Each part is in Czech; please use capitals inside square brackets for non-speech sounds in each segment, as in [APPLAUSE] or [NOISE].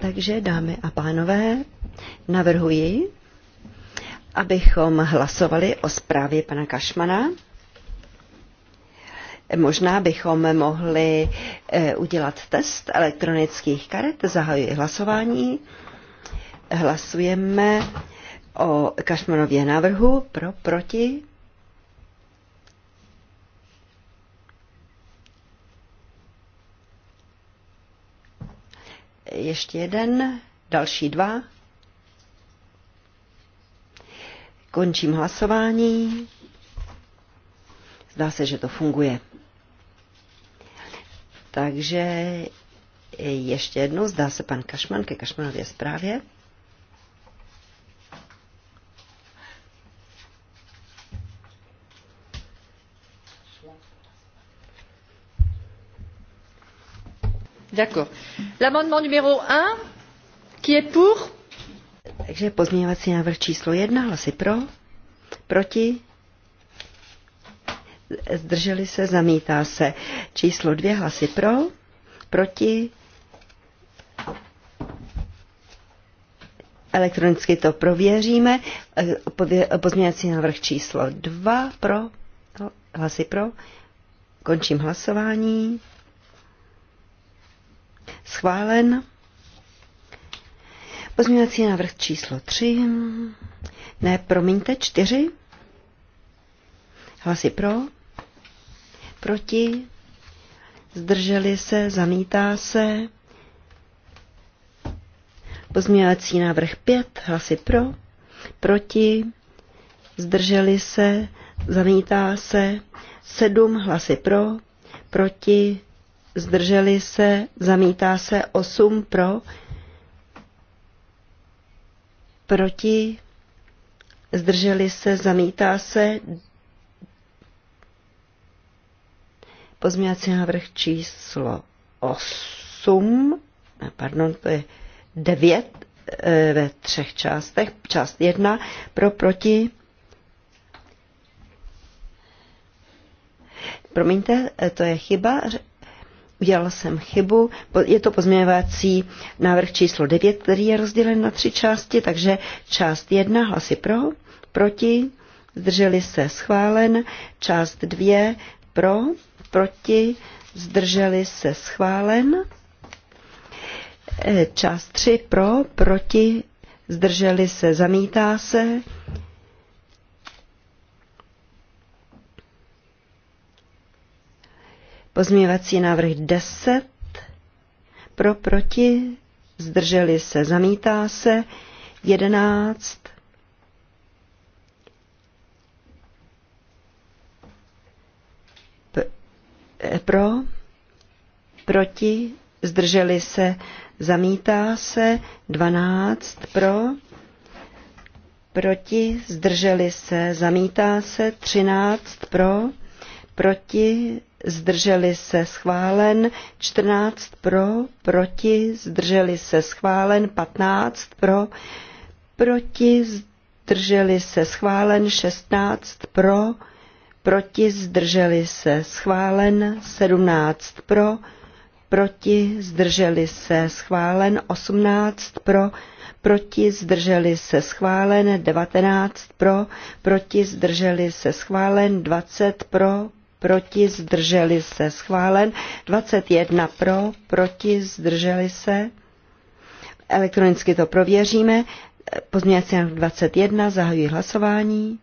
Takže, dámy a pánové, navrhuji, abychom hlasovali o zprávě pana Kašmana. Možná bychom mohli eh, udělat test elektronických karet. Zahajuji hlasování. Hlasujeme o Kašmanově návrhu pro proti ještě jeden, další dva. Končím hlasování. Zdá se, že to funguje. Takže ještě jednou, zdá se pan Kašman ke Kašmanově zprávě. Děkuji. L'amendement n 1, qui est pour? Takže pozměňovací návrh číslo jedna, hlasy pro, proti, zdrželi se, zamítá se. Číslo dvě, hlasy pro, proti, Elektronicky to prověříme. Pozměňovací návrh číslo 2 pro, hlasy pro. Končím hlasování. Schválen. Pozměňovací návrh číslo 3. Ne, promiňte, 4. Hlasy pro. Proti. Zdrželi se, zamítá se. Pozměňovací návrh 5. Hlasy pro. Proti. Zdrželi se, zamítá se. 7. Hlasy pro. Proti zdrželi se, zamítá se 8 pro, proti, zdrželi se, zamítá se pozměňovací návrh číslo 8, pardon, to je 9 eh, ve třech částech, část 1 pro proti, promiňte, eh, to je chyba, udělal jsem chybu. Je to pozměňovací návrh číslo 9, který je rozdělen na tři části, takže část 1 hlasy pro, proti, zdrželi se schválen, část 2 pro, proti, zdrželi se schválen, e, část 3 pro, proti, zdrželi se, zamítá se, Pozměňovací návrh 10. Pro, proti, zdrželi se, zamítá se. 11. Eh, pro, proti, zdrželi se, zamítá se, 12 pro, proti, zdrželi se, zamítá se, 13 pro, proti, zdrželi se schválen, 14 pro, proti, zdrželi se schválen, 15 pro, proti, zdrželi se schválen, 16 pro, proti, zdrželi se schválen, 17 pro, proti, zdrželi se schválen, 18 pro, proti, zdrželi se schválen, 19 pro, proti, zdrželi se schválen, 20 pro, proti, zdrželi se, schválen. 21 pro, proti, zdrželi se. Elektronicky to prověříme. Pozměňovací 21, zahajuji hlasování.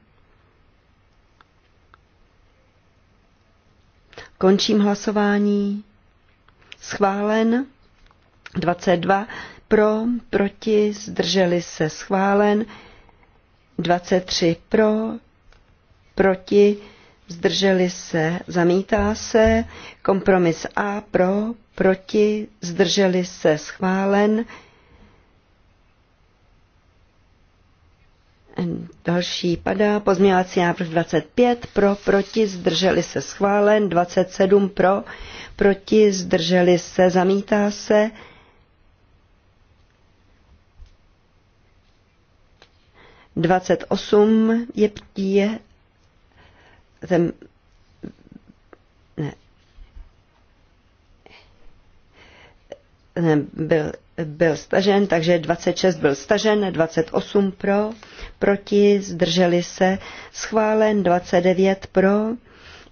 Končím hlasování. Schválen. 22 pro, proti, zdrželi se schválen. 23 pro, proti, zdrželi se, zamítá se, kompromis A pro, proti, zdrželi se, schválen. Další padá pozměňovací návrh 25 pro, proti, zdrželi se, schválen, 27 pro, proti, zdrželi se, zamítá se. Dvacet osm je, je ten ne, ne, byl, byl stažen, takže 26 byl stažen, 28 pro, proti, zdrželi se, schválen, 29 pro,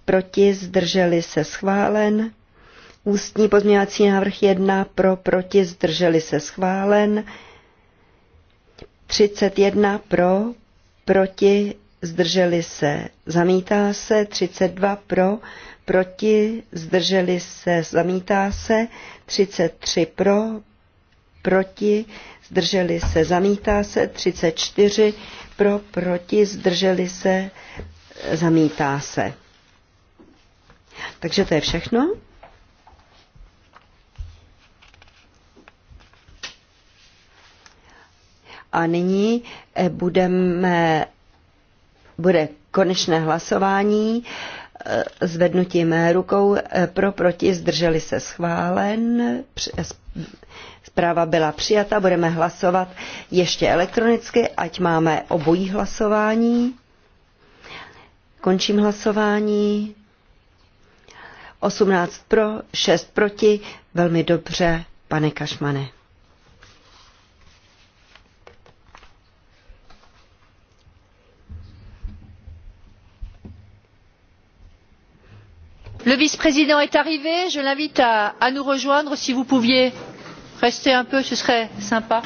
proti, zdrželi se, schválen, ústní pozměňovací návrh 1 pro, proti, zdrželi se, schválen, 31 pro, proti, zdrželi se, zamítá se, 32 pro, proti, zdrželi se, zamítá se, 33 pro, proti, zdrželi se, zamítá se, 34 pro, proti, zdrželi se, zamítá se. Takže to je všechno. A nyní eh, budeme bude konečné hlasování eh, zvednutím rukou eh, pro, proti, zdrželi se schválen. Eh, zpráva byla přijata, budeme hlasovat ještě elektronicky, ať máme obojí hlasování. Končím hlasování. 18 pro, 6 proti, velmi dobře, pane Kašmane. Le vice-président est arrivé, je l'invite à, nous rejoindre si vous pouviez rester un peu, ce serait sympa.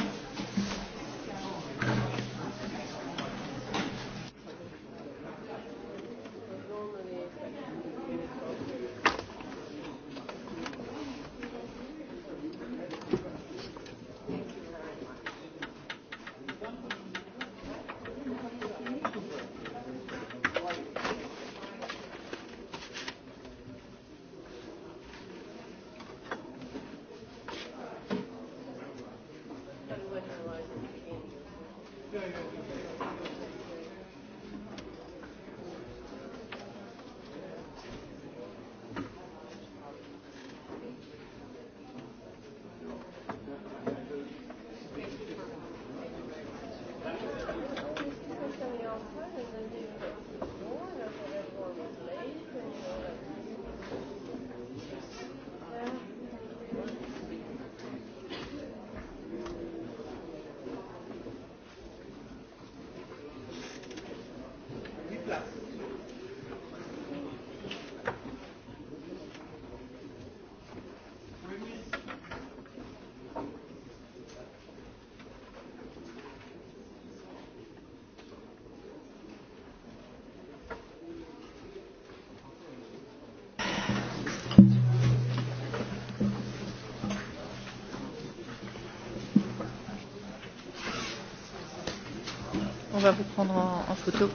va vous prendre en, en photo.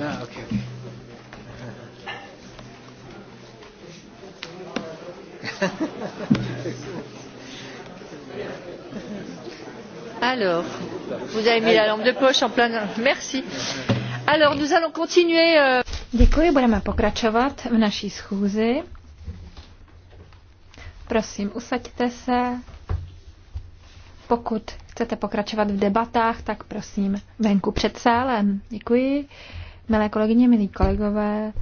Ah, ok, ok. [LAUGHS] Alors, vous avez mis la lampe de poche en plein. Merci. Alors, nous allons continuer. Euh. Děkuji, budeme pokračovat v naší schůzi. Prosím, usaďte se. Pokud chcete pokračovat v debatách, tak prosím venku před sálem. Děkuji. Milé kolegyně, milí kolegové,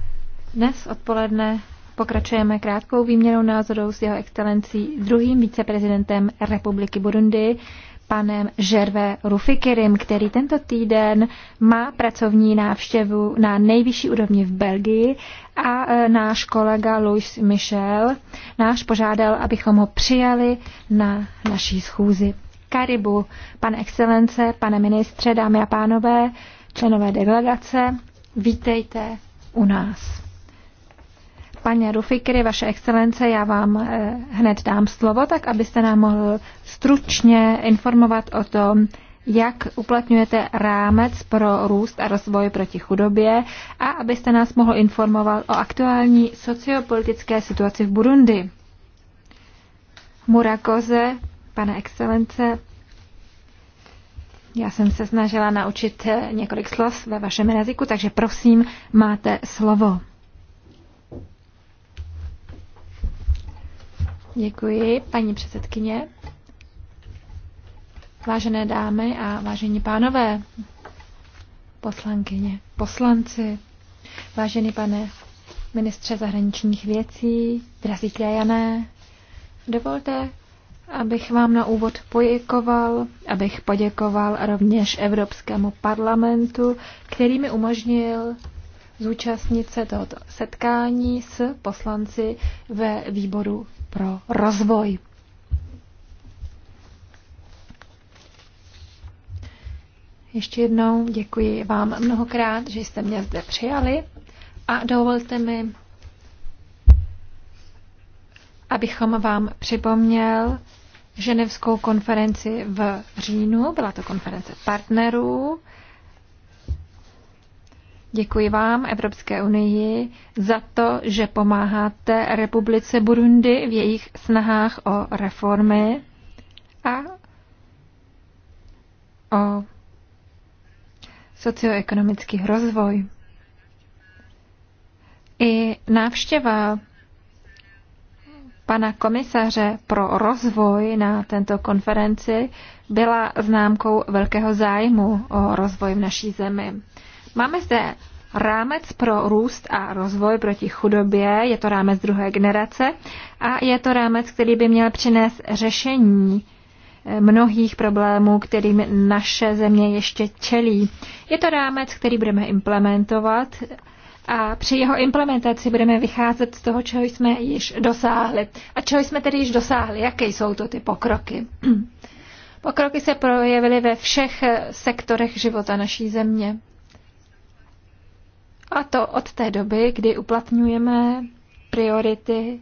dnes odpoledne pokračujeme krátkou výměnou názorů s jeho excelencí druhým viceprezidentem Republiky Burundi, panem Žerve Rufikirim, který tento týden má pracovní návštěvu na nejvyšší úrovni v Belgii a e, náš kolega Louis Michel náš požádal, abychom ho přijali na naší schůzi. Karibu. Pane excelence, pane ministře, dámy a pánové, členové delegace, vítejte u nás. Paní Rufikry, vaše excelence, já vám eh, hned dám slovo, tak abyste nám mohl stručně informovat o tom, jak uplatňujete rámec pro růst a rozvoj proti chudobě a abyste nás mohl informovat o aktuální sociopolitické situaci v Burundi. Murakoze, Pane excelence, já jsem se snažila naučit několik slov ve vašem jazyku, takže prosím, máte slovo. Děkuji, paní předsedkyně. Vážené dámy a vážení pánové, poslankyně, poslanci, vážený pane ministře zahraničních věcí, drazí krajané, dovolte, abych vám na úvod poděkoval, abych poděkoval rovněž Evropskému parlamentu, který mi umožnil zúčastnit se tohoto setkání s poslanci ve výboru pro rozvoj. Ještě jednou děkuji vám mnohokrát, že jste mě zde přijali a dovolte mi abychom vám připomněl ženevskou konferenci v říjnu. Byla to konference partnerů. Děkuji vám, Evropské unii, za to, že pomáháte Republice Burundi v jejich snahách o reformy a o socioekonomický rozvoj. I návštěva pana komisaře pro rozvoj na tento konferenci byla známkou velkého zájmu o rozvoj v naší zemi. Máme zde rámec pro růst a rozvoj proti chudobě, je to rámec druhé generace a je to rámec, který by měl přinést řešení eh, mnohých problémů, kterým naše země ještě čelí. Je to rámec, který budeme implementovat a při jeho implementaci budeme vycházet z toho, čeho jsme již dosáhli. A čeho jsme tedy již dosáhli? Jaké jsou to ty pokroky? [CLEARS THROAT] Pokroky se projevily ve všech eh, sektorech života naší země. A to od té doby, kdy uplatňujeme priority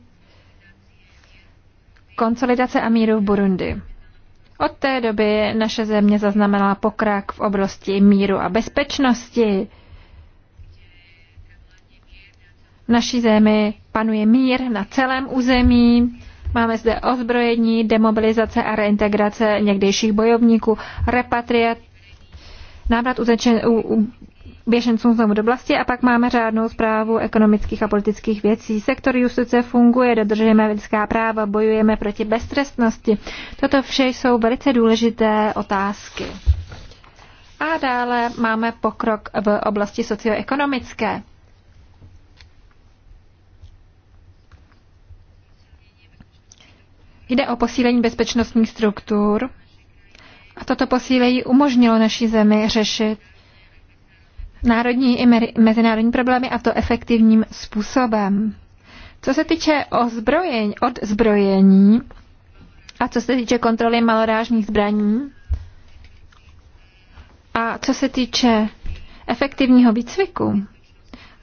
konsolidace a míru v Burundi. Od té doby naše země zaznamenala pokrok v oblasti míru a bezpečnosti. naší zemi panuje mír na celém území. Máme zde ozbrojení, demobilizace a reintegrace někdejších bojovníků, repatriat, návrat uzečen, u, u, běženců z do vlasti a pak máme řádnou zprávu ekonomických a politických věcí. Sektor justice funguje, dodržujeme lidská práva, bojujeme proti beztrestnosti. Toto vše jsou velice důležité otázky. A dále máme pokrok v oblasti socioekonomické. Jde o posílení bezpečnostních struktur a toto posílení umožnilo naší zemi řešit národní i mezinárodní problémy a to efektivním způsobem. Co se týče ozbrojení, odzbrojení a co se týče kontroly malorážních zbraní a co se týče efektivního výcviku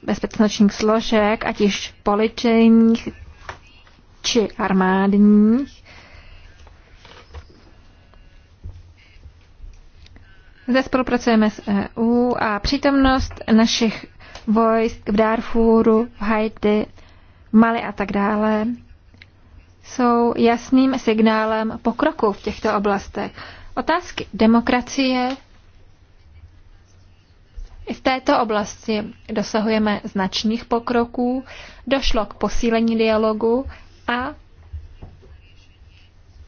bezpečnostních složek, ať již policejních, či armádních. Zde spolupracujeme s EU a přítomnost našich vojsk v Darfuru, v Haiti, v Mali a tak dále jsou jasným signálem pokroku v těchto oblastech. Otázky demokracie i v této oblasti dosahujeme značných pokroků, došlo k posílení dialogu a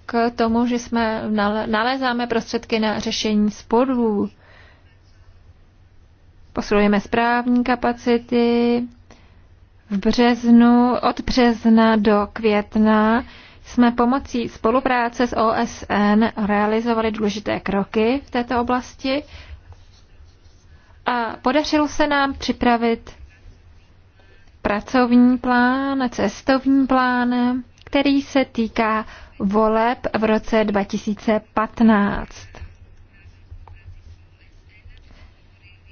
k tomu, že jsme nalézáme prostředky na řešení sporů. Posilujeme správní kapacity. V březnu, od března do května jsme pomocí spolupráce s OSN realizovali důležité kroky v této oblasti a podařilo se nám připravit pracovní plán, cestovní plán, který se týká voleb v roce 2015.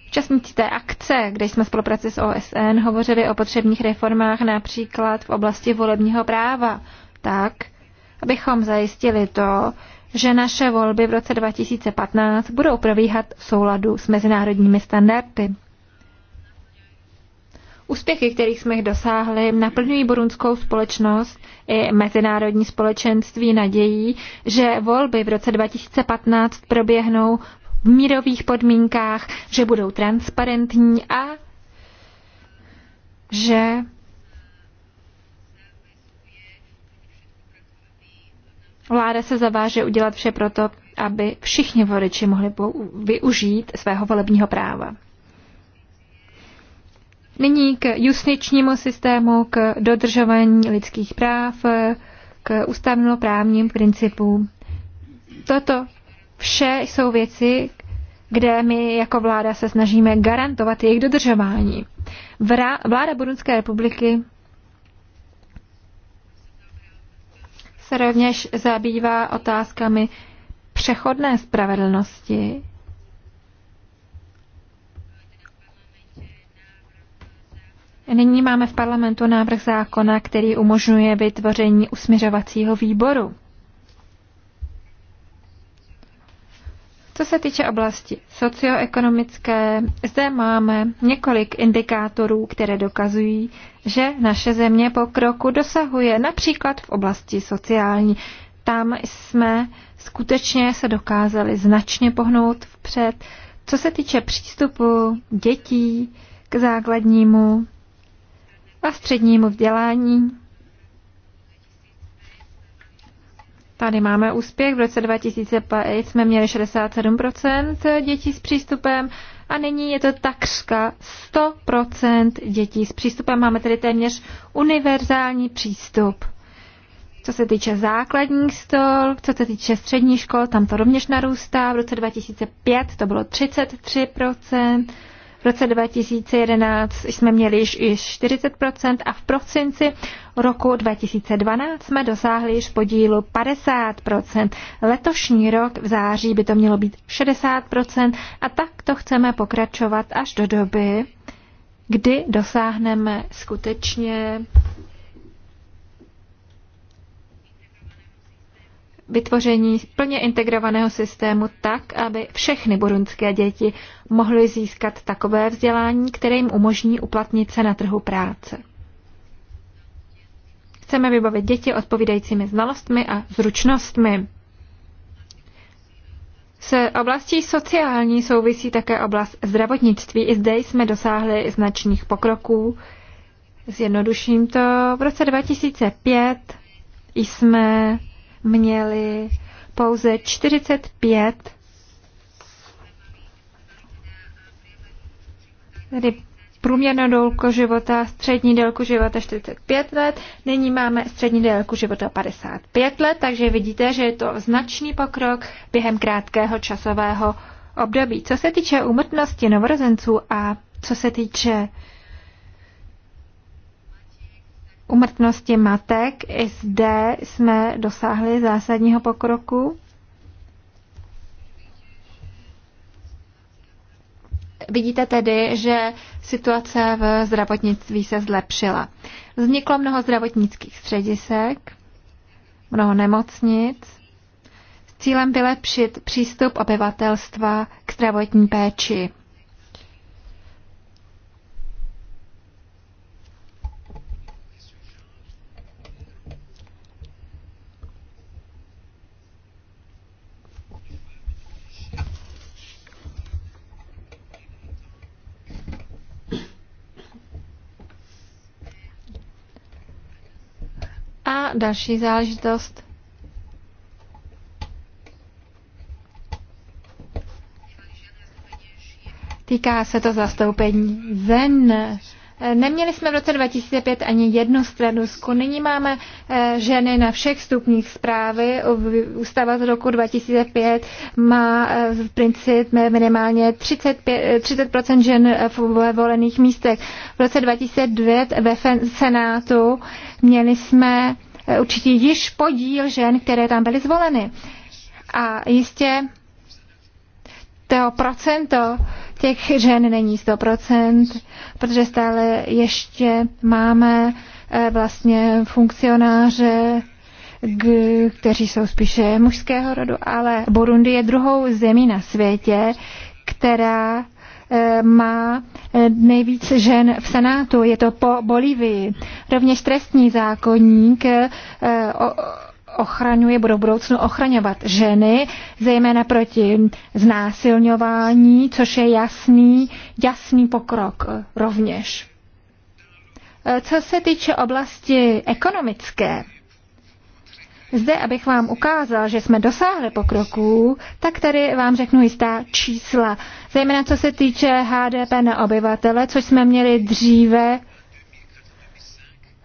Účastníci té akce, kde jsme spolupráci s OSN hovořili o potřebných reformách například v oblasti volebního práva, tak, abychom zajistili to, že naše volby v roce 2015 budou probíhat v souladu s mezinárodními standardy. Úspěchy, kterých jsme dosáhli, naplňují borunskou společnost i mezinárodní společenství nadějí, že volby v roce 2015 proběhnou v mírových podmínkách, že budou transparentní a že vláda se zaváže udělat vše proto, aby všichni voliči mohli využít svého volebního práva. Nyní k justičnímu systému, k dodržování lidských práv, k ústavnoprávním principům. Toto vše jsou věci, kde my jako vláda se snažíme garantovat jejich dodržování. Vláda Burundské republiky se rovněž zabývá otázkami přechodné spravedlnosti Nyní máme v parlamentu návrh zákona, který umožňuje vytvoření usměřovacího výboru. Co se týče oblasti socioekonomické, zde máme několik indikátorů, které dokazují, že naše země po kroku dosahuje například v oblasti sociální. Tam jsme skutečně se dokázali značně pohnout vpřed. Co se týče přístupu dětí k základnímu a střednímu vzdělání. Tady máme úspěch. V roce 2005 jsme měli 67% dětí s přístupem a nyní je to takřka 100% dětí s přístupem. Máme tedy téměř univerzální přístup. Co se týče základních stol, co se týče střední škol, tam to rovněž narůstá. V roce 2005 to bylo 33%. V roce 2011 jsme měli již, 40% a v prosinci roku 2012 jsme dosáhli již podílu 50%. Letošní rok v září by to mělo být 60% a tak to chceme pokračovat až do doby, kdy dosáhneme skutečně vytvoření plně integrovaného systému tak, aby všechny burundské děti mohly získat takové vzdělání, které jim umožní uplatnit se na trhu práce. Chceme vybavit děti odpovídajícími znalostmi a zručnostmi. Se oblastí sociální souvisí také oblast zdravotnictví. I zde jsme dosáhli značných pokroků. Zjednoduším to. V roce 2005 jsme měli pouze 45 tedy průměrnou délku života, střední délku života 45 let, nyní máme střední délku života 55 let, takže vidíte, že je to značný pokrok během krátkého časového období. Co se týče úmrtnosti novorozenců a co se týče umrtnosti matek. I zde jsme dosáhli zásadního pokroku. Vidíte tedy, že situace v zdravotnictví se zlepšila. Vzniklo mnoho zdravotnických středisek, mnoho nemocnic s cílem vylepšit přístup obyvatelstva k zdravotní péči. A další záležitost. Týká se to zastoupení zen. Neměli jsme v roce 2005 ani jednu stranusku. Nyní máme eh, ženy na všech stupních zprávy. Ústava z roku 2005 má eh, v princip minimálně 35, 30% eh, žen ve volených místech. V roce 2009 ve Senátu měli jsme určitě již podíl žen, které tam byly zvoleny. A jistě to procento Těch žen není 100%, protože stále ještě máme eh, vlastně funkcionáře, kteří jsou spíše mužského rodu, ale Burundi je druhou zemí na světě, která eh, má eh, nejvíc žen v Senátu, je to po Bolívii. Rovněž trestní zákonník ochraňuje, budou v budoucnu ochraňovat ženy, zejména proti znásilňování, což je jasný, jasný pokrok eh, rovněž. Eh, co se týče oblasti ekonomické, zde, abych vám ukázal, že jsme dosáhli pokroků, tak tady vám řeknu jistá čísla. Zejména co se týče HDP na obyvatele, což jsme měli dříve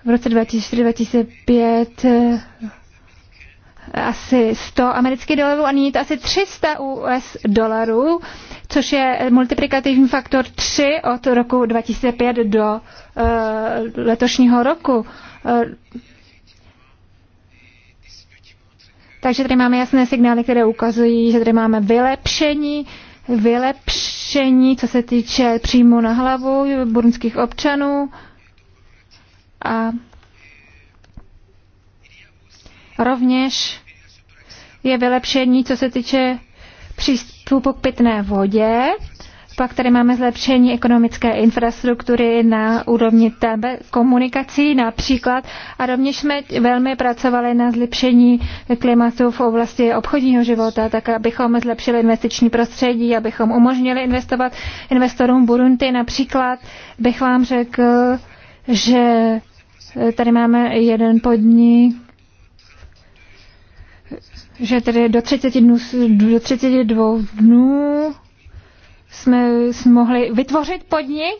v roce 2004-2005 eh, asi 100 amerických dolarů a nyní to asi 300 US dolarů, což je multiplikativní faktor 3 od roku 2005 do uh, letošního roku. Uh, takže tady máme jasné signály, které ukazují, že tady máme vylepšení, vylepšení, co se týče příjmu na hlavu burnských občanů a Rovněž je vylepšení, co se týče přístupu k pitné vodě. Pak tady máme zlepšení ekonomické infrastruktury na úrovni komunikací například. A rovněž jsme velmi pracovali na zlepšení klimatu v oblasti obchodního života, tak abychom zlepšili investiční prostředí, abychom umožnili investovat investorům Burundi. Například bych vám řekl, že tady máme jeden podnik, že tedy do 30 dnů, do 32 dnů jsme, mohli vytvořit podnik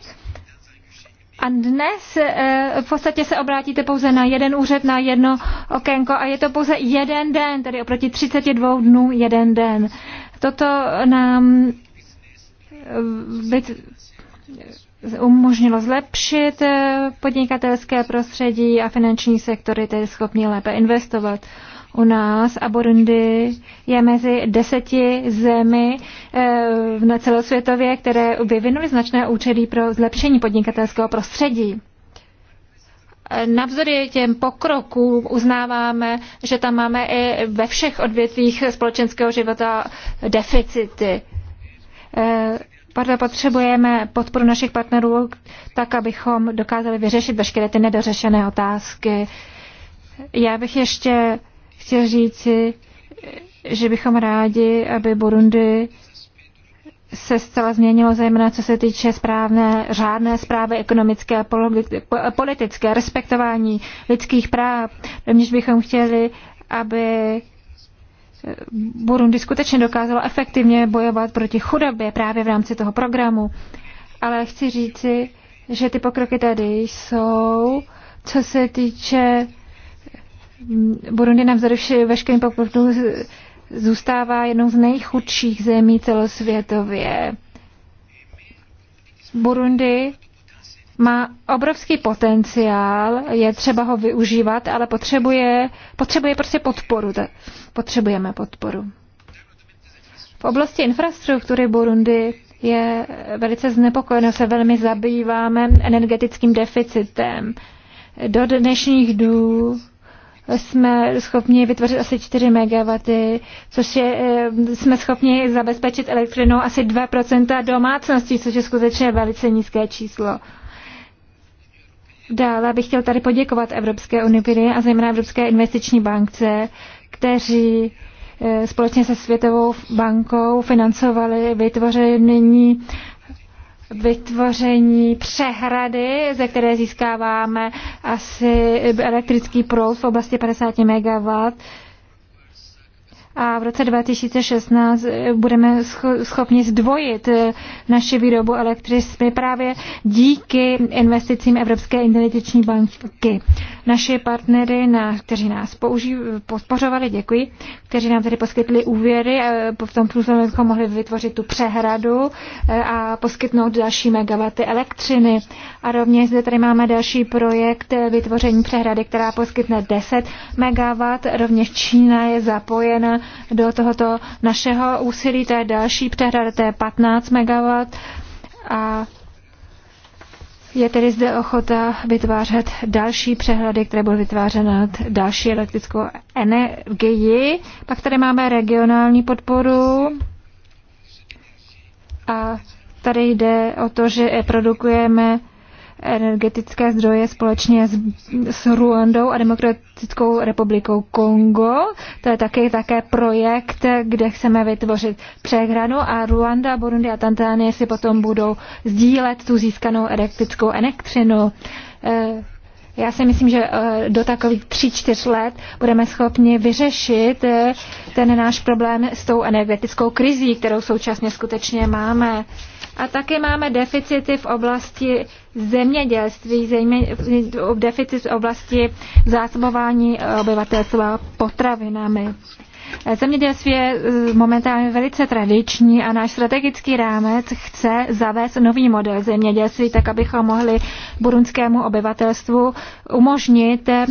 a dnes eh, v podstatě se obrátíte pouze na jeden úřad, na jedno okénko a je to pouze jeden den, tedy oproti 32 dnů jeden den. Toto nám eh, umožnilo zlepšit eh, podnikatelské prostředí a finanční sektory, tedy schopni lépe investovat u nás a Burundi je mezi deseti zemi eh, na celosvětově, které vyvinuly značné účely pro zlepšení podnikatelského prostředí. Navzory těm pokrokům uznáváme, že tam máme i ve všech odvětvích společenského života deficity. Eh, proto potřebujeme podporu našich partnerů tak, abychom dokázali vyřešit veškeré ty nedořešené otázky. Já bych ještě chtěl říci, že bychom rádi, aby Burundi se zcela změnilo, zejména co se týče správné, řádné zprávy ekonomické a politické, respektování lidských práv. Rovněž bychom chtěli, aby Burundi skutečně dokázalo efektivně bojovat proti chudobě právě v rámci toho programu. Ale chci říci, že ty pokroky tady jsou, co se týče Burundi navzdory veškerým pokrokům zůstává jednou z nejchudších zemí celosvětově. Burundi má obrovský potenciál, je třeba ho využívat, ale potřebuje, potřebuje prostě podporu. Potřebujeme podporu. V oblasti infrastruktury Burundi je velice znepokojeno, se velmi zabýváme energetickým deficitem. Do dnešních dů jsme schopni vytvořit asi 4 MW, což je, eh, jsme schopni zabezpečit elektřinou asi 2% domácností, což je skutečně velice nízké číslo. Dále bych chtěl tady poděkovat Evropské unii a zejména Evropské investiční bankce, kteří eh, společně se Světovou bankou financovali vytvoření vytvoření přehrady, ze které získáváme asi elektrický proud v oblasti 50 MW a v roce 2016 eh, budeme schopni zdvojit eh, naši výrobu elektřiny právě díky investicím Evropské inteligenční banky. Naši partnery, na, kteří nás použí, podpořovali, děkuji, kteří nám tedy poskytli úvěry, eh, v tom průzkumu bychom mohli vytvořit tu přehradu a poskytnout další megawaty elektřiny. A rovněž zde tady máme další projekt vytvoření přehrady, která poskytne 10 megawatt. Rovněž Čína je zapojena do tohoto našeho úsilí, to je další přehrada, to je 15 MW a je tedy zde ochota vytvářet další přehledy, které budou vytvářet nad další elektrickou energii. Pak tady máme regionální podporu a tady jde o to, že produkujeme energetické zdroje společně s, s Ruandou a Demokratickou republikou Kongo. To je taky také projekt, kde chceme vytvořit přehranu a Ruanda, Burundi a Tantánie si potom budou sdílet tu získanou elektrickou elektřinu. Eh, já si myslím, že eh, do takových tří, čtyř let budeme schopni vyřešit eh, ten náš problém s tou energetickou krizí, kterou současně skutečně máme. A také máme deficity v oblasti zemědělství, zejména v deficit z oblasti zásobování obyvatelstva potravinami. Zemědělství je eh, momentálně velice tradiční a náš strategický rámec chce zavést nový model zemědělství, tak abychom mohli burundskému obyvatelstvu umožnit eh,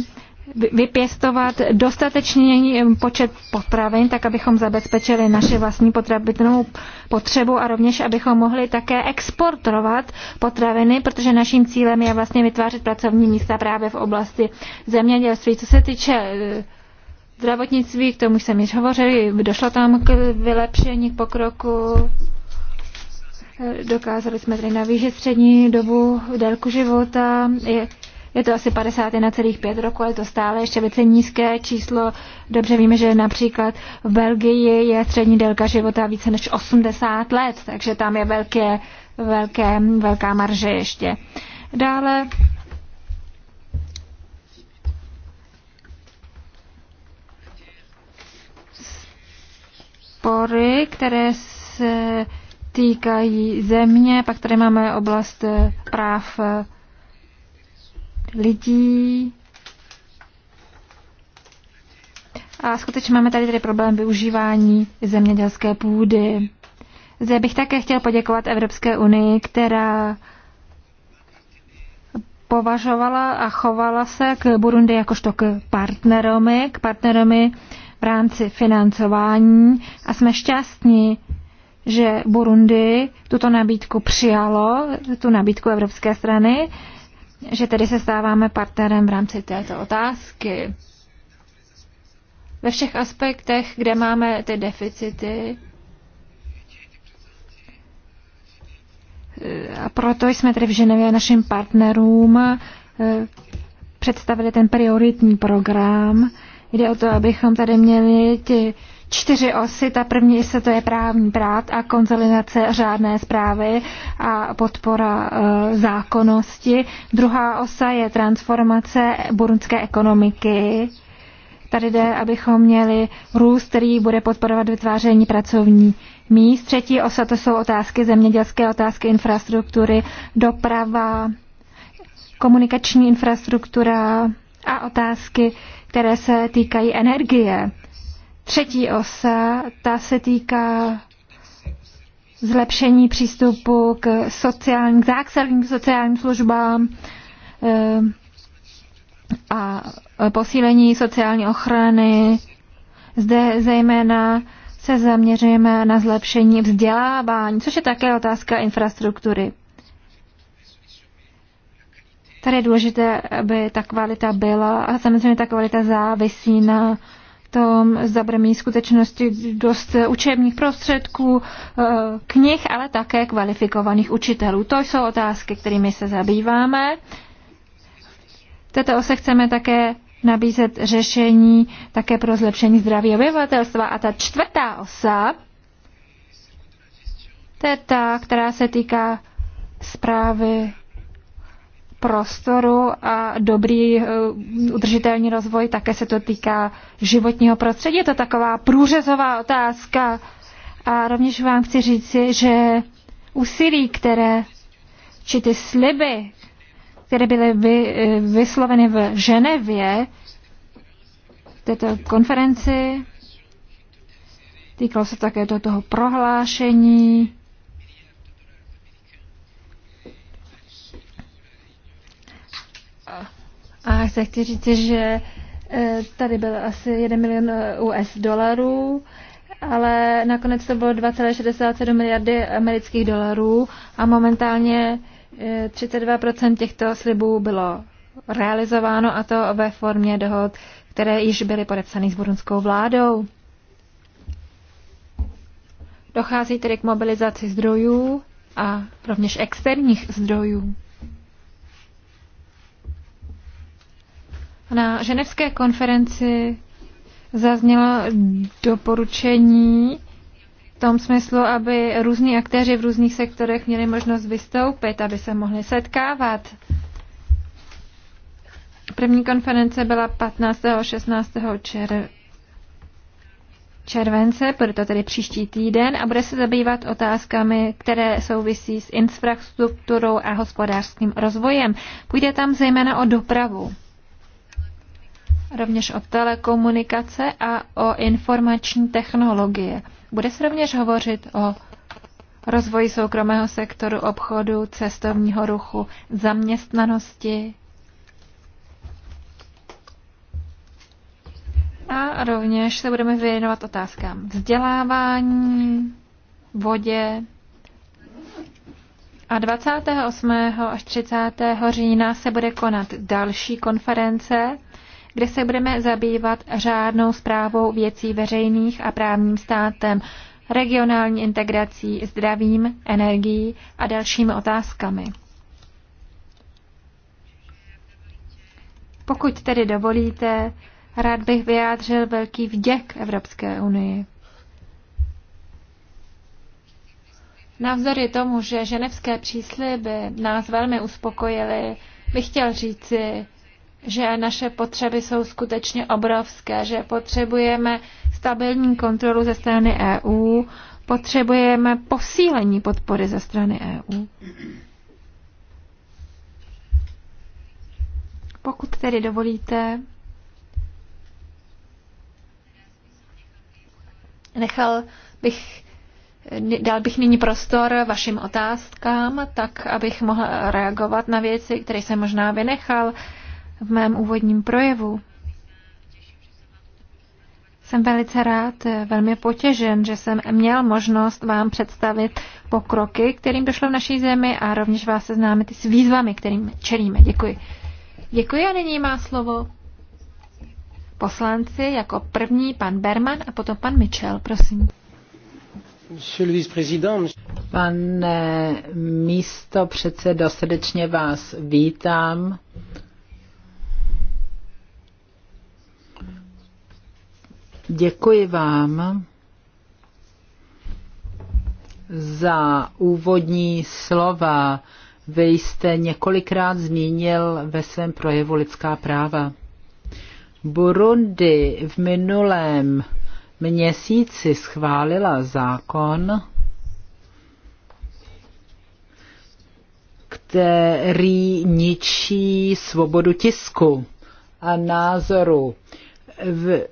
vypěstovat dostatečný eh, počet potravin, tak abychom zabezpečili naše vlastní potravinovou potřebu a rovněž abychom mohli také exportovat potraviny, protože naším cílem je vlastně vytvářet pracovní místa právě v oblasti zemědělství. Co se týče eh, zdravotnictví, k tomu jsem již hovořili, došlo tam k vylepšení, k pokroku. Eh, dokázali jsme tedy navýšit střední dobu, délku života. Je, je to asi 51,5 roku, ale to stále ještě velice nízké číslo. Dobře víme, že například v Belgii je střední délka života více než 80 let, takže tam je velké, velké, velká marže ještě. Dále spory, které se týkají země, pak tady máme oblast eh, práv eh, lidí. A skutečně máme tady tady problém využívání zemědělské půdy. Zde bych také chtěl poděkovat Evropské unii, která považovala a chovala se k Burundi jakožto k partneromi, k partneromi v rámci financování a jsme šťastní, že Burundi tuto nabídku přijalo, tu nabídku evropské strany že tedy se stáváme partnerem v rámci této otázky. Ve všech aspektech, kde máme ty deficity, a proto jsme tedy v Ženevě našim partnerům eh, představili ten prioritní program. Jde o to, abychom tady měli ty čtyři osy. Ta první se to je právní prát a konzolidace řádné zprávy a podpora e, zákonnosti. Druhá osa je transformace burundské ekonomiky. Tady jde, abychom měli růst, který bude podporovat vytváření pracovní míst. Třetí osa to jsou otázky zemědělské, otázky infrastruktury, doprava, komunikační infrastruktura a otázky, které se týkají energie. Třetí osa, ta se týká zlepšení přístupu k sociálním, k základním sociálním službám eh, a posílení sociální ochrany. Zde zejména se zaměřujeme na zlepšení vzdělávání, což je také otázka infrastruktury. Tady je důležité, aby ta kvalita byla a samozřejmě ta kvalita závisí na tom zabremení skutečnosti dost učebních prostředků, eh, knih, ale také kvalifikovaných učitelů. To jsou otázky, kterými se zabýváme. Této ose chceme také nabízet řešení také pro zlepšení zdraví obyvatelstva. A ta čtvrtá osa, to je ta, která se týká zprávy prostoru a dobrý eh, udržitelný rozvoj, také se to týká životního prostředí. Je to taková průřezová otázka. A rovněž vám chci říci, že úsilí, které, či ty sliby, které byly vy, eh, vysloveny v Ženevě, této konferenci, týkalo se také do toho prohlášení, A se chci říct, že eh, tady byl asi 1 milion eh, US dolarů, ale nakonec to bylo 2,67 miliardy amerických dolarů a momentálně 32% eh, těchto slibů bylo realizováno a to ve formě dohod, které již byly podepsány s burunskou vládou. Dochází tedy k mobilizaci zdrojů a rovněž externích zdrojů. Na ženevské konferenci zaznělo doporučení v tom smyslu, aby různí aktéři v různých sektorech měli možnost vystoupit, aby se mohli setkávat. První konference byla 15. a 16. Čer- července, bude to tedy příští týden, a bude se zabývat otázkami, které souvisí s infrastrukturou a hospodářským rozvojem. Půjde tam zejména o dopravu rovněž o telekomunikace a o informační technologie. Bude se rovněž hovořit o rozvoji soukromého sektoru, obchodu, cestovního ruchu, zaměstnanosti a rovněž se budeme věnovat otázkám vzdělávání, vodě, a 28. až 30. října se bude konat další konference kde se budeme zabývat řádnou zprávou věcí veřejných a právním státem, regionální integrací, zdravím, energií a dalšími otázkami. Pokud tedy dovolíte, rád bych vyjádřil velký vděk Evropské unii. Navzory tomu, že ženevské přísliby nás velmi uspokojily, bych chtěl říci, že naše potřeby jsou skutečně obrovské, že potřebujeme stabilní kontrolu ze strany EU, potřebujeme posílení podpory ze strany EU. Pokud tedy dovolíte, nechal bych, dal bych nyní prostor vašim otázkám, tak abych mohl reagovat na věci, které jsem možná vynechal v mém úvodním projevu. Jsem velice rád, velmi potěžen, že jsem měl možnost vám představit pokroky, kterým došlo v naší zemi a rovněž vás seznámit s výzvami, kterým čelíme. Děkuji. Děkuji a nyní má slovo poslanci jako první pan Berman a potom pan Mitchell, prosím. Pane místo předsedo, srdečně vás vítám Děkuji vám za úvodní slova. Vy jste několikrát zmínil ve svém projevu lidská práva. Burundi v minulém měsíci schválila zákon, který ničí svobodu tisku a názoru. V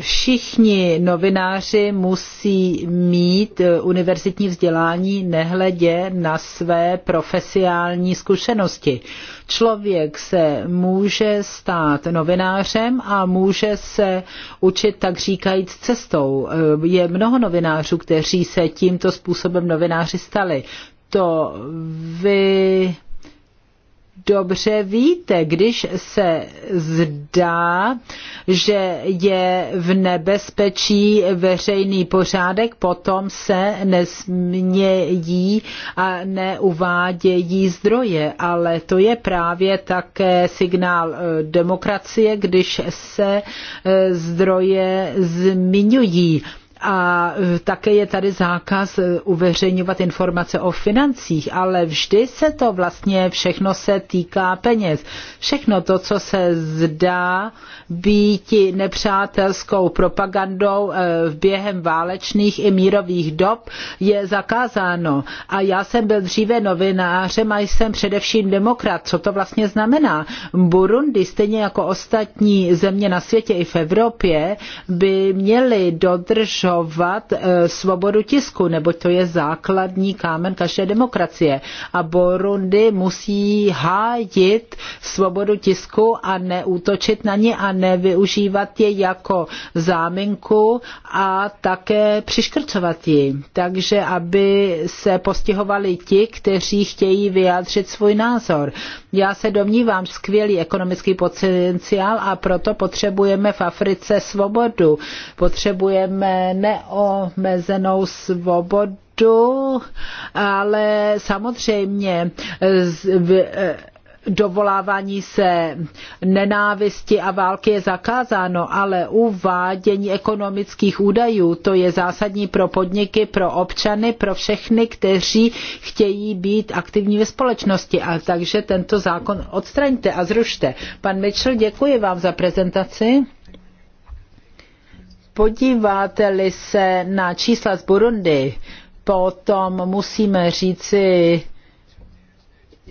všichni novináři musí mít eh, univerzitní vzdělání nehledě na své profesionální zkušenosti. Člověk se může stát novinářem a může se učit tak říkajíc cestou. Eh, Je mnoho novinářů, kteří se tímto způsobem novináři stali. To vy dobře víte, když se zdá, že je v nebezpečí veřejný pořádek, potom se nesmějí a neuvádějí zdroje, ale to je právě také signál eh, demokracie, když se eh, zdroje zmiňují a e, také je tady zákaz e, uveřejňovat informace o financích, ale vždy se to vlastně všechno se týká peněz. Všechno to, co se zdá být nepřátelskou propagandou e, během válečných i mírových dob, je zakázáno. A já jsem byl dříve novinářem a jsem především demokrat. Co to vlastně znamená? Burundi, stejně jako ostatní země na světě i v Evropě, by měly dodržovat garantovat eh, svobodu tisku, nebo to je základní kámen každé demokracie. A Burundi musí hájit svobodu tisku a neútočit na ně a nevyužívat je jako záminku a také přiškrcovat ji. Takže aby se postihovali ti, kteří chtějí vyjádřit svůj názor. Já se domnívám, skvělý ekonomický potenciál a proto potřebujeme v Africe svobodu. Potřebujeme neomezenou svobodu, ale samozřejmě dovolávání se nenávisti a války je zakázáno, ale uvádění ekonomických údajů, to je zásadní pro podniky, pro občany, pro všechny, kteří chtějí být aktivní ve společnosti. A takže tento zákon odstraňte a zrušte. Pan Mitchell, děkuji vám za prezentaci. Podíváte-li se na čísla z Burundi, potom musíme říci,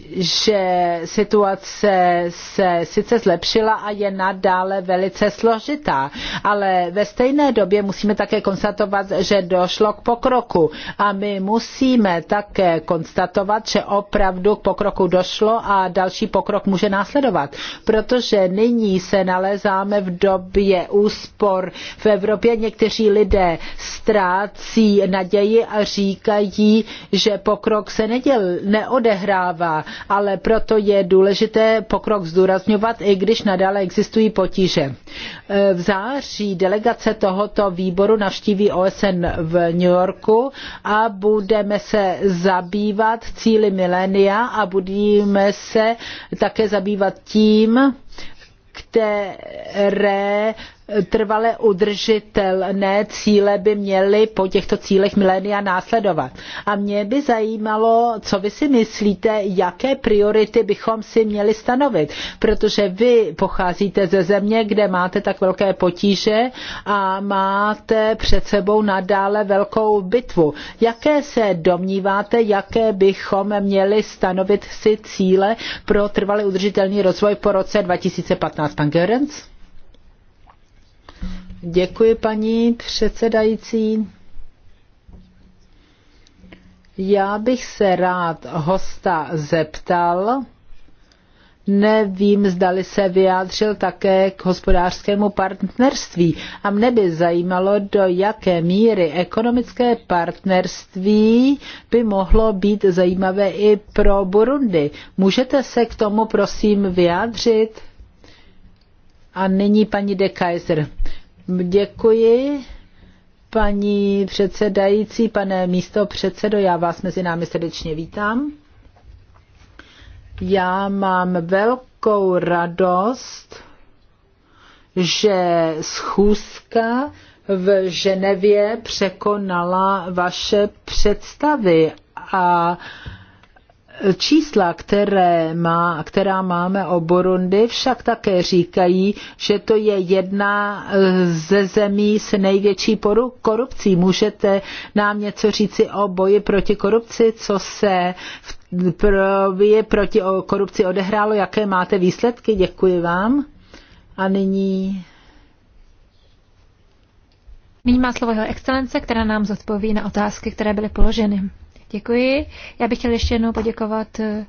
že situace se sice zlepšila a je nadále velice složitá, ale ve stejné době musíme také konstatovat, že došlo k pokroku a my musíme také konstatovat, že opravdu k pokroku došlo a další pokrok může následovat, protože nyní se nalézáme v době úspor v Evropě. Někteří lidé ztrácí naději a říkají, že pokrok se neděl, neodehrává ale proto je důležité pokrok zdůrazňovat, i když nadále existují potíže. E, v září delegace tohoto výboru navštíví OSN v New Yorku a budeme se zabývat cíly milénia a budeme se také zabývat tím, které trvale udržitelné cíle by měly po těchto cílech milénia následovat. A mě by zajímalo, co vy si myslíte, jaké priority bychom si měli stanovit, protože vy pocházíte ze země, kde máte tak velké potíže a máte před sebou nadále velkou bitvu. Jaké se domníváte, jaké bychom měli stanovit si cíle pro trvale udržitelný rozvoj po roce 2015, pan Gerenc? Děkuji, paní předsedající. Já bych se rád hosta zeptal, nevím, zdali se vyjádřil také k hospodářskému partnerství. A mne by zajímalo, do jaké míry ekonomické partnerství by mohlo být zajímavé i pro Burundi. Můžete se k tomu prosím vyjádřit? A nyní paní de Kaiser. Děkuji, paní předsedající, pane místo předsedo, já vás mezi námi srdečně vítám. Já mám velkou radost, že schůzka v Ženevě překonala vaše představy a Čísla, které má, která máme o Burundi, však také říkají, že to je jedna eh, ze zemí s největší korupcí. Můžete nám něco říci o boji proti korupci, co se je proti korupci odehrálo, jaké máte výsledky? Děkuji vám. A nyní... Nyní má slovo jeho excelence, která nám zodpoví na otázky, které byly položeny. Děkuji. Já bych chtěl ještě jednou poděkovat eh,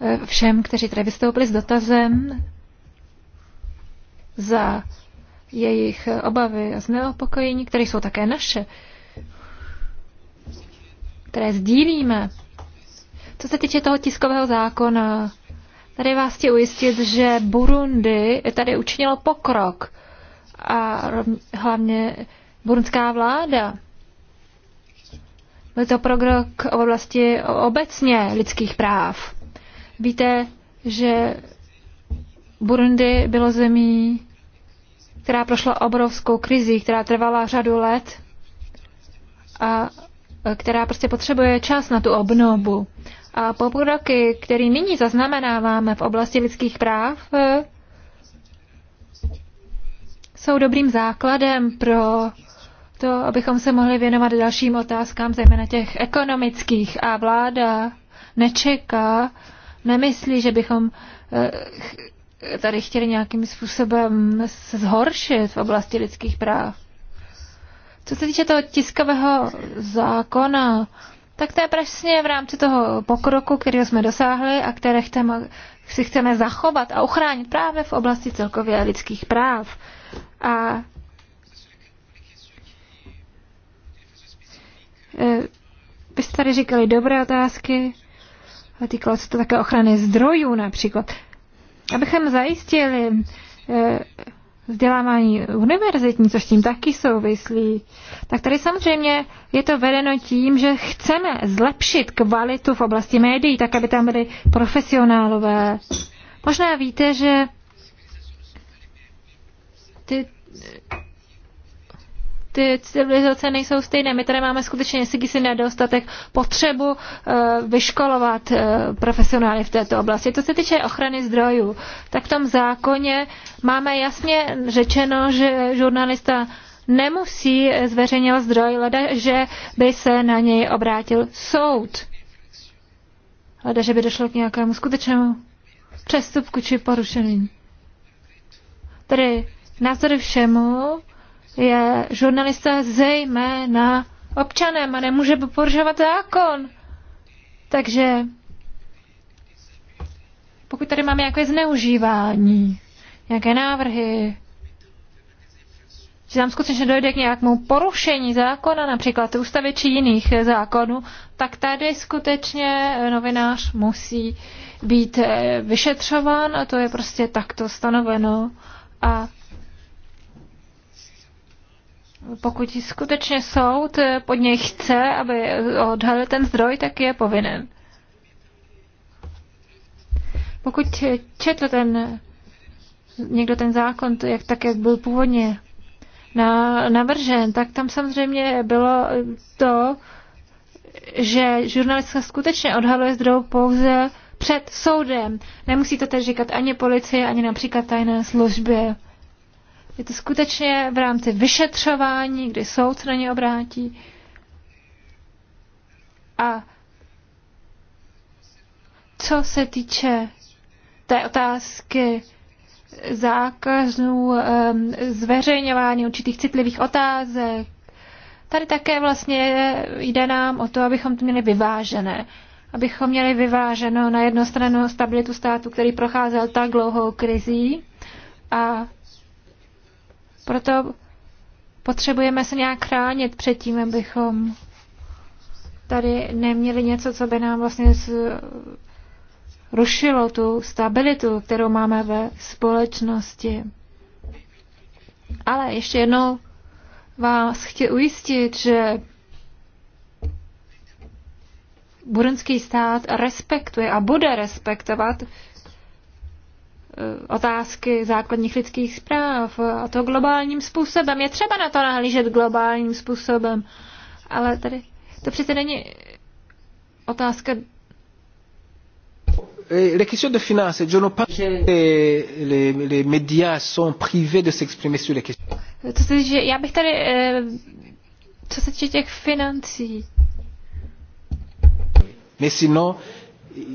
eh, všem, kteří tady vystoupili s dotazem za jejich obavy a zneopokojení, které jsou také naše, které sdílíme. Co se týče toho tiskového zákona, tady vás chci ujistit, že Burundi tady učinilo pokrok a hlavně burundská vláda byl to pokrok v oblasti obecně lidských práv. Víte, že Burundi bylo zemí, která prošla obrovskou krizi, která trvala řadu let a která prostě potřebuje čas na tu obnovu. A pokroky, který nyní zaznamenáváme v oblasti lidských práv, jsou dobrým základem pro to, abychom se mohli věnovat dalším otázkám, zejména těch ekonomických. A vláda nečeká, nemyslí, že bychom eh, tady chtěli nějakým způsobem se zhoršit v oblasti lidských práv. Co se týče toho tiskového zákona, tak to je přesně v rámci toho pokroku, který jsme dosáhli a které chceme, si chceme zachovat a uchránit právě v oblasti celkově lidských práv. A Eh, vy jste tady říkali dobré otázky, ale týkalo se to také ochrany zdrojů například. Abychom zajistili eh, vzdělávání univerzitní, což tím taky souvislí, tak tady samozřejmě je to vedeno tím, že chceme zlepšit kvalitu v oblasti médií, tak aby tam byli profesionálové. Možná víte, že ty ty civilizace nejsou stejné. My tady máme skutečně jakýsi nedostatek potřebu eh, vyškolovat eh, profesionály v této oblasti. to se týče ochrany zdrojů, tak v tom zákoně máme jasně řečeno, že žurnalista nemusí zveřejňovat zdroj, leda, že by se na něj obrátil soud. Leda, že by došlo k nějakému skutečnému přestupku či porušení. Tedy navzdory všemu je žurnalista zejména občanem a nemůže porušovat zákon. Takže pokud tady máme nějaké zneužívání, nějaké návrhy, že tam skutečně dojde k nějakému porušení zákona, například ústavy či jiných zákonů, tak tady skutečně novinář musí být eh, vyšetřován a to je prostě takto stanoveno. A pokud skutečně soud eh, pod něj chce, aby eh, odhalil ten zdroj, tak je povinen. Pokud četl ten, někdo ten zákon, jak, tak jak byl původně na, navržen, tak tam samozřejmě bylo to, že žurnalistka skutečně odhaluje zdroj pouze před soudem. Nemusí to tedy říkat ani policie, ani například tajné službě. Je to skutečně v rámci vyšetřování, kdy soud se na ně obrátí. A co se týče té otázky zákazů ehm, zveřejňování určitých citlivých otázek, tady také vlastně jde nám o to, abychom to měli vyvážené. Abychom měli vyváženo na jednu stranu stabilitu státu, který procházel tak dlouhou krizí a proto potřebujeme se nějak chránit před tím, abychom tady neměli něco, co by nám vlastně rušilo tu stabilitu, kterou máme ve společnosti. Ale ještě jednou vás chci ujistit, že burundský stát respektuje a bude respektovat Eh, otázky základních lidských zpráv a to globálním způsobem. Je třeba na to nahlížet globálním způsobem, ale tady to přece není otázka la question de finance, je ne pense que les, les, les médias sont privés de s'exprimer sur les questions. To se, že já bych tady, eh, co se týče těch Mais sinon,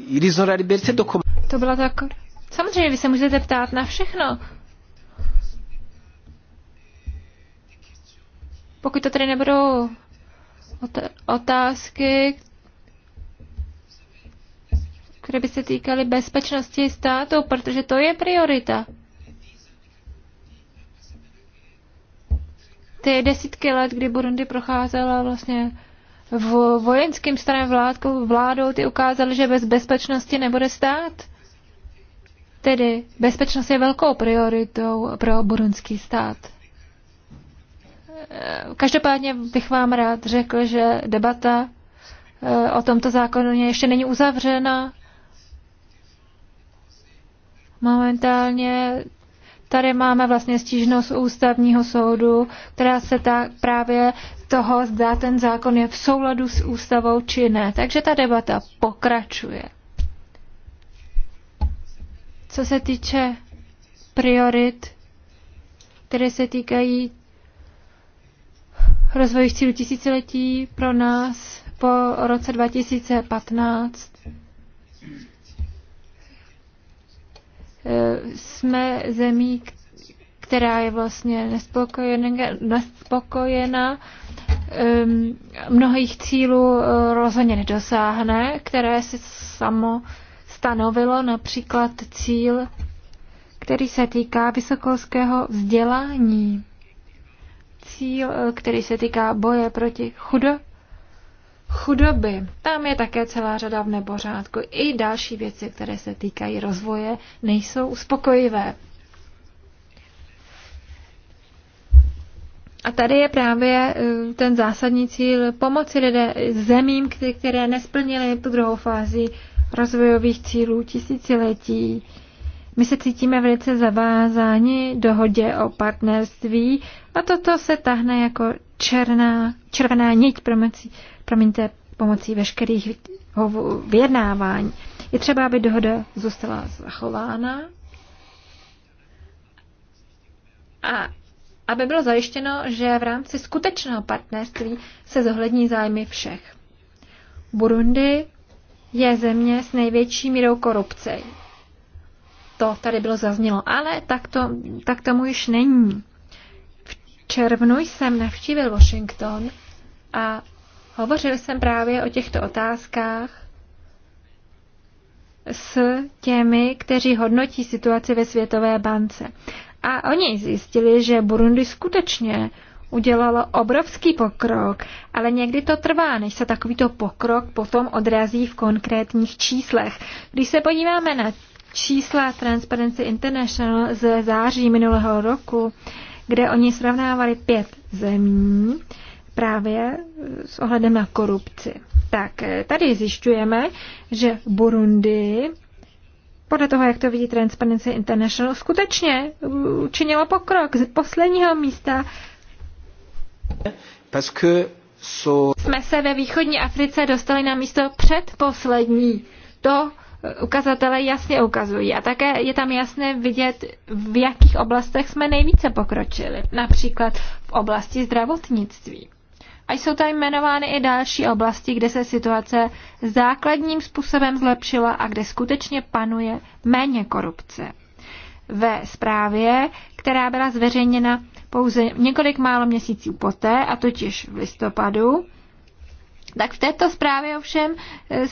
ils ont la liberté de To byla taková Samozřejmě, vy se můžete ptát na všechno. Pokud to tady nebudou otázky, které by se týkaly bezpečnosti státu, protože to je priorita. Ty desítky let, kdy Burundi procházela vlastně v vojenským stranem vládkou, vládou, ty ukázaly, že bez bezpečnosti nebude stát. Tedy bezpečnost je velkou prioritou pro burundský stát. Každopádně bych vám rád řekl, že debata eh, o tomto zákonu ještě není uzavřena. Momentálně tady máme vlastně stížnost ústavního soudu, která se tak právě toho, zdá, ten zákon je v souladu s ústavou či ne. Takže ta debata pokračuje. Co se týče priorit, které se týkají rozvojových cílů tisíciletí pro nás po roce 2015, jsme zemí, která je vlastně nespokojená, nespokojena, mnohých cílů rozhodně nedosáhne, které si samo stanovilo například cíl, který se týká vysokolského vzdělání, cíl, eh, který se týká boje proti chudo, chudoby. Tam je také celá řada v nepořádku. I další věci, které se týkají rozvoje, nejsou uspokojivé. A tady je právě eh, ten zásadní cíl pomoci lidé, zemím, které nesplnily tu druhou fázi rozvojových cílů tisíciletí. My se cítíme velice zavázáni dohodě o partnerství a toto se tahne jako černá, červená niť pomocí, promiňte, pomocí veškerých vyjednávání. Je třeba, aby dohoda zůstala zachována a aby bylo zajištěno, že v rámci skutečného partnerství se zohlední zájmy všech. Burundi je země s největší mírou korupce. To tady bylo zaznělo, ale tak, to, tak tomu již není. V červnu jsem navštívil Washington a hovořil jsem právě o těchto otázkách s těmi, kteří hodnotí situaci ve Světové bance. A oni zjistili, že Burundi skutečně udělalo obrovský pokrok, ale někdy to trvá, než se takovýto pokrok potom odrazí v konkrétních číslech. Když se podíváme na čísla Transparency International z září minulého roku, kde oni srovnávali pět zemí právě s ohledem na korupci. Tak eh, tady zjišťujeme, že Burundi podle toho, jak to vidí Transparency International, skutečně mm, učinilo pokrok z posledního místa jsme se ve východní Africe dostali na místo předposlední. To eh, ukazatele jasně ukazují. A také je tam jasné vidět, v jakých oblastech jsme nejvíce pokročili. Například v oblasti zdravotnictví. A jsou tam jmenovány i další oblasti, kde se situace základním způsobem zlepšila a kde skutečně panuje méně korupce. Ve zprávě, která byla zveřejněna pouze několik málo měsíců poté, a totiž v listopadu, tak v této zprávě ovšem eh,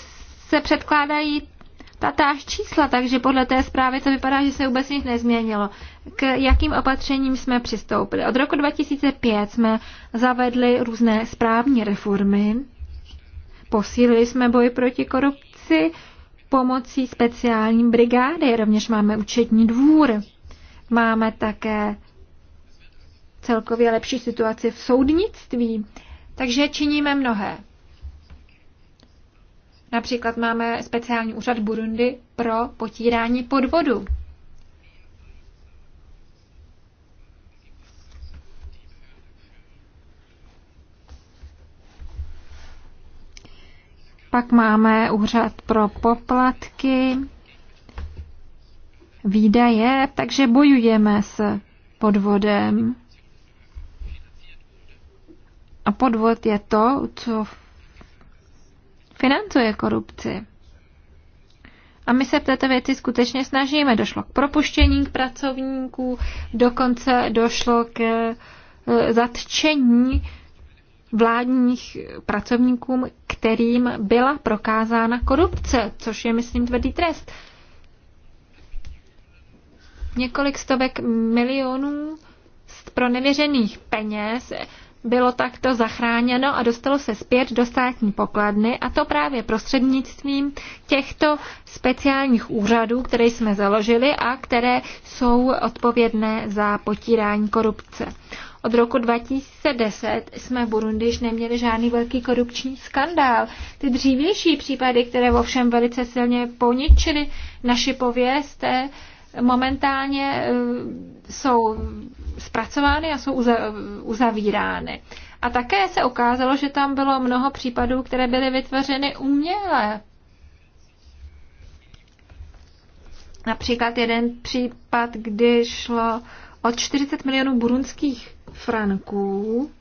se předkládají tatáž čísla, takže podle té zprávy to vypadá, že se vůbec nic nezměnilo. K jakým opatřením jsme přistoupili? Od roku 2005 jsme zavedli různé správní reformy, posílili jsme boj proti korupci pomocí speciální brigády, rovněž máme účetní dvůr, máme také celkově lepší situaci v soudnictví. Takže činíme mnohé. Například máme speciální úřad Burundi pro potírání podvodu. Pak máme úřad pro poplatky, výdaje, takže bojujeme s podvodem. A podvod je to, co financuje korupci. A my se v této věci skutečně snažíme. Došlo k propuštění k pracovníků, dokonce došlo k e, zatčení vládních pracovníkům, kterým byla prokázána korupce, což je, myslím, tvrdý trest. Několik stovek milionů pro nevěřených peněz bylo takto zachráněno a dostalo se zpět do státní pokladny a to právě prostřednictvím těchto speciálních úřadů, které jsme založili a které jsou odpovědné za potírání korupce. Od roku 2010 jsme v Burundi již neměli žádný velký korupční skandál. Ty dřívější případy, které ovšem velice silně poničily naši pověst, momentálně eh, jsou zpracovány a jsou uzavírány. A také se ukázalo, že tam bylo mnoho případů, které byly vytvořeny uměle. Například jeden případ, kdy šlo o 40 milionů burunských franků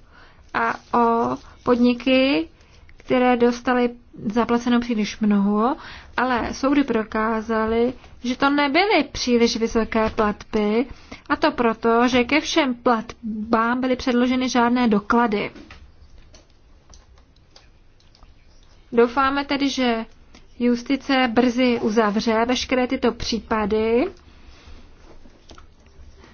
a o podniky, které dostaly zaplaceno příliš mnoho, ale soudy prokázaly, že to nebyly příliš vysoké platby, a to proto, že ke všem platbám byly předloženy žádné doklady. Doufáme tedy, že justice brzy uzavře veškeré tyto případy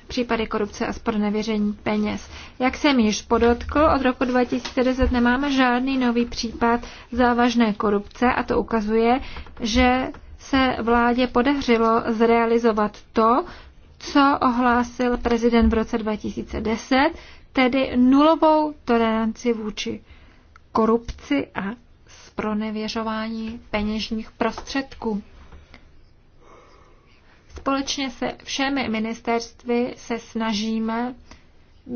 případy korupce a spor nevěření peněz. Jak jsem již podotkl, od roku 2010 nemáme žádný nový případ závažné korupce a to ukazuje, že se vládě podařilo zrealizovat to, co ohlásil prezident v roce 2010, tedy nulovou toleranci vůči korupci a spronevěřování peněžních prostředků. Společně se všemi ministerství se snažíme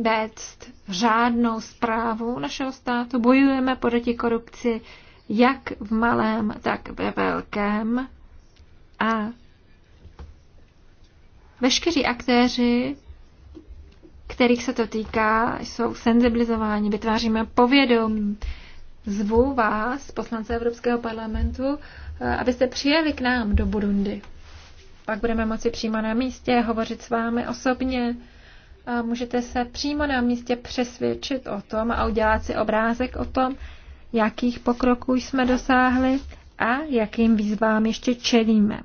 vést řádnou zprávu našeho státu. Bojujeme proti korupci jak v malém, tak ve velkém. A veškeří aktéři, kterých se to týká, jsou senzibilizováni, vytváříme povědomí. Zvu vás, poslance Evropského parlamentu, eh, abyste přijeli k nám do Burundi. Pak budeme moci přímo na místě hovořit s vámi osobně. A můžete se přímo na místě přesvědčit o tom a udělat si obrázek o tom, jakých pokroků jsme dosáhli a jakým výzvám ještě čelíme.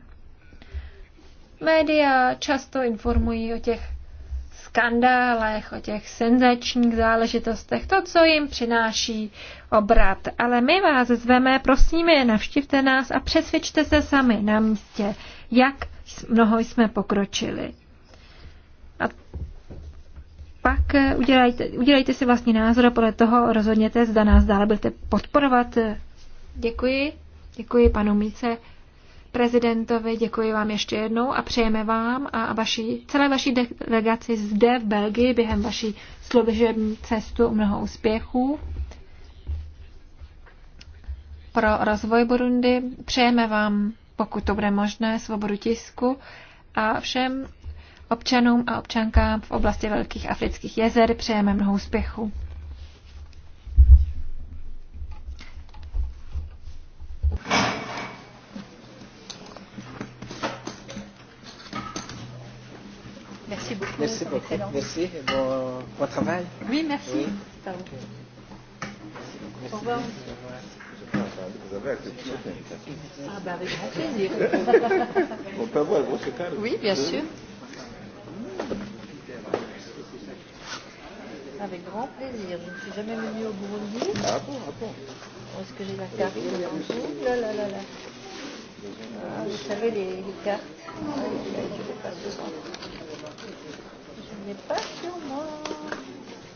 Média často informují o těch skandálech, o těch senzačních záležitostech, to, co jim přináší obrat. Ale my vás zveme, prosíme, navštivte nás a přesvědčte se sami na místě, jak mnoho jsme pokročili. A pak eh, udělejte, udělejte si vlastní názor a podle toho rozhodněte, zda nás dále budete podporovat. Děkuji. Děkuji panu Míce prezidentovi, děkuji vám ještě jednou a přejeme vám a vaší, celé vaší delegaci zde v Belgii během vaší služební cestu mnoho úspěchů pro rozvoj Burundi. Přejeme vám pokud to bude možné, svobodu tisku a všem občanům a občankám v oblasti Velkých afrických jezer přejeme mnoho úspěchu. Merci beaucoup. Merci beaucoup. Merci bon, bon travail. Oui, merci. Oui. Merci Merci. Au revoir. Merci. Vous avez accepté Ah, bah avec grand plaisir. On peut avoir vos secrets Oui, bien sûr. Avec grand plaisir. Je ne suis jamais venue au Burundi. Ah bon, ah bon. Oh, Est-ce que j'ai la carte Là, là, là, là. Ah, vous savez, les, les cartes. Je n'ai pas Je n'ai pas sur moi.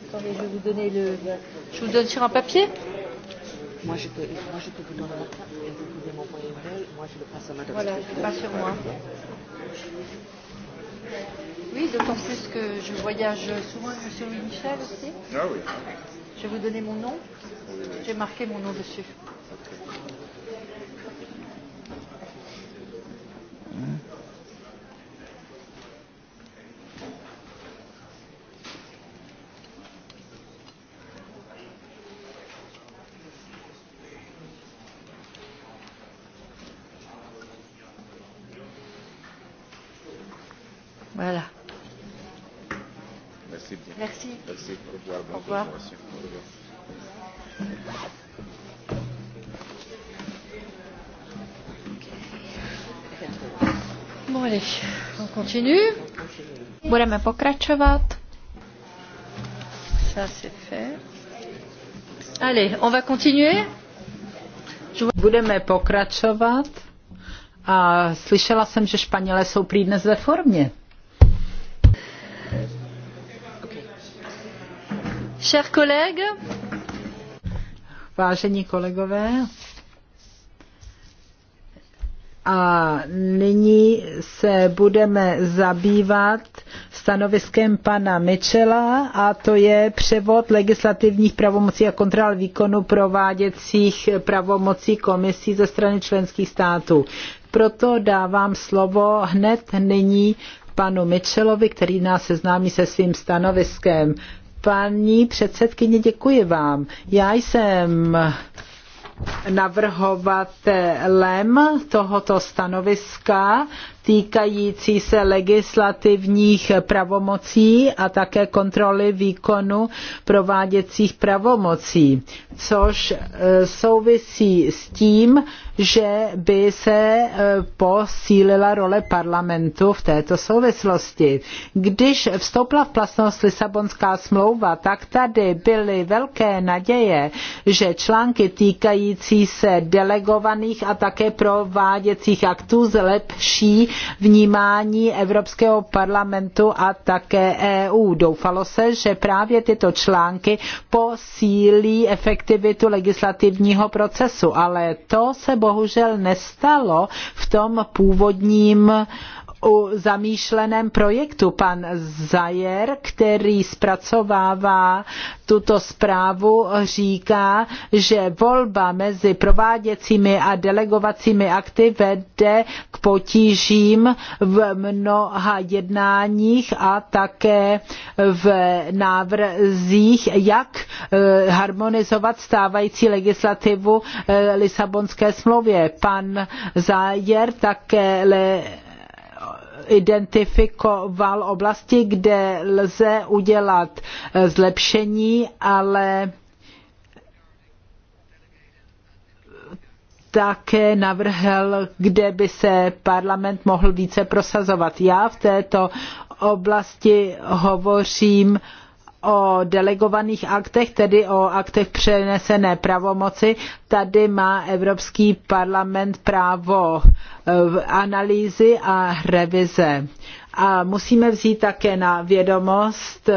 Attendez, je vais vous donner le. Je vous donne sur un papier Moi, je peux, moi, je peux vous donner mon WhatsApp et vous pouvez m'envoyer un mail. Moi, je le passe à madame. Voilà, je passe sur moi. Oui, d'autant plus que je voyage souvent avec M. Michel aussi. Ah oui. Je vais vous donner mon nom. J'ai marqué mon nom dessus. Okay. continue. Budeme pokračovat. Ça c'est fait. Allez, on va continuer. Budeme pokračovat. A slyšela jsem, že Španělé jsou prý dnes ve formě. Chers collègues, vážení kolegové, a nyní se budeme zabývat stanoviskem pana Michela a to je převod legislativních pravomocí a kontrol výkonu prováděcích pravomocí komisí ze strany členských států. Proto dávám slovo hned nyní panu Michelovi, který nás seznámí se svým stanoviskem. Paní předsedkyně, děkuji vám. Já jsem navrhovatelem tohoto stanoviska týkající se legislativních pravomocí a také kontroly výkonu prováděcích pravomocí, což e, souvisí s tím, že by se e, posílila role parlamentu v této souvislosti. Když vstoupila v platnost Lisabonská smlouva, tak tady byly velké naděje, že články týkající se delegovaných a také prováděcích aktů zlepší vnímání Evropského parlamentu a také EU. Doufalo se, že právě tyto články posílí efektivitu legislativního procesu, ale to se bohužel nestalo v tom původním uh, u zamýšleném projektu. Pan Zajer, který zpracovává tuto zprávu, říká, že volba mezi prováděcími a delegovacími akty vede k potížím v mnoha jednáních a také v návrzích, jak eh, harmonizovat stávající legislativu eh, Lisabonské smlouvě. Pan Zajer také le identifikoval oblasti, kde lze udělat eh, zlepšení, ale také navrhl, kde by se parlament mohl více prosazovat. Já v této oblasti hovořím o delegovaných aktech, tedy o aktech přenesené pravomoci. Tady má Evropský parlament právo eh, analýzy a revize. A musíme vzít také na vědomost,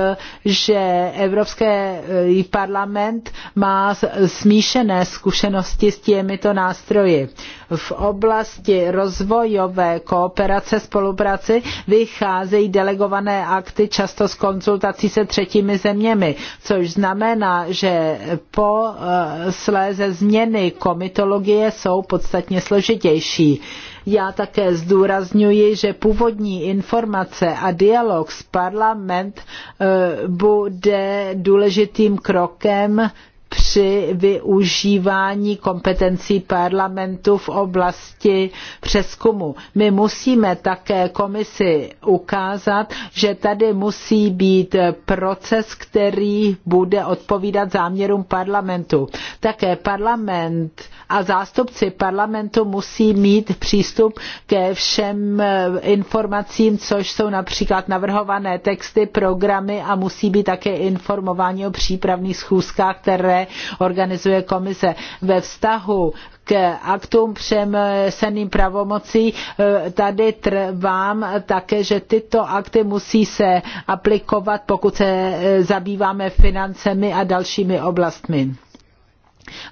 že Evropský eh, parlament má smíšené zkušenosti s těmito nástroji. V oblasti rozvojové kooperace spolupráci vycházejí delegované akty často s konzultací se třetími zeměmi, což znamená, že po eh, sléze změny komitologie jsou podstatně složitější. Já také zdůrazňuji, že původní informace a dialog s parlament eh, bude důležitým krokem při využívání kompetencí parlamentu v oblasti přeskumu. My musíme také komisi ukázat, že tady musí být proces, který bude odpovídat záměrům parlamentu. Také parlament a zástupci parlamentu musí mít přístup ke všem informacím, což jsou například navrhované texty, programy a musí být také informováni o přípravných schůzkách, které organizuje komise. Ve vztahu k aktům přeneseným pravomocí eh, tady trvám také, že tyto akty musí se aplikovat, pokud se eh, zabýváme financemi a dalšími oblastmi.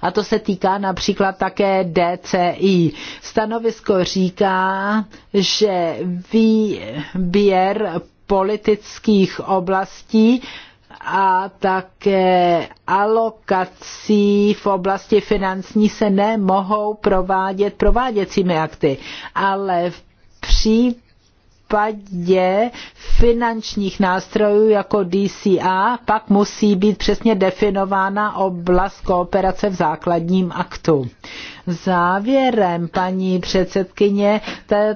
A to se týká například také DCI. Stanovisko říká, že výběr politických oblastí a také alokací v oblasti finanční se nemohou provádět prováděcími akty, ale v případě případě finančních nástrojů jako DCA pak musí být přesně definována oblast kooperace v základním aktu. Závěrem, paní předsedkyně,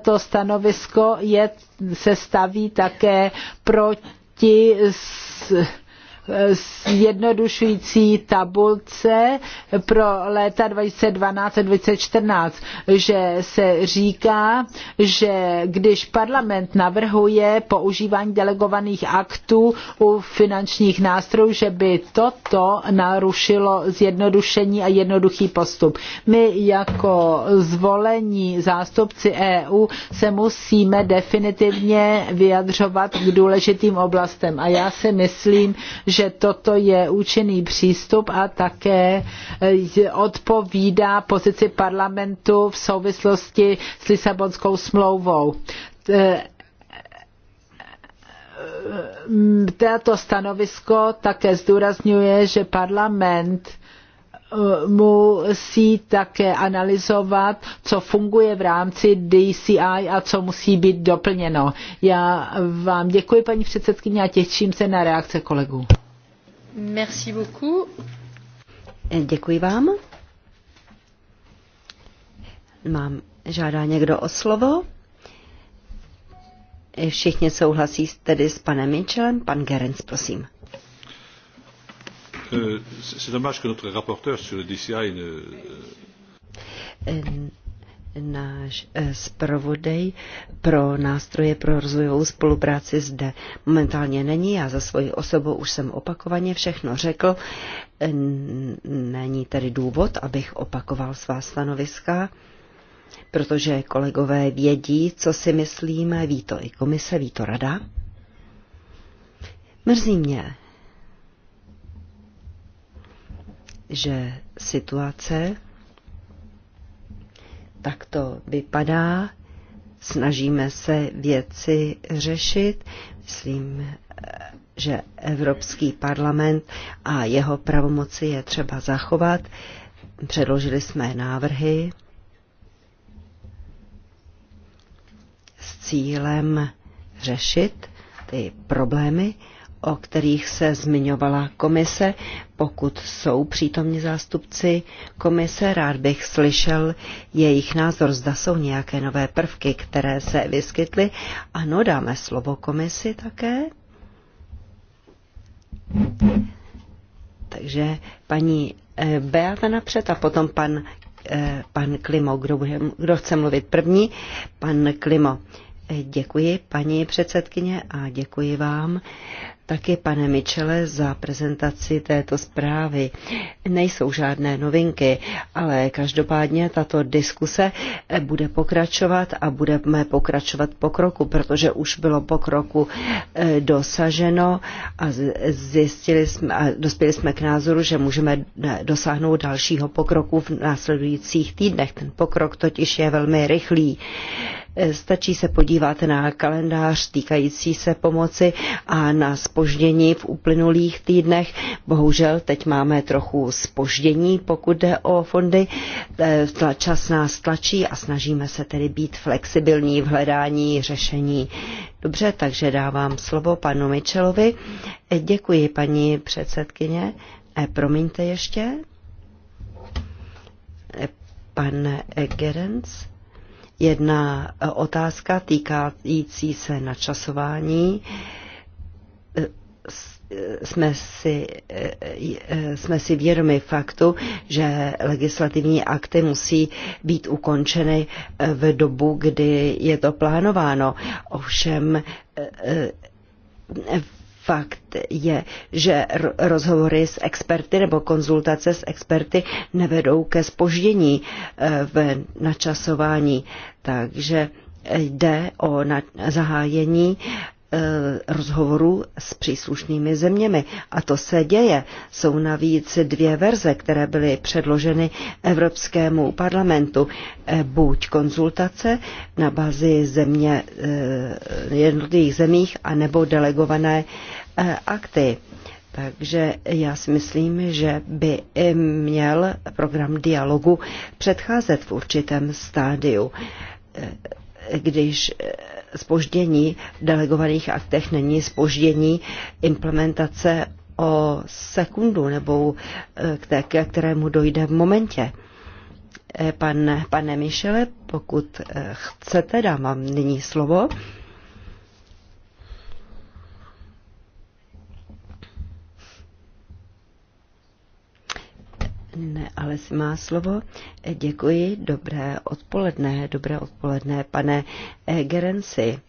toto stanovisko je, se staví také proti s, Eh, zjednodušující tabulce pro léta 2012 a 2014, že se říká, že když parlament navrhuje používání delegovaných aktů u finančních nástrojů, že by toto narušilo zjednodušení a jednoduchý postup. My jako zvolení zástupci EU se musíme definitivně vyjadřovat k důležitým oblastem. A já si myslím, že že toto je účinný přístup a také eh, odpovídá pozici parlamentu v souvislosti s Lisabonskou smlouvou eh, tato stanovisko také zdůrazňuje, že parlament eh, musí také analyzovat, co funguje v rámci DCI a co musí být doplněno. Já vám děkuji, paní předsedkyně, a těším se na reakce kolegů. Merci beaucoup. Eh, děkuji vám. Mám, žádá někdo o slovo? Eh, všichni souhlasí tedy s panem Mitchellem. Pan Gerenc, prosím. Eh, c'est dommage que notre rapporteur sur le DCI ne náš eh, zpravodaj pro nástroje pro rozvojovou spolupráci zde momentálně není. Já za svoji osobu už jsem opakovaně všechno řekl. Není tedy důvod, abych opakoval svá stanoviska, protože kolegové vědí, co si myslíme, ví to i komise, ví to rada. Mrzí mě, že situace tak to vypadá. Snažíme se věci řešit. Myslím, že Evropský parlament a jeho pravomoci je třeba zachovat. Předložili jsme návrhy s cílem řešit ty problémy, o kterých se zmiňovala komise. Pokud jsou přítomní zástupci komise, rád bych slyšel jejich názor. Zda jsou nějaké nové prvky, které se vyskytly. Ano, dáme slovo komisi také. Takže paní eh, Beata napřed a potom pan, eh, pan Klimo, kdo, bude, kdo chce mluvit první. Pan Klimo. Eh, děkuji, paní předsedkyně, a děkuji vám taky, pane Michele, za prezentaci této zprávy. Nejsou žádné novinky, ale každopádně tato diskuse bude pokračovat a budeme pokračovat pokroku, protože už bylo pokroku eh, dosaženo a zjistili jsme a dospěli jsme k názoru, že můžeme eh, dosáhnout dalšího pokroku v následujících týdnech. Ten pokrok totiž je velmi rychlý. Eh, stačí se podívat na kalendář týkající se pomoci a na spoždění v uplynulých týdnech. Bohužel teď máme trochu spoždění, pokud jde o fondy. Eh, čas nás tlačí a snažíme se tedy být flexibilní v hledání řešení. Dobře, takže dávám slovo panu Mičelovi. Eh, děkuji, paní předsedkyně. Promiňte ještě. Pan Gerens. Jedna e, otázka týkající se načasování. E, e, jsme si, jsme si vědomi faktu, že legislativní akty musí být ukončeny v dobu, kdy je to plánováno. Ovšem Fakt je, že rozhovory s experty nebo konzultace s experty nevedou ke spoždění eh, v načasování. Takže jde o zahájení Eh, rozhovorů s příslušnými zeměmi. A to se děje. Jsou navíc dvě verze, které byly předloženy Evropskému parlamentu. Eh, buď konzultace na bázi země eh, jednotlivých zemích, anebo delegované akty. Takže já si myslím, že by měl program dialogu předcházet v určitém stádiu když spoždění eh, v delegovaných aktech není spoždění implementace o sekundu nebo eh, k té, k kterému dojde v momentě. Eh, pan, pane Michele, pokud chcete, dám vám nyní slovo. Ne, ale si má slovo. Děkuji, dobré odpoledne, dobré odpoledne, pane Gerenci.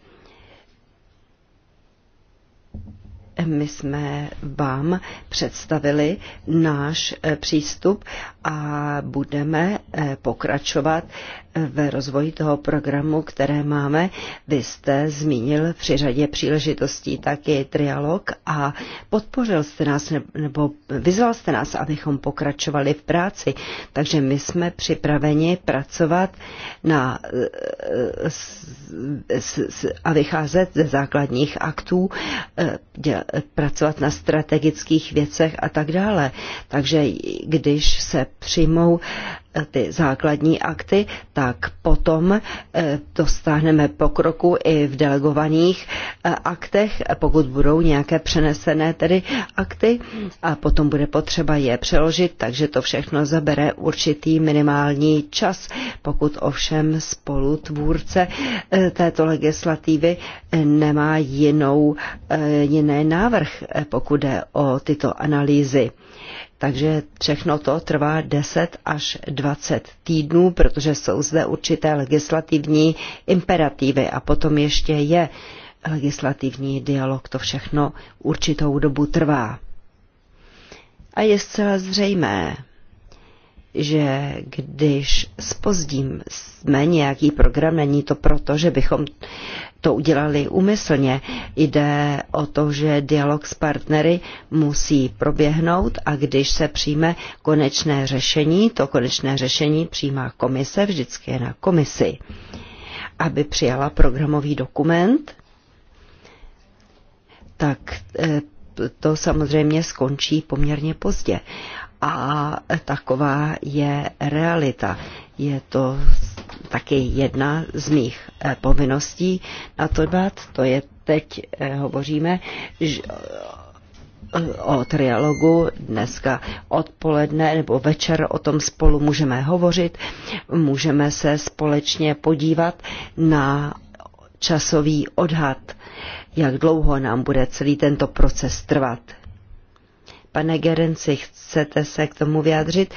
My jsme vám představili náš eh, přístup a budeme eh, pokračovat eh, v rozvoji toho programu, které máme. Vy jste zmínil při řadě příležitostí taky trialog a podpořil jste nás nebo vyzval jste nás, abychom pokračovali v práci. Takže my jsme připraveni pracovat na, a vycházet ze základních aktů, pracovat na strategických věcech a tak dále. Takže když se přijmou eh, ty základní akty, tak potom eh, dostáhneme pokroku i v delegovaných eh, aktech, pokud budou nějaké přenesené tedy akty a potom bude potřeba je přeložit, takže to všechno zabere určitý minimální čas, pokud ovšem spolutvůrce této legislativy nemá jinou, jiné návrhy návrh, eh, pokud jde o tyto analýzy. Takže všechno to trvá 10 až 20 týdnů, protože jsou zde určité legislativní imperativy a potom ještě je legislativní dialog. To všechno určitou dobu trvá. A je zcela zřejmé, že když spozdím jsme nějaký program, není to proto, že bychom to udělali úmyslně. Jde o to, že dialog s partnery musí proběhnout a když se přijme konečné řešení, to konečné řešení přijímá komise, vždycky je na komisi, aby přijala programový dokument, tak e, to samozřejmě skončí poměrně pozdě. A taková je realita. Je to taky jedna z mých eh, povinností na to dbát. To je teď eh, hovoříme eh, o trialogu dneska odpoledne nebo večer o tom spolu můžeme hovořit, můžeme se společně podívat na časový odhad, jak dlouho nám bude celý tento proces trvat. Pane Gerenci, chcete se k tomu vyjádřit?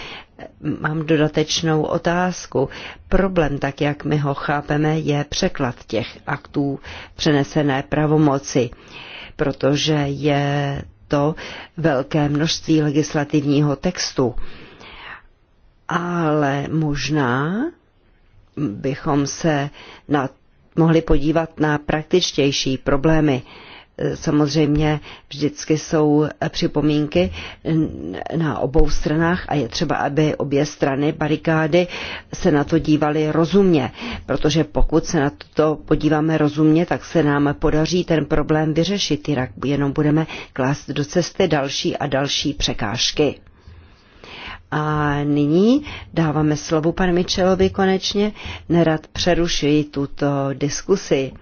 mám dodatečnou otázku. Problém, tak jak my ho chápeme, je překlad těch aktů přenesené pravomoci, protože je to velké množství legislativního textu. Ale možná bychom se na, mohli podívat na praktičtější problémy Samozřejmě vždycky jsou připomínky na obou stranách a je třeba, aby obě strany barikády se na to dívaly rozumně, protože pokud se na to podíváme rozumně, tak se nám podaří ten problém vyřešit, jinak jenom budeme klást do cesty další a další překážky. A nyní dáváme slovo panu Michelovi konečně. Nerad přerušuji tuto diskusi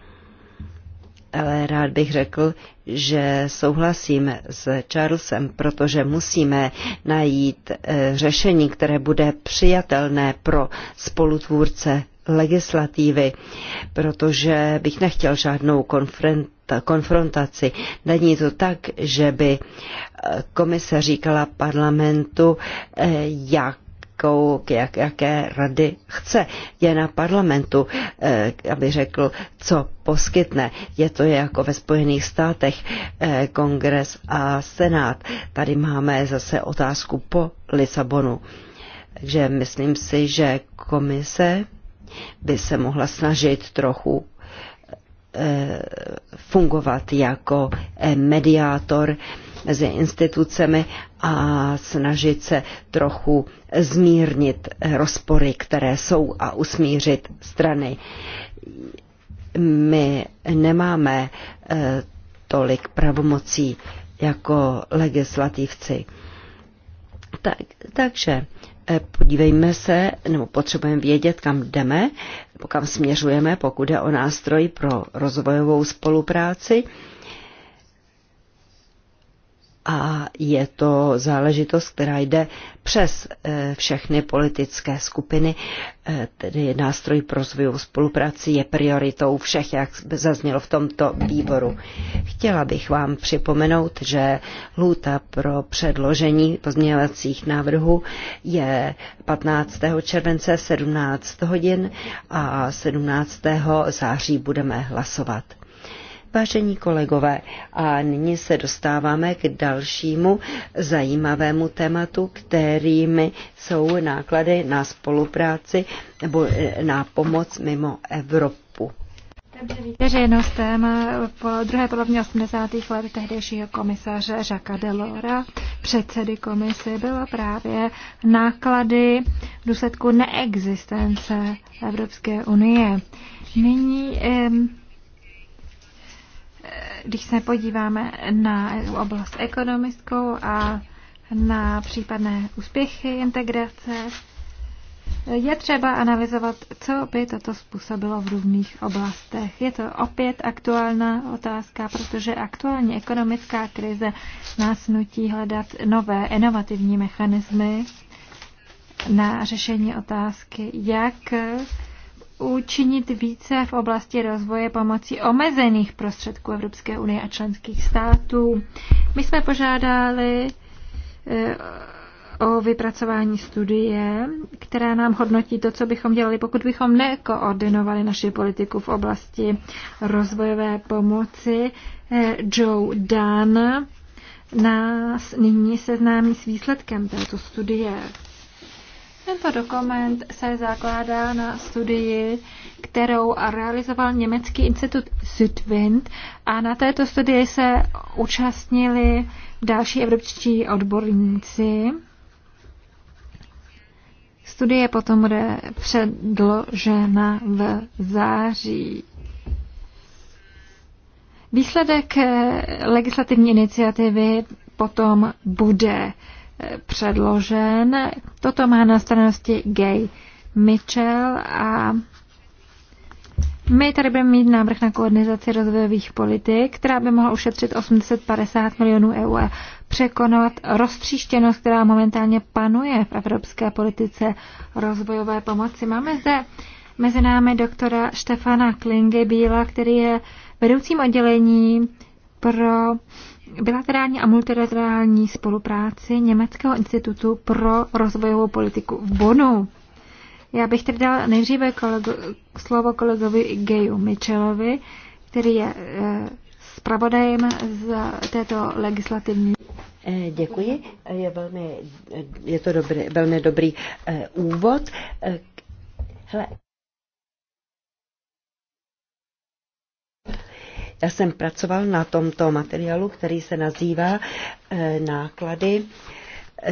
ale rád bych řekl, že souhlasím s Charlesem, protože musíme najít eh, řešení, které bude přijatelné pro spolutvůrce legislativy, protože bych nechtěl žádnou konfrontaci. Není to tak, že by eh, komise říkala parlamentu, eh, jak jakou, jak, jaké rady chce. Je na parlamentu, eh, aby řekl, co poskytne. Je to jako ve Spojených státech eh, kongres a senát. Tady máme zase otázku po Lisabonu. Takže myslím si, že komise by se mohla snažit trochu eh, fungovat jako mediátor mezi institucemi a snažit se trochu zmírnit rozpory, které jsou a usmířit strany. My nemáme e, tolik pravomocí jako legislativci. Tak, takže e, podívejme se, nebo potřebujeme vědět, kam jdeme, kam směřujeme, pokud je o nástroj pro rozvojovou spolupráci a je to záležitost, která jde přes eh, všechny politické skupiny, eh, tedy nástroj pro rozvojovou spolupráci je prioritou všech, jak zaznělo v tomto výboru. Chtěla bych vám připomenout, že lhůta pro předložení pozměňovacích návrhů je 15. července 17 hodin a 17. září budeme hlasovat. Vážení kolegové, a nyní se dostáváme k dalšímu zajímavému tématu, kterými jsou náklady na spolupráci nebo eh, na pomoc mimo Evropu. Veřejnost tém po druhé polovině 80. let tehdejšího komisaře Žaka Delora, předsedy komise, bylo právě náklady v důsledku neexistence Evropské unie. Nyní když se podíváme na oblast ekonomickou a na případné úspěchy integrace, je třeba analyzovat, co by toto způsobilo v různých oblastech. Je to opět aktuální otázka, protože aktuální ekonomická krize nás nutí hledat nové inovativní mechanismy na řešení otázky, jak učinit více v oblasti rozvoje pomocí omezených prostředků Evropské unie a členských států. My jsme požádali eh, o vypracování studie, která nám hodnotí to, co bychom dělali, pokud bychom nekoordinovali naši politiku v oblasti rozvojové pomoci. Eh, Joe Dunn nás nyní seznámí s výsledkem této studie. Tento dokument se zakládá na studii, kterou realizoval německý institut Südwind a na této studii se účastnili další evropští odborníci. Studie potom bude předložena v září. Výsledek legislativní iniciativy potom bude předložen. Toto má na starosti Gay Mitchell a my tady budeme mít návrh na koordinaci rozvojových politik, která by mohla ušetřit 850 milionů EU a překonat roztříštěnost, která momentálně panuje v evropské politice rozvojové pomoci. Máme zde mezi námi doktora Štefana Klinge Bíla, který je vedoucím oddělení pro bilaterální a multilaterální spolupráci Německého institutu pro rozvojovou politiku v Bonu. Já bych tedy dal nejdříve kolego, slovo kolegovi Geju Mitchellovi, který je eh, zpravodajem z této legislativní. Eh, děkuji. Je, velmi, je to dobrý, velmi dobrý eh, úvod. Hele. Já jsem pracoval na tomto materiálu, který se nazývá eh, náklady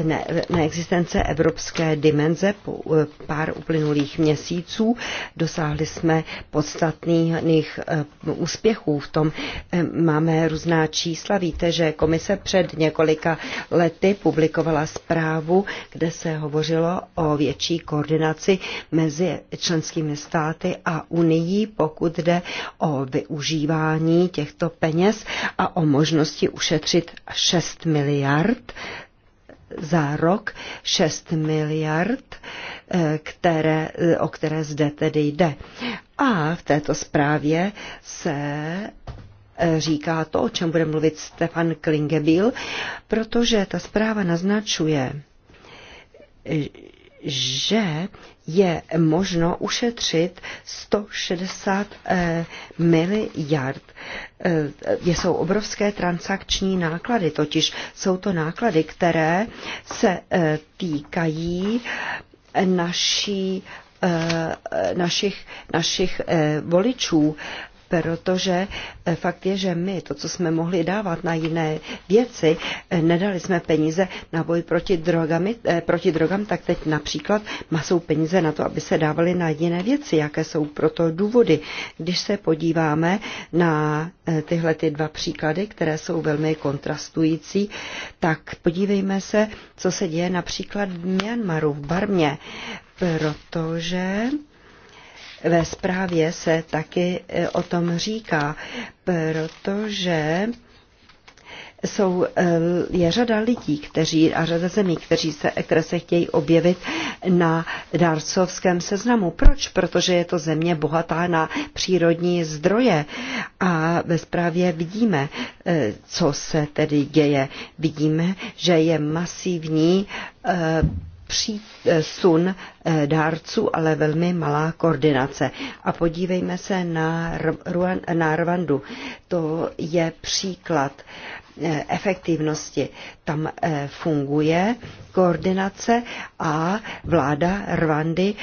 ne, neexistence evropské dimenze po eh, pár uplynulých měsíců. Dosáhli jsme podstatných eh, úspěchů v tom. Eh, máme různá čísla. Víte, že komise před několika lety publikovala zprávu, kde se hovořilo o větší koordinaci mezi členskými státy a Unii, pokud jde o využívání těchto peněz a o možnosti ušetřit 6 miliard za rok 6 miliard, eh, které, eh, o které zde tedy jde. A v této zprávě se eh, říká to, o čem bude mluvit Stefan Klingebil, protože ta zpráva naznačuje, že je možno ušetřit 160 eh, miliard. Eh, jsou obrovské transakční náklady, totiž jsou to náklady, které se eh, týkají naší našich, našich voličů protože eh, fakt je, že my to, co jsme mohli dávat na jiné věci, eh, nedali jsme peníze na boj proti, drogami, eh, proti drogám, tak teď například masou peníze na to, aby se dávaly na jiné věci. Jaké jsou proto důvody? Když se podíváme na tyhle ty dva příklady, které jsou velmi kontrastující, tak podívejme se, co se děje například v Myanmaru, v Barmě, protože ve zprávě se taky e, o tom říká, protože jsou, e, je řada lidí, kteří a řada zemí, kteří se, které se chtějí objevit na dárcovském seznamu. Proč? Protože je to země bohatá na přírodní zdroje. A ve zprávě vidíme, e, co se tedy děje. Vidíme, že je masivní přísun eh, eh, dárců, ale velmi malá koordinace. A podívejme se na, Ruan, na Rwandu. To je příklad eh, efektivnosti. Tam funguje koordinace a vláda Rwandy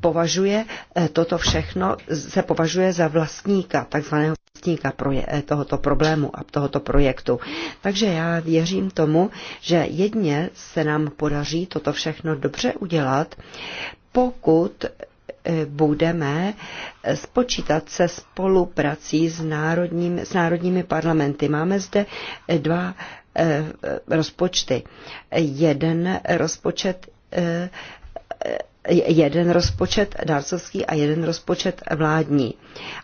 považuje toto všechno, se považuje za vlastníka takzvaného účastníka eh, tohoto problému a tohoto projektu. Takže já věřím tomu, že jedně se nám podaří toto všechno dobře udělat, pokud eh, budeme eh, spočítat se spoluprací s, národním, s národními parlamenty. Máme zde dva rozpočty. Jeden rozpočet jeden rozpočet dárcovský a jeden rozpočet vládní.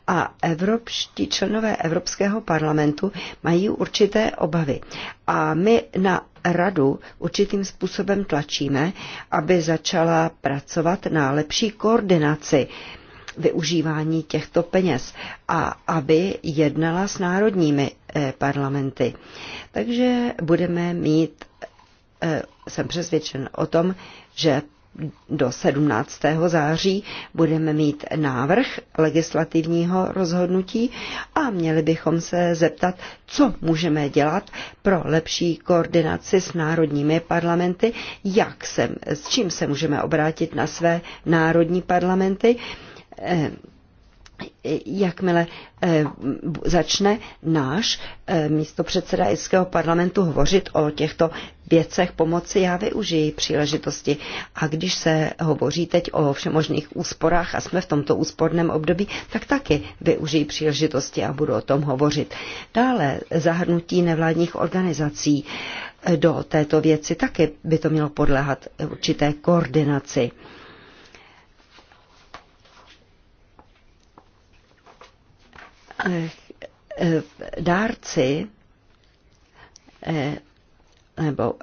A evropští členové Evropského parlamentu mají určité obavy. A my na radu určitým způsobem tlačíme, aby začala pracovat na lepší koordinaci využívání těchto peněz a aby jednala s národními eh, parlamenty. Takže budeme mít, eh, jsem přesvědčen o tom, že do 17. září budeme mít návrh legislativního rozhodnutí a měli bychom se zeptat, co můžeme dělat pro lepší koordinaci s národními parlamenty, jak se, s čím se můžeme obrátit na své národní parlamenty, eh, jakmile eh, začne náš eh, místo předseda Irského parlamentu hovořit o těchto věcech pomoci já využiji příležitosti. A když se hovoří teď o všemožných úsporách a jsme v tomto úsporném období, tak taky využiji příležitosti a budu o tom hovořit. Dále zahrnutí nevládních organizací do této věci taky by to mělo podléhat určité koordinaci. Eh, eh, dárci eh, nebo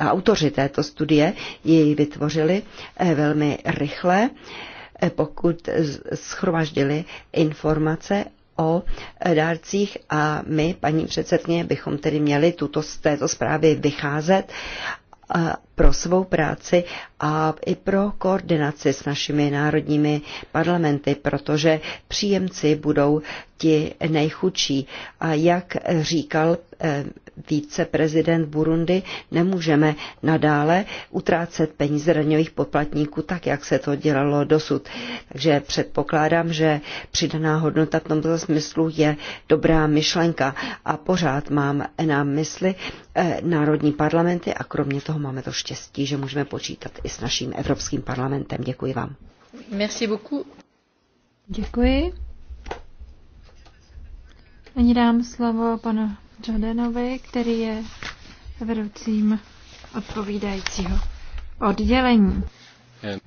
a autoři této studie ji vytvořili eh, velmi rychle, eh, pokud schromaždili informace o eh, dárcích a my, paní předsedkyně, bychom tedy měli tuto, z této zprávy vycházet pro svou práci a i pro koordinaci s našimi národními parlamenty, protože příjemci budou ti nejchudší. A jak říkal viceprezident Burundi, nemůžeme nadále utrácet peníze daňových poplatníků tak, jak se to dělalo dosud. Takže předpokládám, že přidaná hodnota v tomto smyslu je dobrá myšlenka a pořád mám e, na mysli e, národní parlamenty a kromě toho máme to štěstí, že můžeme počítat i s naším Evropským parlamentem. Děkuji vám. Merci beaucoup. Děkuji. Ani dám slovo panu Jordanovi, který je vedoucím odpovídajícího oddělení.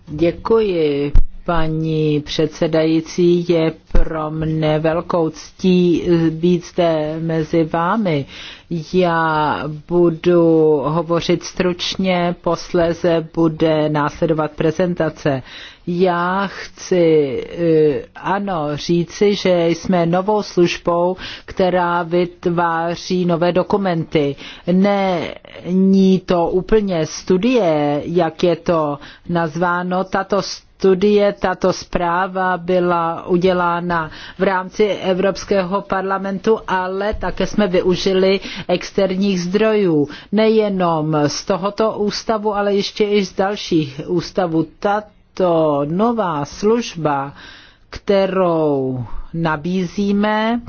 Děkuji, paní předsedající. Je pro mne velkou ctí být zde mezi vámi. Já budu hovořit stručně, posléze bude následovat prezentace. Já chci eh, ano říci, že jsme novou službou, která vytváří nové dokumenty. Není to úplně studie, jak je to nazváno. Tato studie, tato zpráva byla udělána v rámci Evropského parlamentu, ale také jsme využili externích zdrojů. Nejenom z tohoto ústavu, ale ještě i z dalších ústavů. Tato nová služba, kterou nabízíme,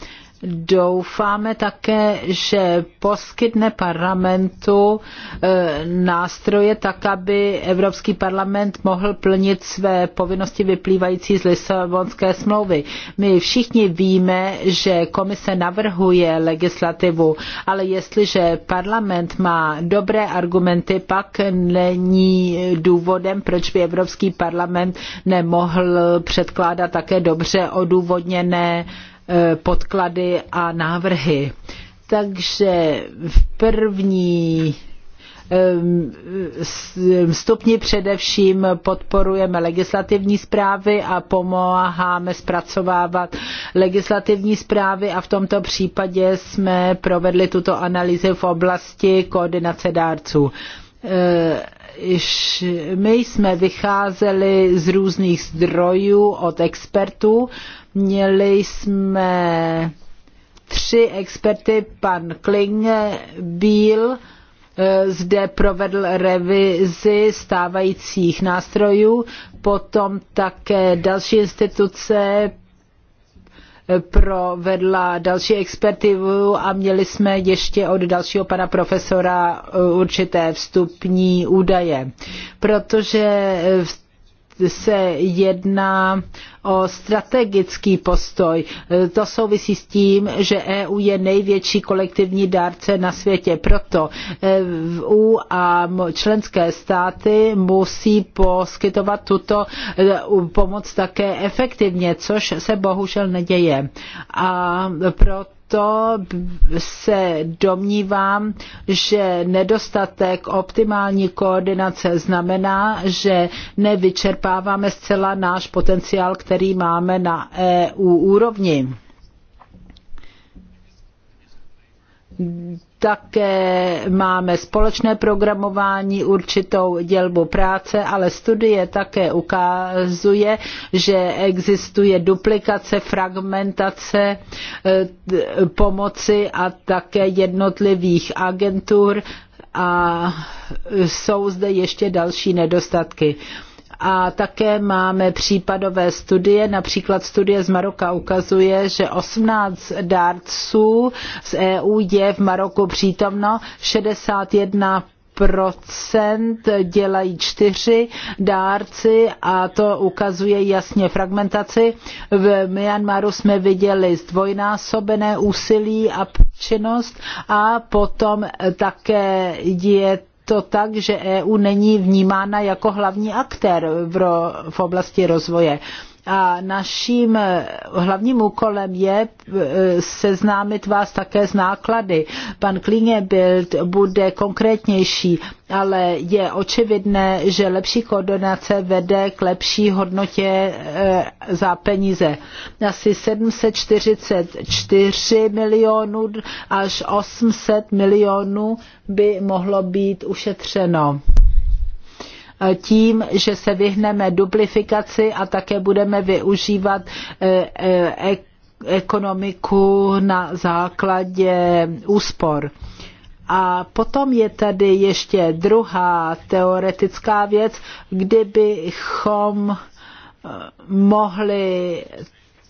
Doufáme také, že poskytne parlamentu eh, nástroje tak, aby Evropský parlament mohl plnit své povinnosti vyplývající z Lisabonské smlouvy. My všichni víme, že komise navrhuje legislativu, ale jestliže parlament má dobré argumenty, pak není důvodem, proč by Evropský parlament nemohl předkládat také dobře odůvodněné Eh, podklady a návrhy. Takže v první eh, stupni především podporujeme legislativní zprávy a pomáháme zpracovávat legislativní zprávy a v tomto případě jsme provedli tuto analýzu v oblasti koordinace dárců eh, my jsme vycházeli z různých zdrojů od expertů. Měli jsme tři experty, pan Kling, Bíl, eh, zde provedl revizi stávajících nástrojů, potom také další instituce, provedla další expertivu a měli jsme ještě od dalšího pana profesora eh, určité vstupní údaje, protože v se jedná o strategický postoj. To souvisí s tím, že EU je největší kolektivní dárce na světě. Proto EU a členské státy musí poskytovat tuto pomoc také efektivně, což se bohužel neděje. A proto proto se domnívám, že nedostatek optimální koordinace znamená, že nevyčerpáváme zcela náš potenciál, který máme na EU úrovni také máme společné programování, určitou dělbu práce, ale studie také ukazuje, že existuje duplikace, fragmentace e, pomoci a také jednotlivých agentur a jsou zde ještě další nedostatky a také máme případové studie, například studie z Maroka ukazuje, že 18 dárců z EU je v Maroku přítomno, 61 procent dělají čtyři dárci a to ukazuje jasně fragmentaci. V Myanmaru jsme viděli zdvojnásobené úsilí a činnost a potom také je to tak, že EU není vnímána jako hlavní aktér v, v oblasti rozvoje. A naším eh, hlavním úkolem je eh, seznámit vás také s náklady. Pan Klingebild bude konkrétnější, ale je očividné, že lepší koordinace vede k lepší hodnotě eh, za peníze. Asi 744 milionů až 800 milionů by mohlo být ušetřeno. Eh, tím, že se vyhneme duplifikaci a také budeme využívat eh, eh, ekonomiku na základě úspor. A potom je tady ještě druhá teoretická věc, kdybychom mohli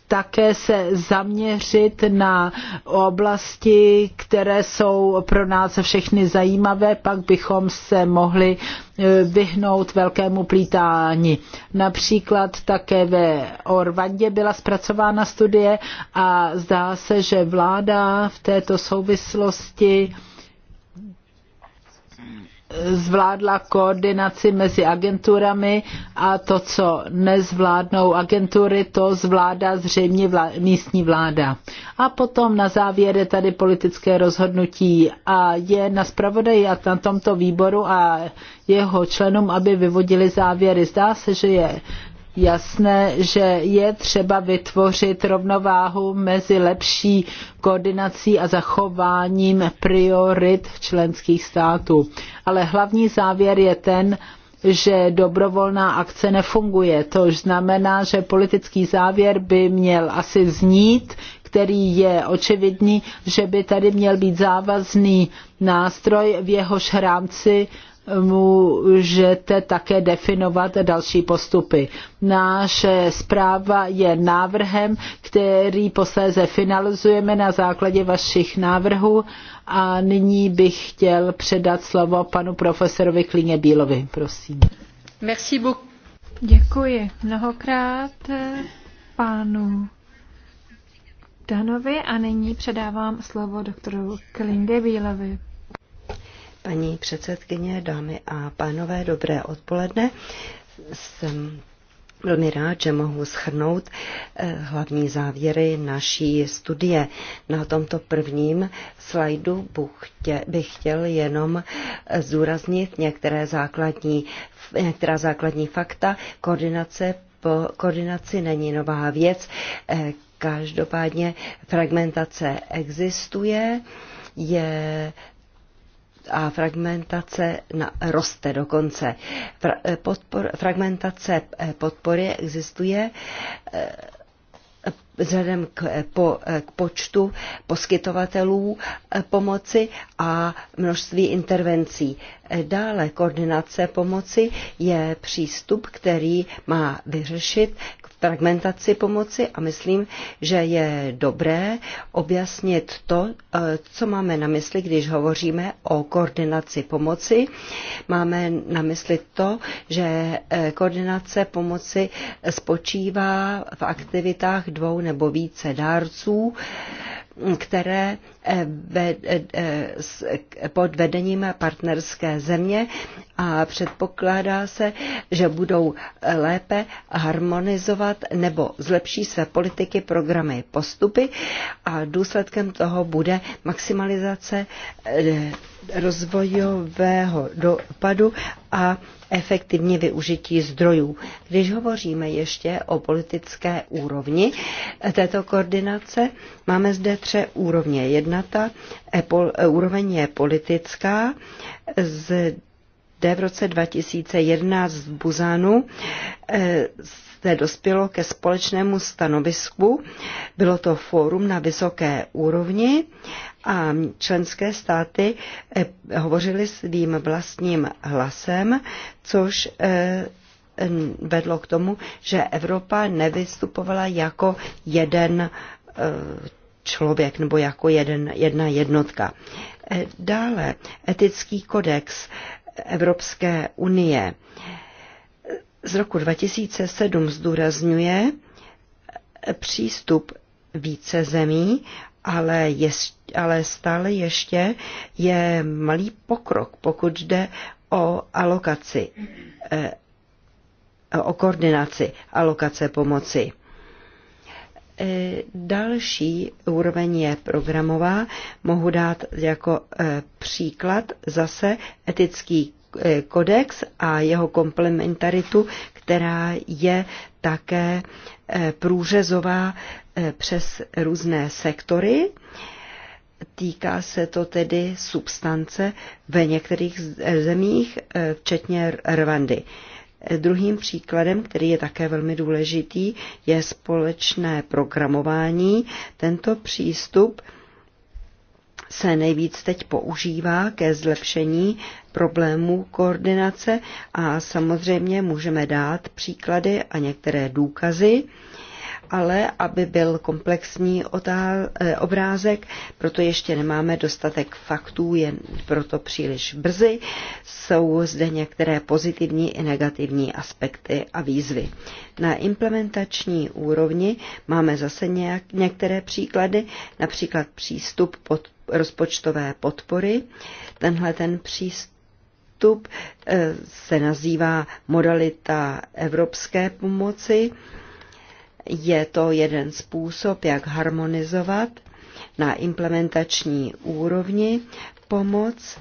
také se zaměřit na oblasti, které jsou pro nás všechny zajímavé, pak bychom se mohli eh, vyhnout velkému plítání. Například také ve Orvandě byla zpracována studie a zdá se, že vláda v této souvislosti zvládla koordinaci mezi agenturami a to, co nezvládnou agentury, to zvládá zřejmě vlá, místní vláda. A potom na závěr je tady politické rozhodnutí a je na zpravodaji a na tomto výboru a jeho členům, aby vyvodili závěry. Zdá se, že je jasné, že je třeba vytvořit rovnováhu mezi lepší koordinací a zachováním priorit členských států. Ale hlavní závěr je ten, že dobrovolná akce nefunguje. To znamená, že politický závěr by měl asi znít, který je očividný, že by tady měl být závazný nástroj, v jehož rámci můžete také definovat další postupy. Naše zpráva je návrhem, který posléze finalizujeme na základě vašich návrhů a nyní bych chtěl předat slovo panu profesorovi Klině Bílovi. Prosím. Merci Děkuji mnohokrát panu Danovi a nyní předávám slovo doktoru Bílovi. Paní předsedkyně, dámy a pánové, dobré odpoledne. Jsem velmi rád, že mohu schrnout eh, hlavní závěry naší studie. Na tomto prvním slajdu bych chtěl jenom eh, zúraznit některé základní, některá základní fakta. Koordinace po koordinaci není nová věc. Eh, každopádně fragmentace existuje, je a fragmentace na, roste dokonce. Fra, eh, podpor, fragmentace eh, podpory existuje eh, vzhledem k, po, k počtu poskytovatelů pomoci a množství intervencí. Dále koordinace pomoci je přístup, který má vyřešit fragmentaci pomoci a myslím, že je dobré objasnit to, eh, co máme na mysli, když hovoříme o koordinaci pomoci. Máme na mysli to, že eh, koordinace pomoci spočívá v aktivitách dvou nebo více dárců, které eh, pod vedením partnerské země a předpokládá se, že budou lépe harmonizovat nebo zlepší své politiky, programy, postupy a důsledkem toho bude maximalizace eh, rozvojového dopadu a efektivní využití zdrojů. Když hovoříme ještě o politické úrovni této koordinace, máme zde tři úrovně. Jedna ta e, e, úroveň je politická, zde v roce 2011 v Buzanu se dospělo ke společnému stanovisku. Bylo to fórum na vysoké úrovni a členské státy eh, hovořily svým vlastním hlasem, což eh, vedlo k tomu, že Evropa nevystupovala jako jeden eh, člověk nebo jako jeden, jedna jednotka. Dále etický kodex Evropské unie z roku 2007 zdůrazňuje přístup více zemí ale, je, ale stále ještě je malý pokrok, pokud jde o alokaci, eh, o koordinaci alokace pomoci. Eh, další úroveň je programová. Mohu dát jako eh, příklad zase etický kodex a jeho komplementaritu, která je také průřezová E, přes různé sektory. Týká se to tedy substance ve některých e, zemích, e, včetně Rwandy. Druhým příkladem, který je také velmi důležitý, je společné programování. Tento přístup se nejvíc teď používá ke zlepšení problémů koordinace a samozřejmě můžeme dát příklady a některé důkazy. Eh, ale aby byl komplexní otá- eh, obrázek, proto ještě nemáme dostatek faktů, je proto příliš brzy. Jsou zde některé pozitivní i negativní aspekty a výzvy. Na implementační úrovni máme zase nějak, některé příklady, například přístup pod rozpočtové podpory. Tenhle ten přístup eh, se nazývá modalita evropské pomoci je to jeden způsob, jak harmonizovat na implementační úrovni pomoc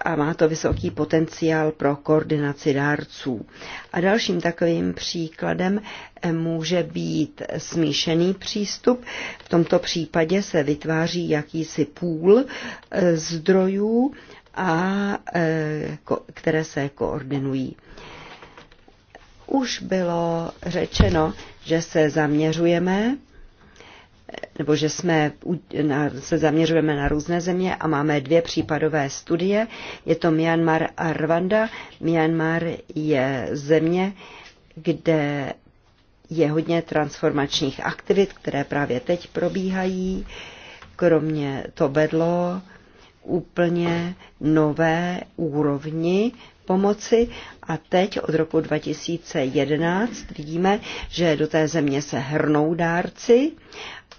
a má to vysoký potenciál pro koordinaci dárců. A dalším takovým příkladem eh, může být smíšený přístup. V tomto případě se vytváří jakýsi půl eh, zdrojů, a, eh, které se koordinují. Už bylo řečeno, že se zaměřujeme nebo že jsme, se zaměřujeme na různé země a máme dvě případové studie. Je to Myanmar a Rwanda. Myanmar je země, kde je hodně transformačních aktivit, které právě teď probíhají. Kromě to vedlo úplně nové úrovni pomoci a teď od roku 2011 vidíme, že do té země se hrnou dárci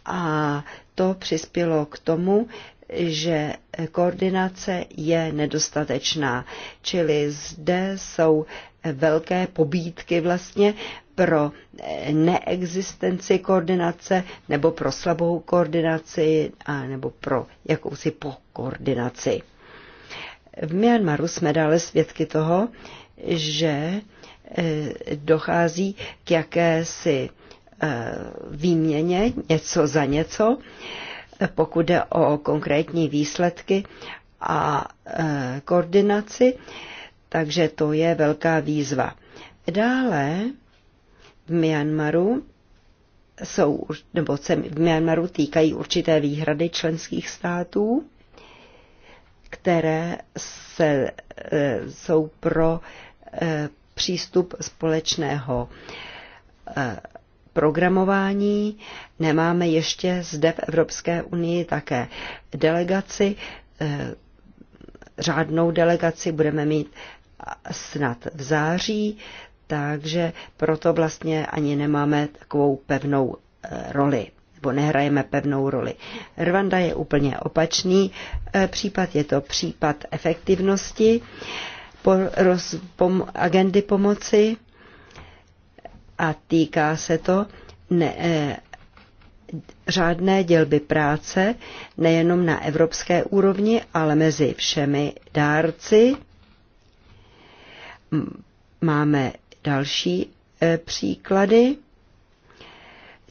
a to přispělo k tomu, že koordinace je nedostatečná. Čili zde jsou velké pobídky vlastně pro neexistenci koordinace nebo pro slabou koordinaci a nebo pro jakousi pokoordinaci. V Myanmaru jsme dále svědky toho, že eh, dochází k jakési eh, výměně něco za něco, eh, pokud jde o konkrétní výsledky a koordinaci, takže to je velká výzva. Dále v Myanmaru jsou, nebo se v Myanmaru týkají určité výhrady členských států, které se, e, jsou pro e, přístup společného e, programování. Nemáme ještě zde v Evropské unii také delegaci, řádnou delegaci budeme mít snad v září, takže proto vlastně ani nemáme takovou pevnou roli nebo nehrajeme pevnou roli. Rwanda je úplně opačný eh, případ, je to případ efektivnosti po, roz, pom, agendy pomoci a týká se to ne, e, řádné dělby práce nejenom na evropské úrovni, ale mezi všemi dárci. Máme další e, příklady.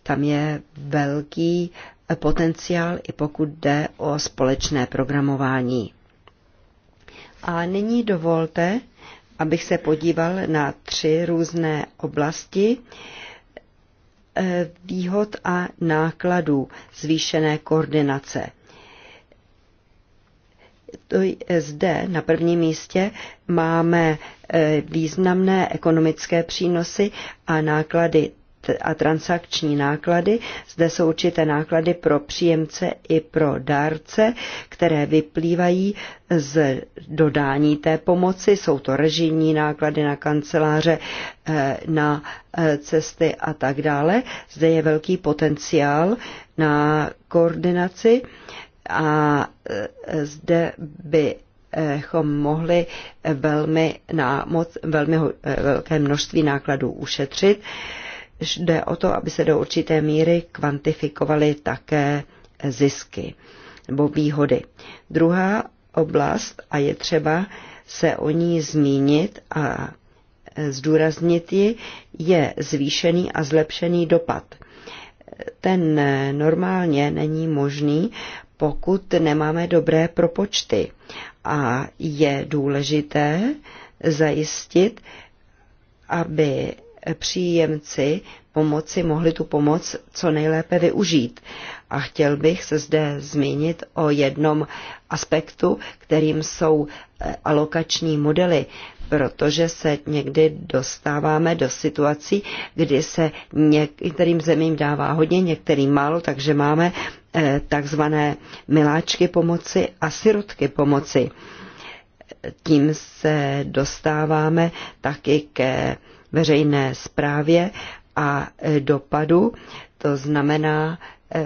Tam je velký potenciál, i pokud jde o společné programování. A nyní dovolte, abych se podíval na tři různé oblasti eh, výhod a nákladů zvýšené koordinace. To eh, Zde na prvním místě máme eh, významné ekonomické přínosy a náklady a transakční náklady. Zde jsou určité náklady pro příjemce i pro dárce, které vyplývají z dodání té pomoci. Jsou to režijní náklady na kanceláře, eh, na eh, cesty a tak dále. Zde je velký potenciál na koordinaci a eh, zde by bychom mohli velmi, na moc, velmi velké množství nákladů ušetřit jde o to, aby se do určité míry kvantifikovaly také zisky nebo výhody. Druhá oblast, a je třeba se o ní zmínit a zdůraznit ji, je zvýšený a zlepšený dopad. Ten normálně není možný, pokud nemáme dobré propočty. A je důležité zajistit, aby příjemci pomoci mohli tu pomoc co nejlépe využít. A chtěl bych se zde zmínit o jednom aspektu, kterým jsou eh, alokační modely, protože se někdy dostáváme do situací, kdy se některým zemím dává hodně, některým málo, takže máme eh, takzvané miláčky pomoci a sirotky pomoci. Tím se dostáváme taky ke veřejné správě a e, dopadu. To znamená, e,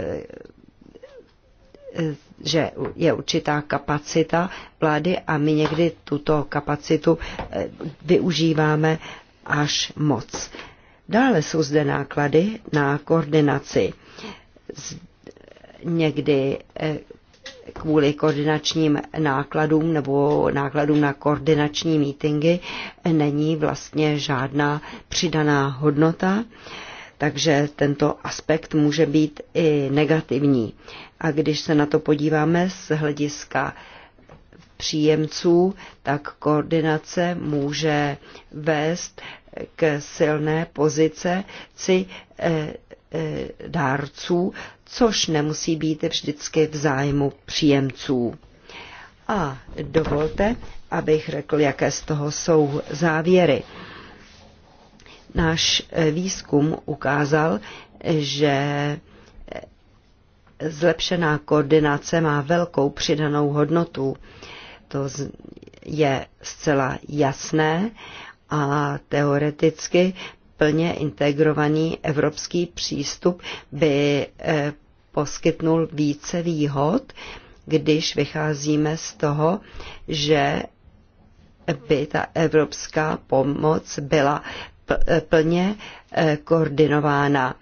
e, že je určitá kapacita vlády a my někdy tuto kapacitu využíváme až moc. Dále jsou zde náklady na koordinaci. Někdy kvůli koordinačním nákladům nebo nákladům na koordinační mítingy není vlastně žádná přidaná hodnota, takže tento aspekt může být i negativní. A když se na to podíváme z hlediska příjemců, tak koordinace může vést k silné pozici eh, Eh, dárců, což nemusí být vždycky v zájmu příjemců. A dovolte, abych řekl, jaké z toho jsou závěry. Náš eh, výzkum ukázal, že eh, zlepšená koordinace má velkou přidanou hodnotu. To je zcela jasné a teoreticky plně integrovaný evropský přístup by eh, poskytnul více výhod, když vycházíme z toho, že by ta evropská pomoc byla plně eh, koordinována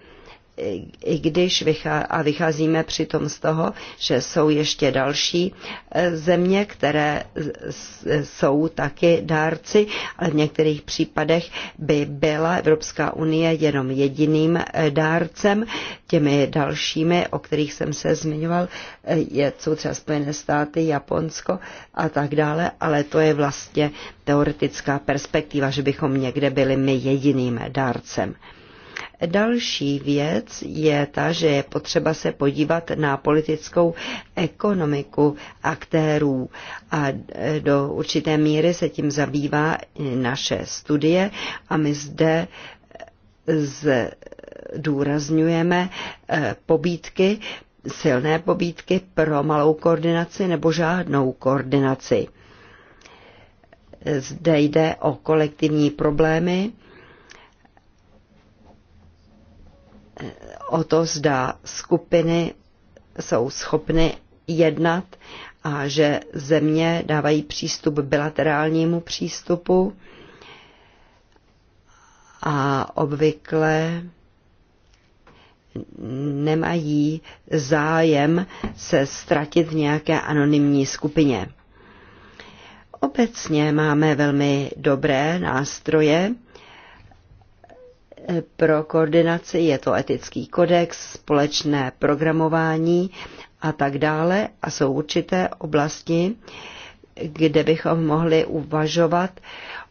i když vychá, a vycházíme přitom z toho, že jsou ještě další e, země, které jsou taky dárci, ale v některých případech by byla Evropská unie jenom jediným e, dárcem. Těmi dalšími, o kterých jsem se zmiňoval, e, je, jsou třeba Spojené státy, Japonsko a tak dále, ale to je vlastně teoretická perspektiva, že bychom někde byli my jediným dárcem. Další věc je ta, že je potřeba se podívat na politickou ekonomiku aktérů a do určité míry se tím zabývá naše studie a my zde zdůrazňujeme eh, pobídky, silné pobídky pro malou koordinaci nebo žádnou koordinaci. Zde jde o kolektivní problémy, o to, zda skupiny jsou schopny jednat a že země dávají přístup bilaterálnímu přístupu a obvykle nemají zájem se ztratit v nějaké anonymní skupině. Obecně máme velmi dobré nástroje, pro koordinaci, je to etický kodex, společné programování a tak dále. A jsou určité oblasti, kde bychom mohli uvažovat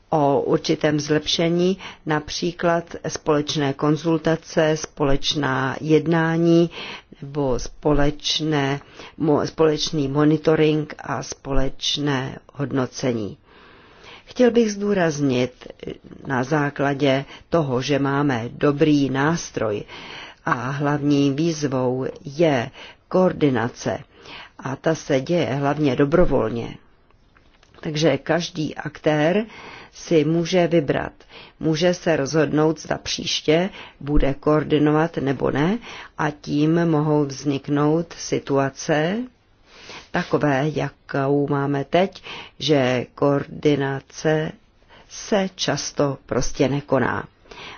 o určitém zlepšení, například společné konzultace, společná jednání nebo společné, společný monitoring a společné hodnocení. Chtěl bych zdůraznit na základě toho, že máme dobrý nástroj a hlavní výzvou je koordinace a ta se děje hlavně dobrovolně. Takže každý aktér si může vybrat. Může se rozhodnout, zda příště bude koordinovat nebo ne a tím mohou vzniknout situace, takové, jakou máme teď, že koordinace se často prostě nekoná.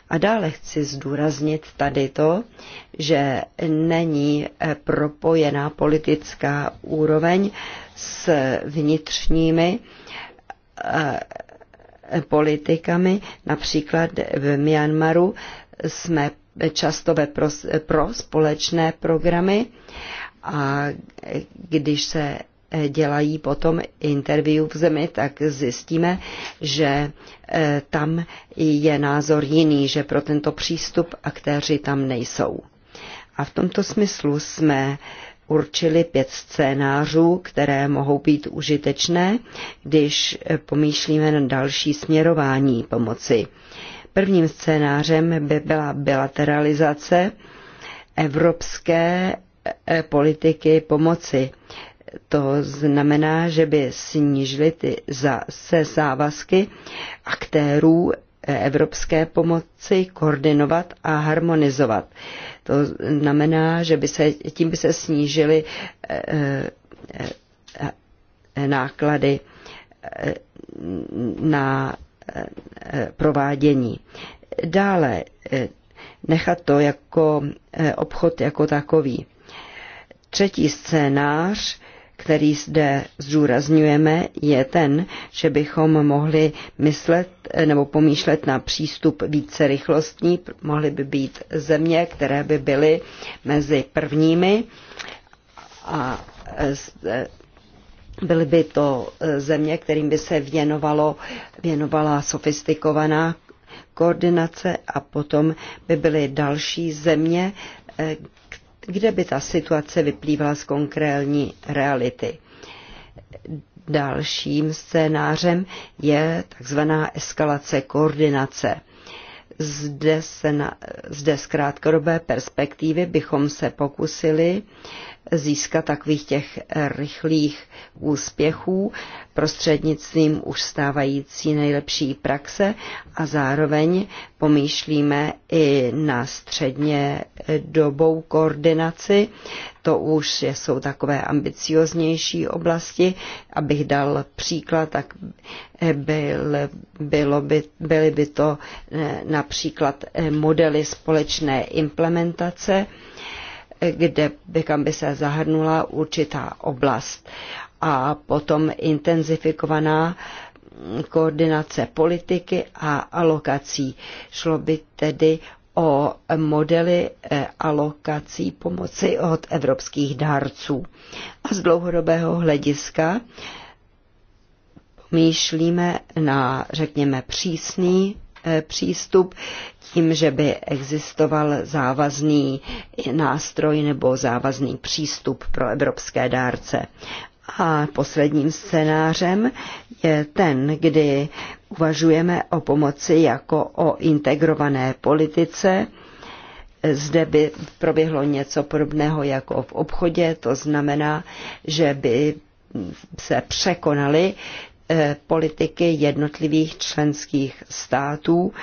A dále chci zdůraznit tady to, že není eh, propojená politická úroveň s vnitřními eh, politikami. Například v Myanmaru jsme často ve pro, pro společné programy a když se eh, dělají potom interview v zemi, tak zjistíme, že eh, tam je názor jiný, že pro tento přístup aktéři tam nejsou. A v tomto smyslu jsme určili pět scénářů, které mohou být užitečné, když eh, pomýšlíme na další směrování pomoci. Prvním scénářem by byla bilateralizace evropské E, politiky pomoci. To znamená, že by snížily ty za, se závazky aktérů e, evropské pomoci koordinovat a harmonizovat. To znamená, že by se, tím by se snížily e, náklady na provádění. Dále nechat to jako obchod jako takový. Třetí scénář, který zde zdůrazňujeme, je ten, že bychom mohli myslet eh, nebo pomýšlet na přístup více rychlostní. Mohly by být země, které by byly mezi prvními a eh, eh, byly by to země, kterým by se věnovalo, věnovala sofistikovaná koordinace a potom by byly další země, kde by ta situace vyplývala z konkrétní reality. Dalším scénářem je takzvaná eskalace koordinace. Zde, se na, zde z krátkodobé perspektivy bychom se pokusili získat takových těch rychlých úspěchů prostřednictvím už stávající nejlepší praxe a zároveň pomýšlíme i na středně dobou koordinaci. To už jsou takové ambicioznější oblasti. Abych dal příklad, tak byl, bylo by, byly by to eh, například eh, modely společné implementace, kde by, kam by se zahrnula určitá oblast. A potom intenzifikovaná koordinace politiky a alokací. Šlo by tedy o modely eh, alokací pomoci od evropských dárců. A z dlouhodobého hlediska myšlíme na, řekněme, přísný eh, přístup, tím, že by existoval závazný nástroj nebo závazný přístup pro evropské dárce. A posledním scénářem je ten, kdy uvažujeme o pomoci jako o integrované politice. Zde by proběhlo něco podobného jako v obchodě, to znamená, že by se překonaly Eh, politiky jednotlivých členských států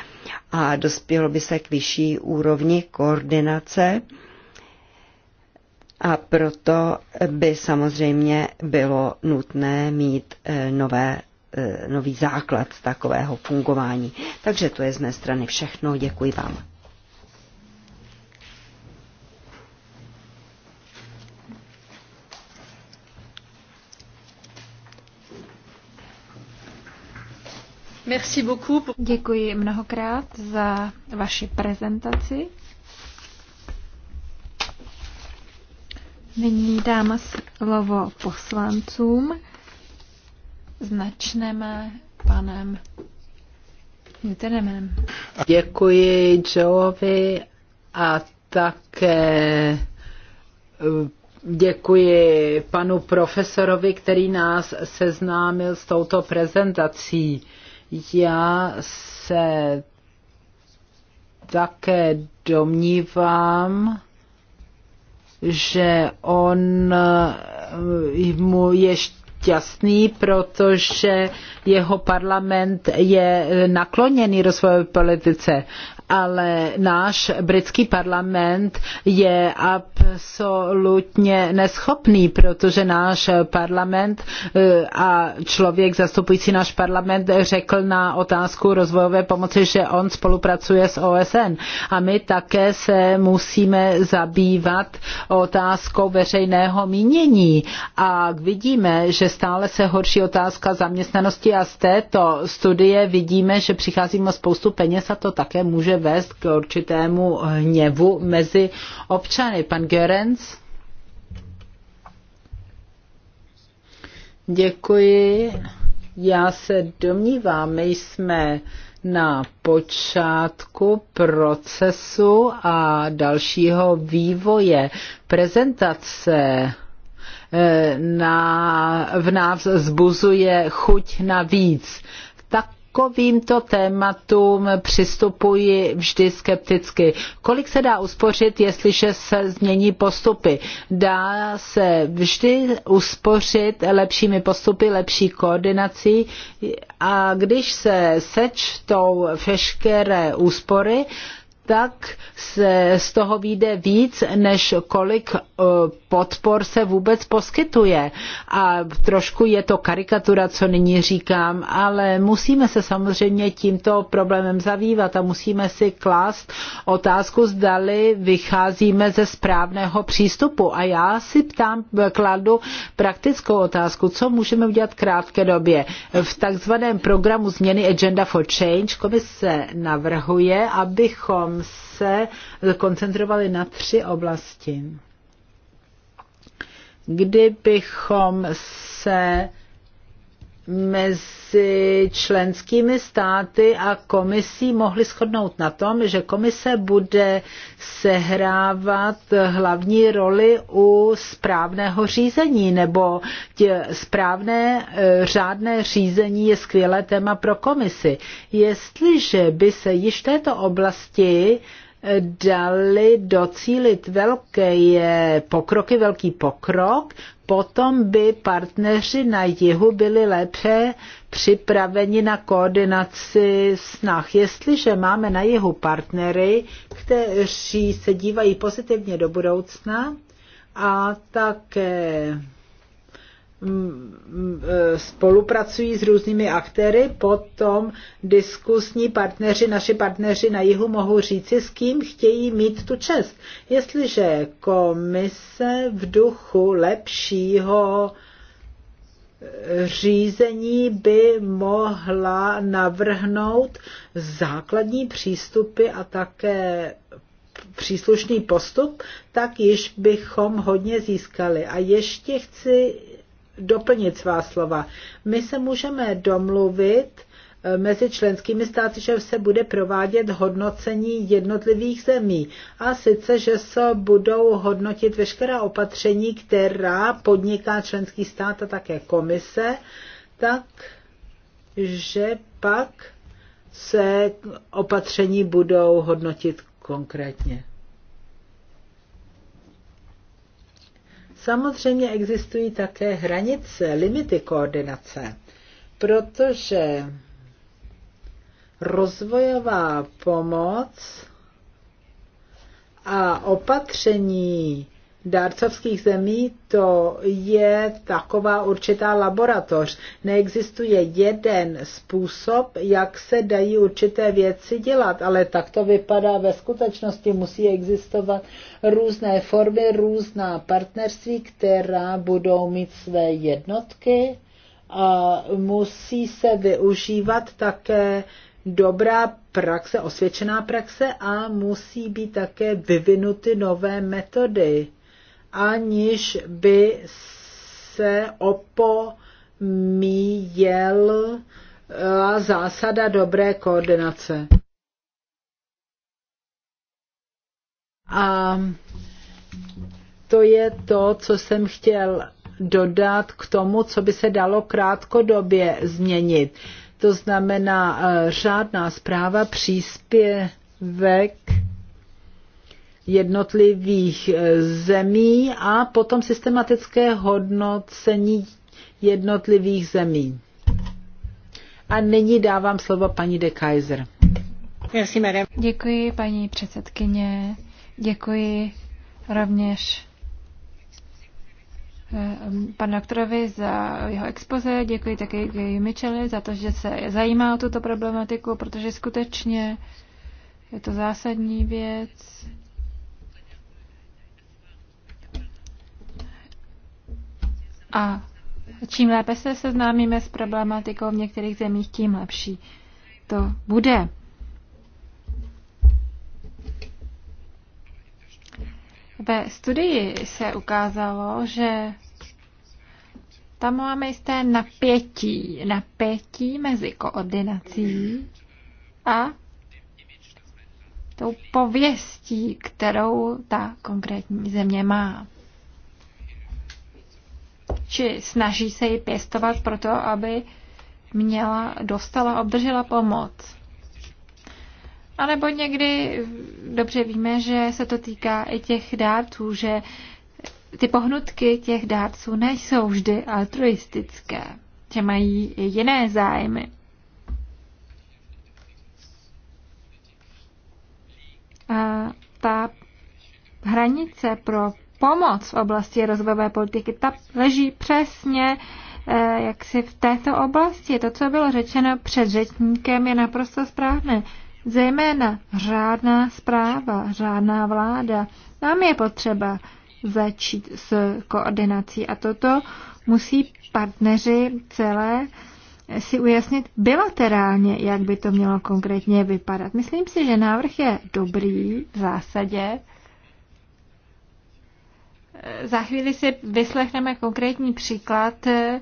a dospělo by se k vyšší úrovni koordinace. A proto by samozřejmě bylo nutné mít eh, nové, eh, nový základ takového fungování. Takže to je z mé strany všechno. Děkuji vám. Děkuji mnohokrát za vaši prezentaci. Nyní dám slovo poslancům. Značneme panem Newtonem. Děkuji Joeovi a také děkuji panu profesorovi, který nás seznámil s touto prezentací. Já se také domnívám, že on eh, mu je šťastný, protože jeho parlament je nakloněný rozvojové politice ale náš britský parlament je absolutně neschopný, protože náš parlament eh, a člověk zastupující náš parlament řekl na otázku rozvojové pomoci, že on spolupracuje s OSN. A my také se musíme zabývat otázkou veřejného mínění. A vidíme, že stále se horší otázka zaměstnanosti a z této studie vidíme, že přicházíme spoustu peněz a to také může vést k určitému hněvu mezi občany. Pan Görenc? Děkuji. Já se domnívám, my jsme na počátku procesu a dalšího vývoje prezentace eh, na, v nás zbuzuje chuť na víc takovýmto tématům přistupuji vždy skepticky. Kolik se dá uspořit, jestliže se změní postupy? Dá se vždy uspořit lepšími postupy, lepší koordinací a když se sečtou veškeré úspory, tak se z toho vyjde víc, než kolik e, podpor se vůbec poskytuje. A trošku je to karikatura, co nyní říkám, ale musíme se samozřejmě tímto problémem zavívat a musíme si klást otázku, zdali vycházíme ze správného přístupu. A já si ptám, kladu praktickou otázku, co můžeme udělat v krátké době. V takzvaném programu změny Agenda for Change komise navrhuje, abychom se koncentrovali na tři oblasti. Kdybychom se mezi členskými státy a komisí mohli shodnout na tom, že komise bude sehrávat hlavní roli u správného řízení, nebo tě správné eh, řádné řízení je skvělé téma pro komisi. Jestliže by se již v této oblasti dali docílit velké pokroky, velký pokrok, potom by partneři na jihu byli lépe připraveni na koordinaci snah. Jestliže máme na jihu partnery, kteří se dívají pozitivně do budoucna a také E, spolupracují s různými aktéry, potom diskusní partneři, naši partneři na jihu mohou říci, s kým chtějí mít tu čest. Jestliže komise v duchu lepšího e, řízení by mohla navrhnout základní přístupy a také příslušný postup, tak již bychom hodně získali. A ještě chci doplnit svá slova. My se můžeme domluvit eh, mezi členskými státy, že se bude provádět hodnocení jednotlivých zemí. A sice, že se budou hodnotit veškerá opatření, která podniká členský stát a také komise, tak že pak se opatření budou hodnotit konkrétně. Samozřejmě existují také hranice, limity koordinace, protože rozvojová pomoc a opatření dárcovských zemí, to je taková určitá laboratoř. Neexistuje jeden způsob, jak se dají určité věci dělat, ale tak to vypadá ve skutečnosti. Musí existovat různé formy, různá partnerství, která budou mít své jednotky a musí se využívat také dobrá praxe, osvědčená praxe a musí být také vyvinuty nové metody aniž by se opomíjel zásada dobré koordinace. A to je to, co jsem chtěl dodat k tomu, co by se dalo krátkodobě změnit. To znamená eh, řádná zpráva, příspěvek jednotlivých eh, zemí a potom systematické hodnocení jednotlivých zemí. A nyní dávám slovo paní de Kaiser. Děkuji, paní předsedkyně. Děkuji rovněž eh, panu doktorovi za jeho expoze, děkuji také Gay Micheli za to, že se zajímá o tuto problematiku, protože skutečně je to zásadní věc. A čím lépe se seznámíme s problematikou v některých zemích, tím lepší to bude. Ve studii se ukázalo, že tam máme jisté napětí. Napětí mezi koordinací a tou pověstí, kterou ta konkrétní země má či snaží se ji pěstovat proto, aby měla, dostala, obdržela pomoc. A nebo někdy dobře víme, že se to týká i těch dárců, že ty pohnutky těch dárců nejsou vždy altruistické, že mají i jiné zájmy. A ta hranice pro pomoc v oblasti rozvojové politiky, ta leží přesně eh, jak si v této oblasti. To, co bylo řečeno před řečníkem, je naprosto správné. Zejména řádná zpráva, řádná vláda. Nám je potřeba začít s koordinací a toto musí partneři celé si ujasnit bilaterálně, jak by to mělo konkrétně vypadat. Myslím si, že návrh je dobrý v zásadě. Za chvíli si vyslechneme konkrétní příklad, eh,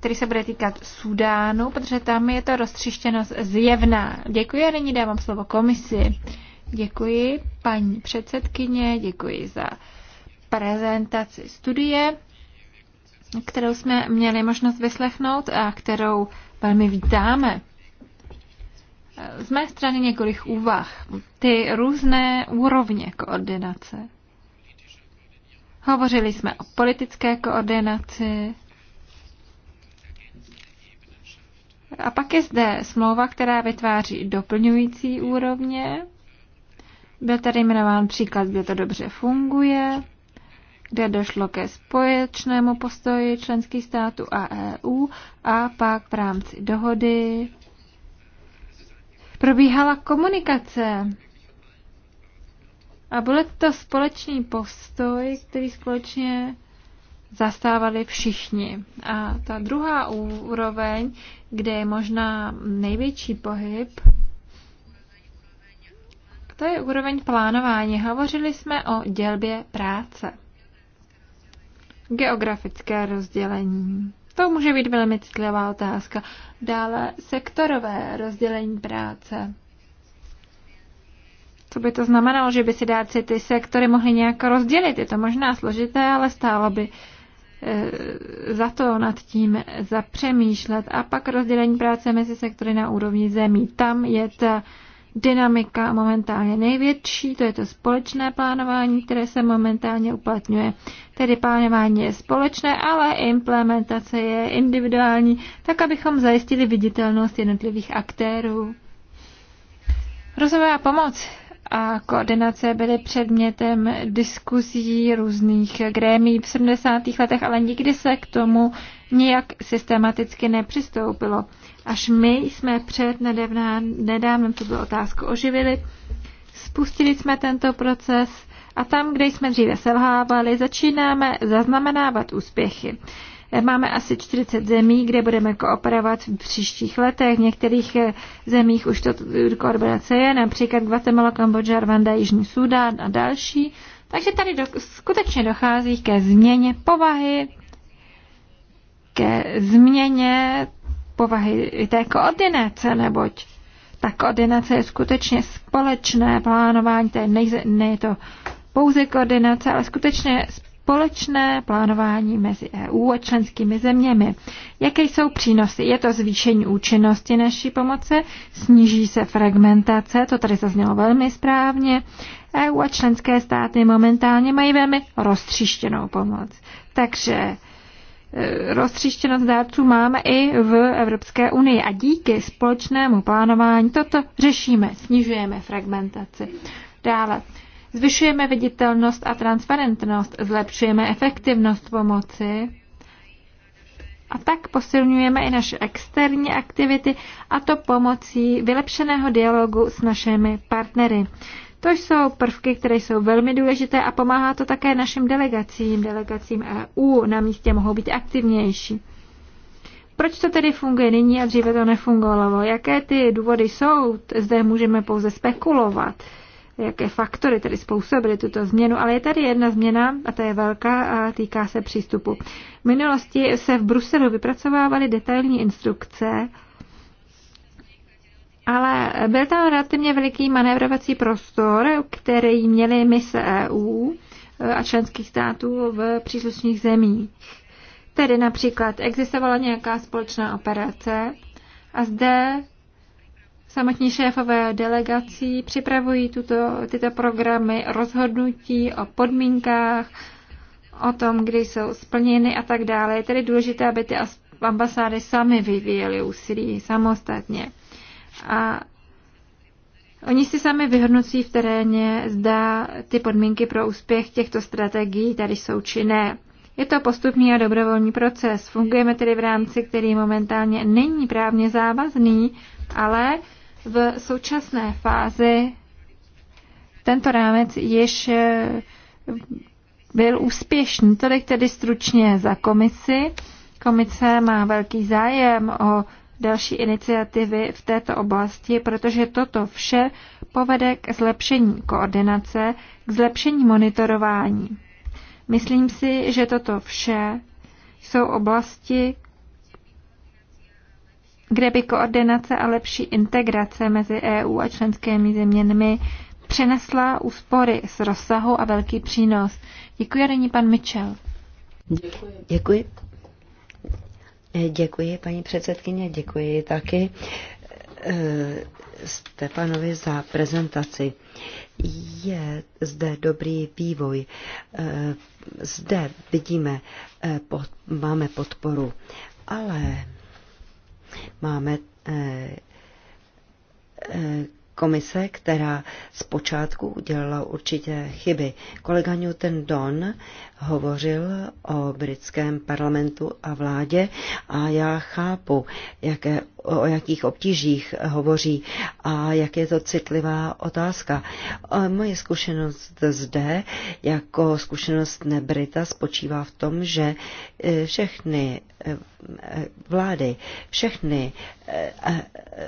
který se bude týkat Sudánu, protože tam je to roztřištěnost zjevná. Děkuji a nyní dávám slovo komisi. Děkuji paní předsedkyně, děkuji za prezentaci studie, kterou jsme měli možnost vyslechnout a kterou velmi vítáme. Z mé strany několik úvah. Ty různé úrovně koordinace. Hovořili jsme o politické koordinaci. A pak je zde smlouva, která vytváří doplňující úrovně. Byl tady jmenován příklad, kde to dobře funguje, kde došlo ke společnému postoji členských států a EU a pak v rámci dohody probíhala komunikace a byl to společný postoj, který společně zastávali všichni. A ta druhá úroveň, kde je možná největší pohyb, to je úroveň plánování. Hovořili jsme o dělbě práce. Geografické rozdělení. To může být velmi citlivá otázka. Dále sektorové rozdělení práce. Co by to znamenalo, že by si dáci ty sektory mohli nějak rozdělit? Je to možná složité, ale stálo by e, za to nad tím zapřemýšlet a pak rozdělení práce mezi sektory na úrovni zemí. Tam je ta dynamika momentálně největší, to je to společné plánování, které se momentálně uplatňuje. Tedy plánování je společné, ale implementace je individuální, tak abychom zajistili viditelnost jednotlivých aktérů. Rozvojová pomoc a koordinace byly předmětem diskuzí různých grémí v 70. letech, ale nikdy se k tomu nijak systematicky nepřistoupilo. Až my jsme před nedávnem, to otázku, oživili, spustili jsme tento proces a tam, kde jsme dříve selhávali, začínáme zaznamenávat úspěchy. Máme asi 40 zemí, kde budeme kooperovat v příštích letech. V některých eh, zemích už to eh, kooperace je, například Guatemala, Kambodža, Rwanda, Jižní Súdán a další. Takže tady do, skutečně dochází ke změně povahy, ke změně povahy té koordinace, neboť ta koordinace je skutečně společné plánování, to je, nejze, ne je to pouze koordinace, ale skutečně společné plánování mezi EU a členskými zeměmi. Jaké jsou přínosy? Je to zvýšení účinnosti naší pomoci, sníží se fragmentace, to tady zaznělo velmi správně. EU a členské státy momentálně mají velmi roztříštěnou pomoc. Takže e, roztříštěnost dárců máme i v Evropské unii a díky společnému plánování toto řešíme, snižujeme fragmentaci. Dále Zvyšujeme viditelnost a transparentnost, zlepšujeme efektivnost pomoci a tak posilňujeme i naše externí aktivity a to pomocí vylepšeného dialogu s našimi partnery. To jsou prvky, které jsou velmi důležité a pomáhá to také našim delegacím, delegacím EU na místě mohou být aktivnější. Proč to tedy funguje nyní a dříve to nefungovalo? Jaké ty důvody jsou? Zde můžeme pouze spekulovat jaké faktory tedy způsobily tuto změnu, ale je tady jedna změna, a ta je velká, a týká se přístupu. V minulosti se v Bruselu vypracovávaly detailní instrukce, ale byl tam relativně veliký manévrovací prostor, který měly mise EU a členských států v příslušných zemích. Tedy například existovala nějaká společná operace a zde Samotní šéfové delegací připravují tuto, tyto programy, rozhodnutí o podmínkách, o tom, kdy jsou splněny a tak dále. Je tedy důležité, aby ty ambasády sami vyvíjely úsilí samostatně. A Oni si sami vyhodnocí v teréně, zda ty podmínky pro úspěch těchto strategií tady jsou činné. Je to postupný a dobrovolný proces. Fungujeme tedy v rámci, který momentálně není právně závazný, ale v současné fázi tento rámec již eh, byl úspěšný. Tolik tedy stručně za komisi. Komise má velký zájem o další iniciativy v této oblasti, protože toto vše povede k zlepšení koordinace, k zlepšení monitorování. Myslím si, že toto vše jsou oblasti, kde by koordinace a lepší integrace mezi EU a členskými zeměmi přinesla úspory z rozsahu a velký přínos. Děkuji, a není pan Mitchell. Děkuji. Děkuji. Děkuji, paní předsedkyně, děkuji taky eh, Stepanovi za prezentaci. Je zde dobrý vývoj. Eh, zde vidíme, eh, máme podporu, ale Máme eh, eh, komise, která zpočátku udělala určitě chyby. Kolega Newton Don hovořil o britském parlamentu a vládě a já chápu, jaké, o jakých obtížích hovoří a jak je to citlivá otázka. A moje zkušenost zde jako zkušenost nebrita spočívá v tom, že e, všechny e, e, vlády, všechny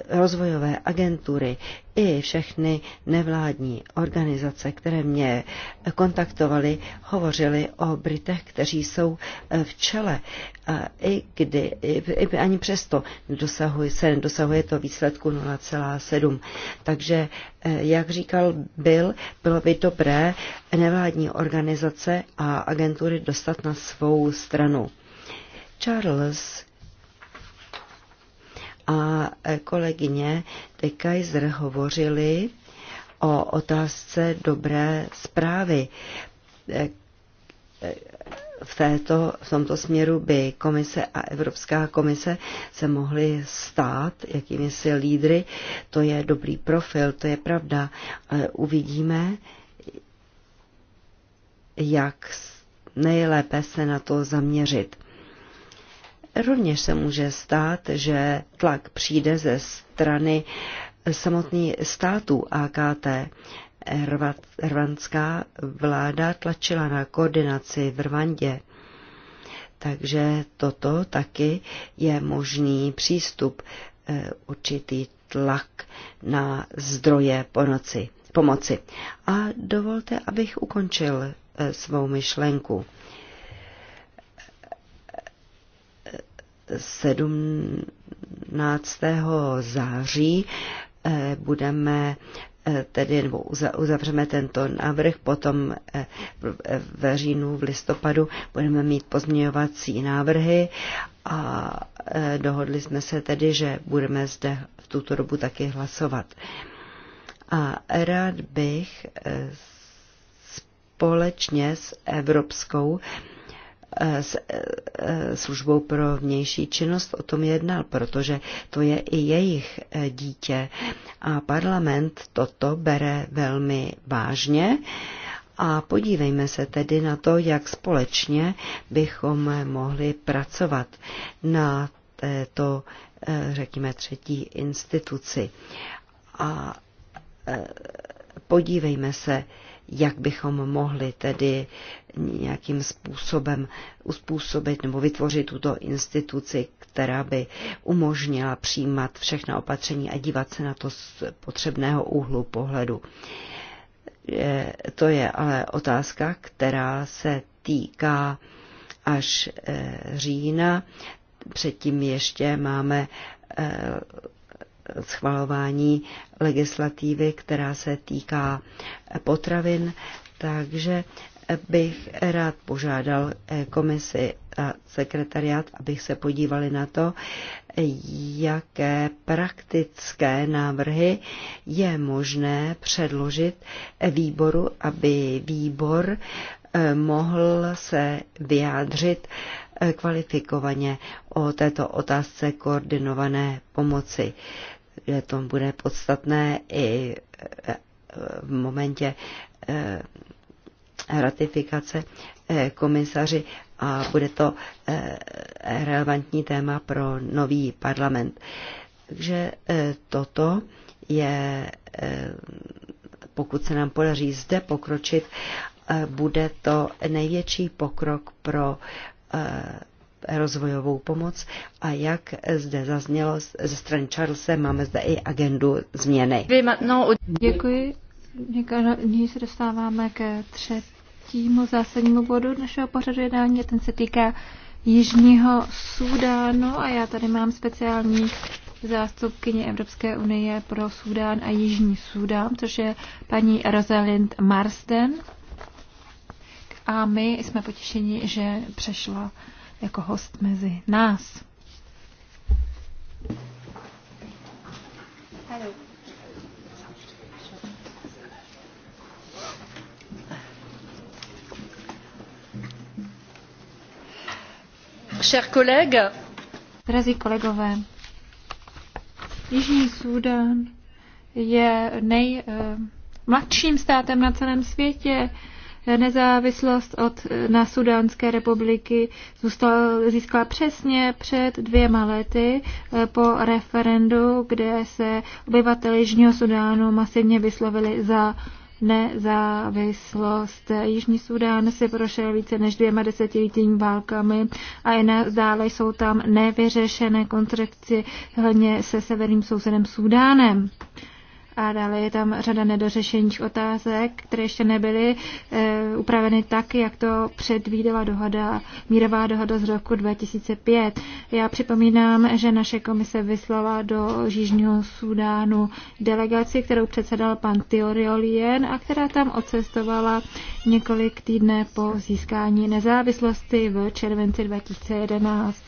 rozvojové agentury i všechny nevládní organizace, které mě kontaktovaly, hovořily o Britech, kteří jsou e, v čele. A e, I, kdy, i ani přesto dosahuje, se dosahuje to výsledku 0,7. Takže, e, jak říkal Bill, bylo by dobré nevládní organizace a agentury dostat na svou stranu. Charles a kolegyně de Kaiser hovořili o otázce dobré zprávy, v, této, v tomto směru by komise a Evropská komise se mohly stát jakými si lídry. To je dobrý profil, to je pravda. E, uvidíme, jak nejlépe se na to zaměřit. Rovněž se může stát, že tlak přijde ze strany samotných států AKT rvanská vláda tlačila na koordinaci v Rwandě. Takže toto taky je možný přístup, eh, určitý tlak na zdroje pomoci. pomoci. A dovolte, abych ukončil eh, svou myšlenku. 17. září eh, budeme Eh, tedy nebo uzavřeme tento návrh, potom eh, eh, v říjnu, v listopadu budeme mít pozměňovací návrhy a dohodli jsme se tedy, že budeme zde v tuto dobu taky hlasovat. A rád bych společně s Evropskou Eh, s eh, službou pro vnější činnost o tom jednal, protože to je i jejich eh, dítě. A parlament toto bere velmi vážně. A podívejme se tedy na to, jak společně bychom mohli pracovat na této, řekněme, třetí instituci. A podívejme se, jak bychom mohli tedy nějakým způsobem uspůsobit nebo vytvořit tuto instituci, která by umožnila přijímat všechna opatření a dívat se na to z potřebného úhlu pohledu. E, to je ale otázka, která se týká až e, října. Předtím ještě máme e, schvalování legislativy, která se týká potravin, takže bych rád požádal eh, komisi a sekretariát, abych se podívali na to, jaké praktické návrhy je možné předložit výboru, aby výbor eh, mohl se vyjádřit eh, kvalifikovaně o této otázce koordinované pomoci že to bude podstatné i eh, v momentě eh, ratifikace eh, komisaři a bude to relevantní téma pro nový parlament. Takže toto je, pokud se nám podaří zde pokročit, bude to největší pokrok pro rozvojovou pomoc a jak zde zaznělo ze strany Charlesa, máme zde i agendu změny. Děkuji. Nyní se dostáváme ke třetímu zásadnímu bodu našeho pořadu jednání. Ten se týká Jižního Súdánu a já tady mám speciální zástupkyně Evropské unie pro Súdán a Jižní Súdán, což je paní Rosalind Marsden. A my jsme potěšeni, že přešla jako host mezi nás. Hello. Chers collègues, Drazí kolegové, Jižní Súdán je nejmladším eh, státem na celém světě nezávislost od, na Sudánské republiky zůstal, získala přesně před dvěma lety eh, po referendu, kde se obyvatel Jižního Sudánu masivně vyslovili za nezávislost. Jižní Sudán se prošel více než dvěma desetiletím válkami a i dále jsou tam nevyřešené kontrakci hlavně se severním sousedem Sudánem a dále je tam řada nedořešených otázek, které ještě nebyly e, upraveny tak, jak to předvídala dohoda, mírová dohoda z roku 2005. Já připomínám, že naše komise vyslala do Jižního Sudánu delegaci, kterou předsedal pan Tioriolien a která tam odcestovala několik týdne po získání nezávislosti v červenci 2011.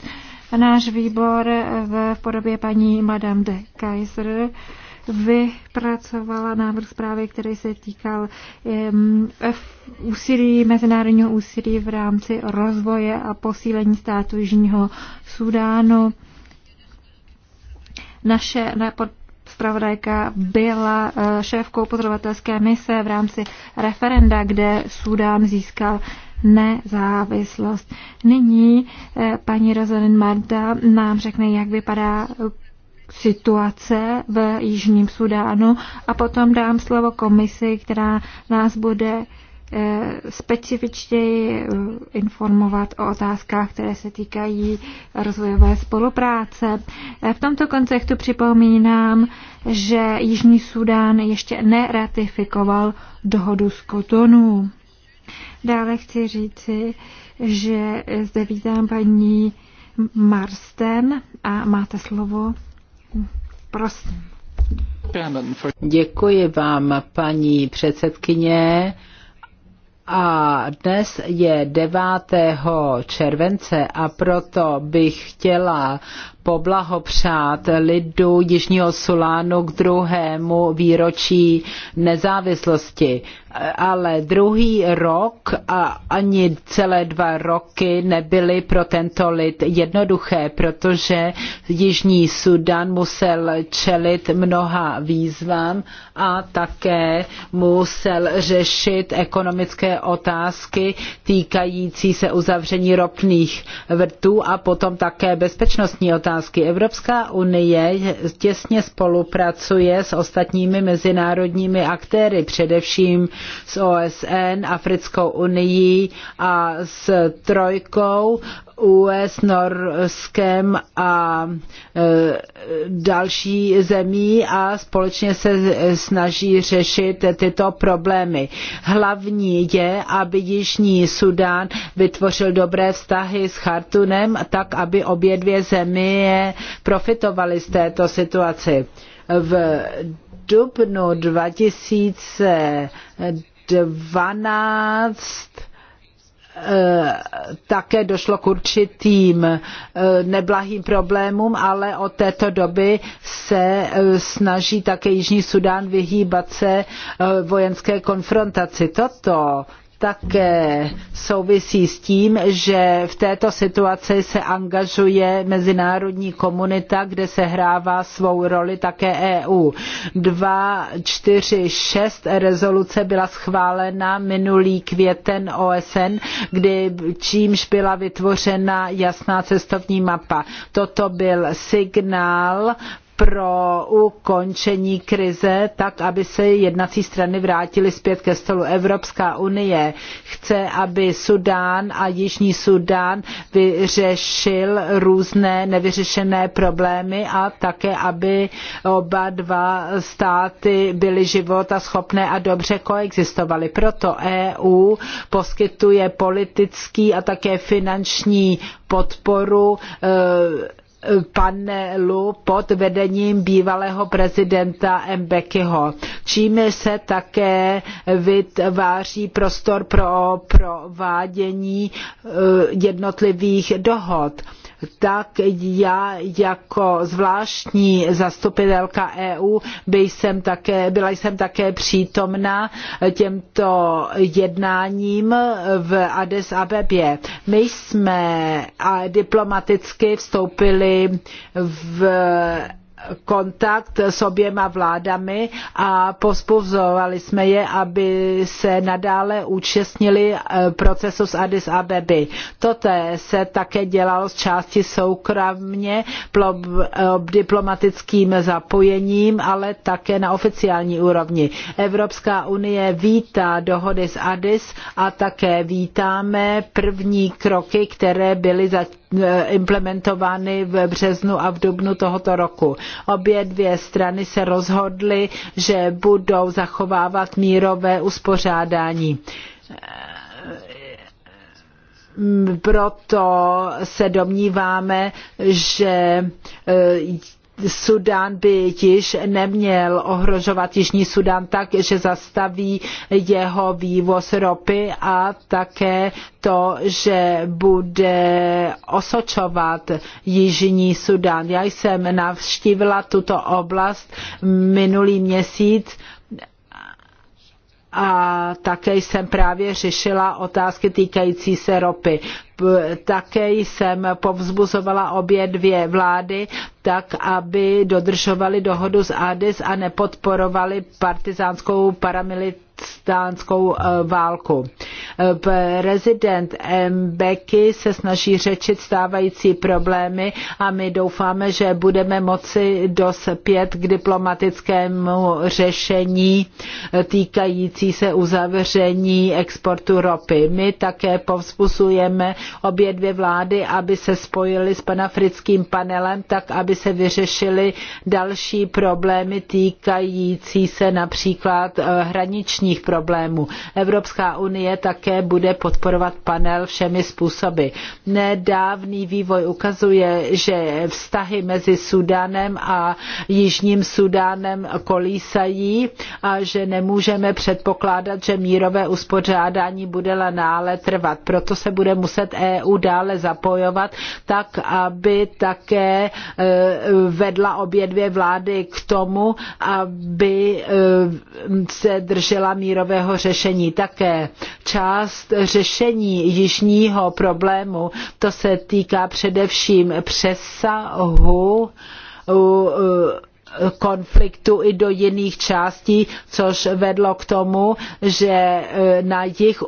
Náš výbor eh, v podobě paní Madame de Kaiser vypracovala návrh zprávy, který se týkal um, úsilí, mezinárodního úsilí v rámci rozvoje a posílení státu Jižního Sudánu. Naše spravodajka byla eh, šéfkou pozorovatelské mise v rámci referenda, kde Sudán získal nezávislost. Nyní eh, paní Rosalind Marda nám řekne, jak vypadá situace v Jižním Sudánu a potom dám slovo komisi, která nás bude eh, specifičtěji eh, informovat o otázkách, které se týkají rozvojové spolupráce. Eh, v tomto kontextu připomínám, že Jižní Sudán ještě neratifikoval dohodu s Kotonu. Dále chci říci, že zde vítám paní Marsten a máte slovo. Prosím. Děkuji vám, paní předsedkyně. A dnes je 9. července a proto bych chtěla poblahopřát lidu Jižního Sulánu k druhému výročí nezávislosti. Ale druhý rok a ani celé dva roky nebyly pro tento lid jednoduché, protože Jižní Sudan musel čelit mnoha výzvám a také musel řešit ekonomické otázky týkající se uzavření ropných vrtů a potom také bezpečnostní otázky otázky. Evropská unie těsně spolupracuje s ostatními mezinárodními aktéry, především s OSN, Africkou unii a s Trojkou US, Norskem a e, další zemí a společně se snaží řešit tyto problémy. Hlavní je, aby Jižní Sudán vytvořil dobré vztahy s Chartunem, tak aby obě dvě země profitovaly z této situace. V dubnu 2012 Eh, také došlo k určitým eh, neblahým problémům, ale od této doby se eh, snaží také Jižní Sudán vyhýbat se vojenské konfrontaci. Toto také souvisí s tím, že v této situaci se angažuje mezinárodní komunita, kde se hrává svou roli také EU. 246 rezoluce byla schválena minulý květen OSN, kdy čímž byla vytvořena jasná cestovní mapa. Toto byl signál pro ukončení krize, tak aby se jednací strany vrátily zpět ke stolu. Evropská unie chce, aby Sudán a Jižní Sudán vyřešil různé nevyřešené problémy a také, aby oba dva státy byly života schopné a dobře koexistovaly. Proto EU poskytuje politický a také finanční podporu e, panelu pod vedením bývalého prezidenta Mbekyho. Čím se také vytváří prostor pro provádění eh, jednotlivých dohod tak já jako zvláštní zastupitelka EU by jsem také, byla jsem také přítomna těmto jednáním v Addis Abebě. My jsme diplomaticky vstoupili v kontakt s oběma vládami a pospuzovali jsme je, aby se nadále účastnili eh, procesu s Addis Abeby. Toté se také dělalo z části soukromně eh, diplomatickým zapojením, ale také na oficiální úrovni. Evropská unie vítá dohody s Addis a také vítáme první kroky, které byly za E, implementovány v březnu a v dubnu tohoto roku. Obě dvě strany se rozhodly, že budou zachovávat mírové uspořádání e, proto se domníváme, že e, Sudán by již neměl ohrožovat Jižní Sudán tak, že zastaví jeho vývoz ropy a také to, že bude osočovat Jižní Sudán. Já jsem navštívila tuto oblast minulý měsíc a také jsem právě řešila otázky týkající se ropy. Také jsem povzbuzovala obě dvě vlády, tak aby dodržovali dohodu z Addis a nepodporovali partizánskou paramilitární afganistánskou eh, válku. Eh, prezident Mbeki se snaží řečit stávající problémy a my doufáme, že budeme moci dospět k diplomatickému řešení eh, týkající se uzavření exportu ropy. My také povzbuzujeme obě dvě vlády, aby se spojily s panafrickým panelem, tak aby se vyřešili další problémy týkající se například hraniční finančních problémů. Evropská unie také bude podporovat panel všemi způsoby. Nedávný vývoj ukazuje, že vztahy mezi Sudánem a Jižním Sudánem kolísají a že nemůžeme předpokládat, že mírové uspořádání bude nále trvat. Proto se bude muset EU dále zapojovat, tak aby také e, vedla obě dvě vlády k tomu, aby e, se držela mírového řešení také. Část řešení jižního problému, to se týká především přesahu konfliktu i do jiných částí, což vedlo k tomu, že e, na jich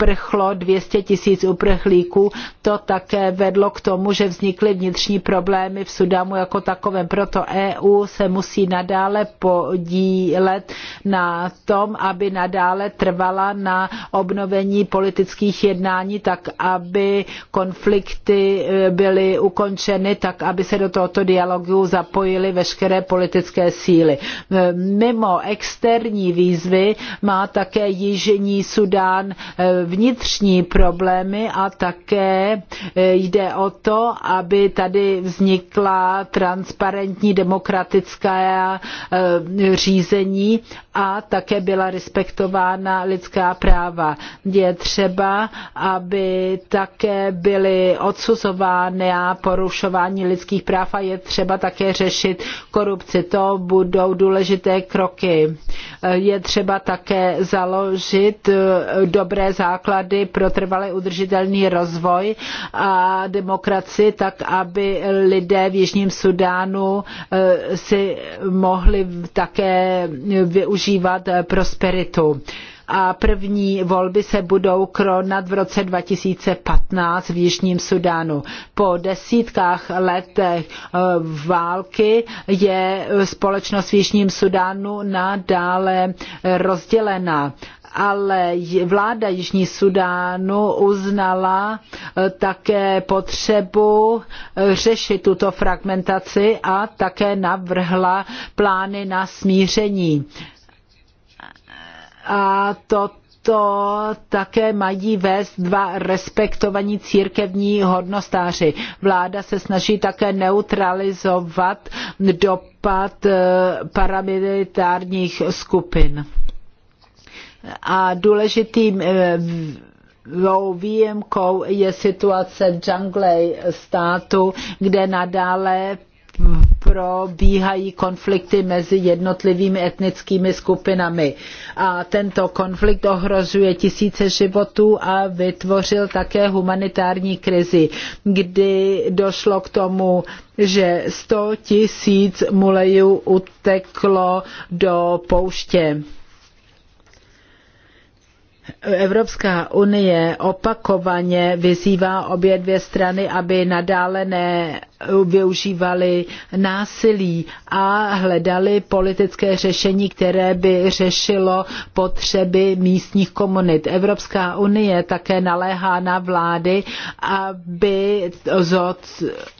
uprchlo 200 tisíc uprchlíků. To také vedlo k tomu, že vznikly vnitřní problémy v Sudamu jako takovém. Proto EU se musí nadále podílet na tom, aby nadále trvala na obnovení politických jednání, tak aby konflikty e, byly ukončeny, tak aby se do tohoto dialogu zapojily veškeré politické síly. E, mimo externí výzvy má také Jižní Sudán e, vnitřní problémy a také e, jde o to, aby tady vznikla transparentní demokratická e, řízení a také byla respektována lidská práva. Je třeba, aby také byly odsuzovány a porušování lidských práv a je třeba také řešit korupci. To budou důležité kroky. Je třeba také založit eh, dobré základy pro trvalý udržitelný rozvoj a demokracii, tak aby lidé v Jižním Sudánu eh, si mohli také využít zažívat eh, prosperitu a první volby se budou kronat v roce 2015 v Jižním Sudánu. Po desítkách let eh, války je společnost v Jižním Sudánu nadále eh, rozdělená ale vláda Jižní Sudánu uznala také potřebu řešit tuto fragmentaci a také navrhla plány na smíření a to to také mají vést dva respektovaní církevní hodnostáři. Vláda se snaží také neutralizovat dopad eh, paramilitárních skupin. A důležitým eh, výjimkou je situace v džunglej státu, kde nadále probíhají konflikty mezi jednotlivými etnickými skupinami. A tento konflikt ohrožuje tisíce životů a vytvořil také humanitární krizi, kdy došlo k tomu, že 100 tisíc mulejů uteklo do pouště. Evropská unie opakovaně vyzývá obě dvě strany, aby nadále ne využívali násilí a hledali politické řešení, které by řešilo potřeby místních komunit. Evropská unie také naléhá na vlády, aby,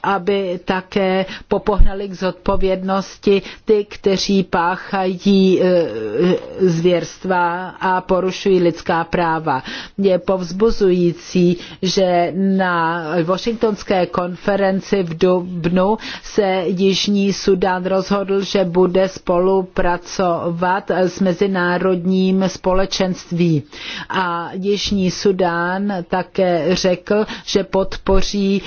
aby také popohnali k zodpovědnosti ty, kteří páchají eh, zvěrstva a porušují lidská práva. Je povzbuzující, že na Washingtonské konferenci v do dubnu se Jižní Sudan rozhodl, že bude spolupracovat s mezinárodním společenství. A Jižní Sudán také řekl, že podpoří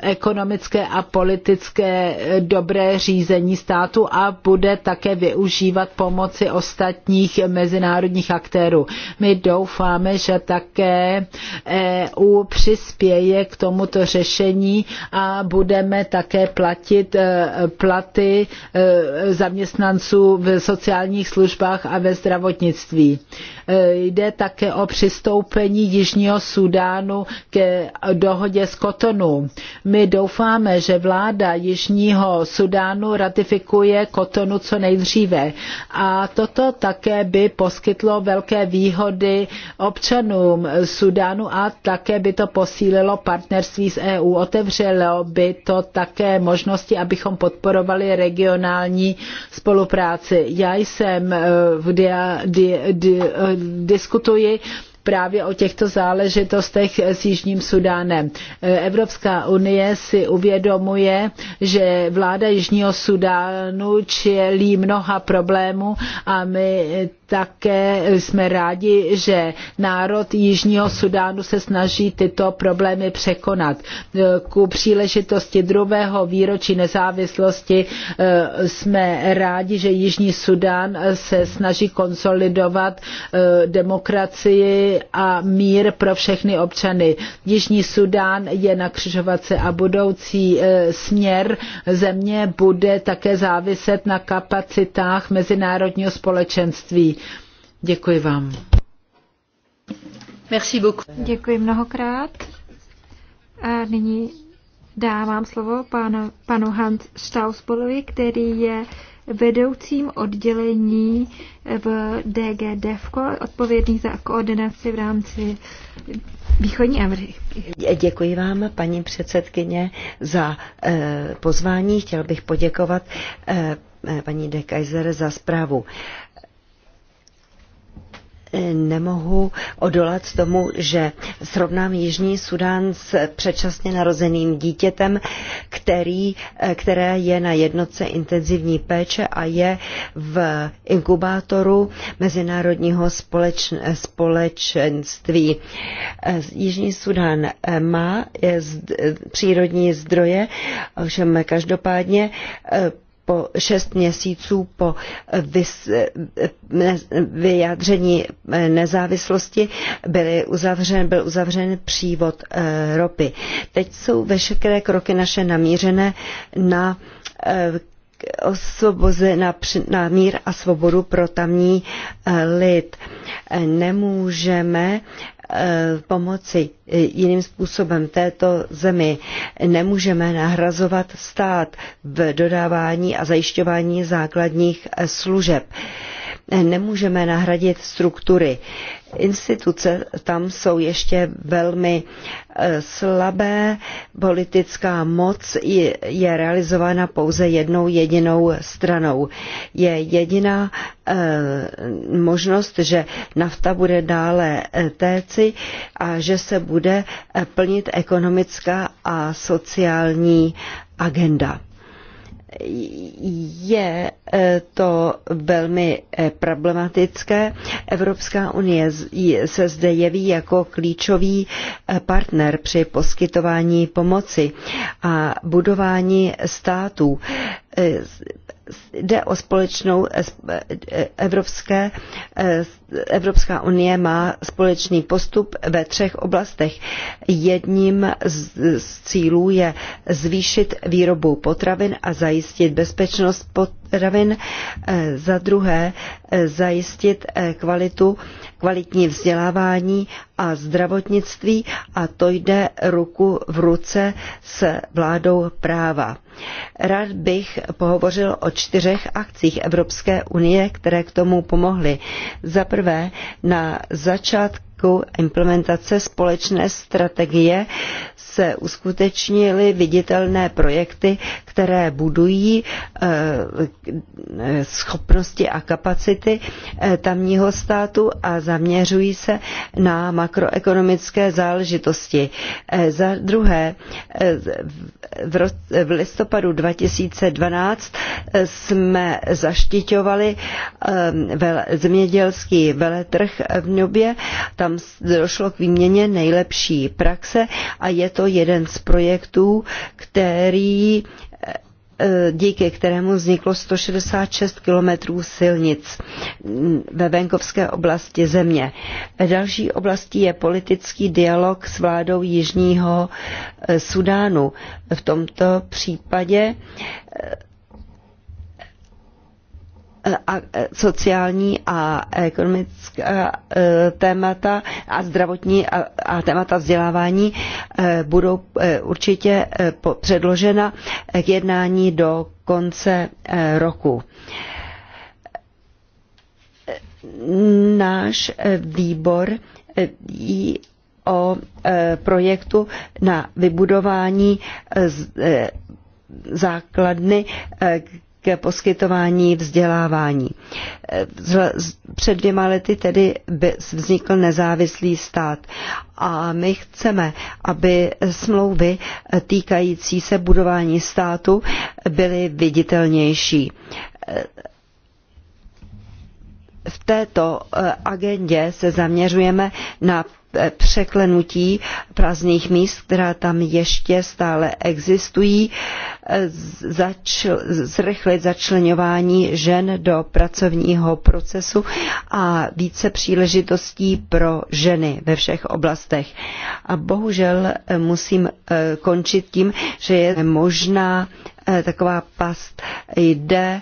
ekonomické a politické dobré řízení státu a bude také využívat pomoci ostatních mezinárodních aktérů. My doufáme, že také EU přispěje k tomuto řešení a bude budeme také platit eh, platy eh, zaměstnanců v sociálních službách a ve zdravotnictví. Eh, jde také o přistoupení Jižního Sudánu ke dohodě z Kotonu. My doufáme, že vláda Jižního Sudánu ratifikuje Kotonu co nejdříve. A toto také by poskytlo velké výhody občanům Sudánu a také by to posílilo partnerství s EU. Otevřelo by to to také možnosti, abychom podporovali regionální spolupráci. Já jsem eh, v dia, di, di, eh, diskutuji právě o těchto záležitostech s Jižním Sudánem. Evropská unie si uvědomuje, že vláda Jižního Sudánu čelí mnoha problémů a my také jsme rádi, že národ Jižního Sudánu se snaží tyto problémy překonat. Ku příležitosti druhého výročí nezávislosti eh, jsme rádi, že Jižní Sudán se snaží konsolidovat eh, demokracii a mír pro všechny občany. Jižní Sudán je na křižovatce a budoucí e, směr země bude také záviset na kapacitách mezinárodního společenství. Děkuji vám. Merci beaucoup. Děkuji mnohokrát. A nyní dávám slovo pánu, panu Hans Stausbolovi, který je vedoucím oddělení v DG DEFCO, odpovědný za koordinaci v rámci Východní Evry. Děkuji vám, paní předsedkyně, za eh, pozvání. Chtěl bych poděkovat eh, eh, paní de Kaiser za zprávu nemohu odolat tomu, že srovnám Jižní Sudán s předčasně narozeným dítětem, který, eh, které je na jednotce intenzivní péče a je v inkubátoru mezinárodního společn, společenství. Eh, Jižní Sudán eh, má přírodní zdroje, ovšem každopádně po šest měsíců po vyjádření nezávislosti byl uzavřen, byl uzavřen přívod eh, ropy. Teď jsou veškeré kroky naše namířené na eh, osvoboze, na, na mír a svobodu pro tamní eh, lid. Nemůžeme pomoci E, jiným způsobem této zemi. Nemůžeme nahrazovat stát v dodávání a zajišťování základních e, služeb. Nemůžeme nahradit struktury. Instituce tam jsou ještě velmi e, slabé. Politická moc je realizována pouze jednou jedinou stranou. Je jediná možnost, že nafta bude dále téci a že se bude bude plnit ekonomická a sociální agenda je eh, to velmi eh, problematické. Evropská unie se zde jeví jako klíčový eh, partner při poskytování pomoci a budování států. Jde o společnou evropské Evropská unie má společný postup ve třech oblastech. Jedním z, z cílů je zvýšit výrobu potravin a zajistit bezpečnost potravin. E, za druhé e, zajistit e, kvalitu, kvalitní vzdělávání a zdravotnictví a to jde ruku v ruce s vládou práva. Rád bych pohovořil o čtyřech akcích Evropské unie, které k tomu pomohly. Za prvé prvé na začátku výsledku implementace společné strategie se uskutečnily viditelné projekty, které budují eh, schopnosti a kapacity eh, tamního státu a zaměřují se na makroekonomické záležitosti. Eh, za druhé, v listopadu 2012 jsme zaštiťovali zemědělský veletrh v Nubě. Tam tam došlo k výměně nejlepší praxe a je to jeden z projektů, který eh, eh, díky kterému vzniklo 166 kilometrů silnic mm, ve venkovské oblasti země. Další oblastí je politický dialog s vládou Jižního eh, Sudánu. V tomto případě a sociální a ekonomická e, témata a zdravotní a, a témata vzdělávání e, budou e, určitě předložena k jednání do konce roku. Náš výbor ví o projektu na vybudování základny k poskytování vzdělávání. Před dvěma lety tedy vznikl nezávislý stát a my chceme, aby smlouvy týkající se budování státu byly viditelnější v této eh, agendě se zaměřujeme na Eh, překlenutí prázdných míst, která tam ještě stále existují, eh, začl, zrychlit začlenování žen do pracovního procesu a více příležitostí pro ženy ve všech oblastech. A bohužel eh, musím končit tím, že je možná taková past jde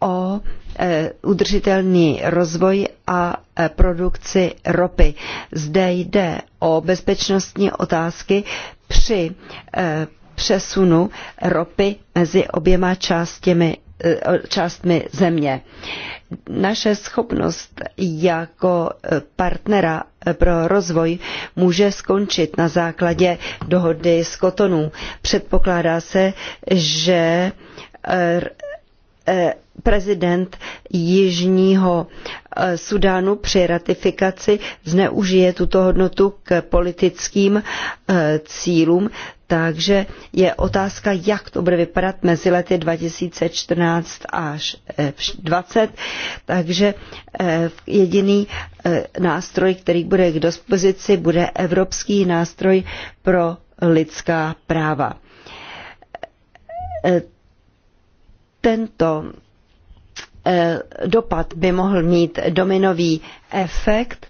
o e, udržitelný rozvoj a e, produkci ropy. Zde jde o bezpečnostní otázky při e, přesunu ropy mezi oběma částmi částmi země. Naše schopnost jako partnera pro rozvoj může skončit na základě dohody s Kotonu. Předpokládá se, že prezident Jižního eh, Sudánu při ratifikaci zneužije tuto hodnotu k politickým eh, cílům, takže je otázka, jak to bude vypadat mezi lety 2014 až 2020. Eh, takže jediný nástroj, který bude k dispozici, bude Evropský nástroj pro lidská práva. Tento Eh, dopad by mohl mít dominový efekt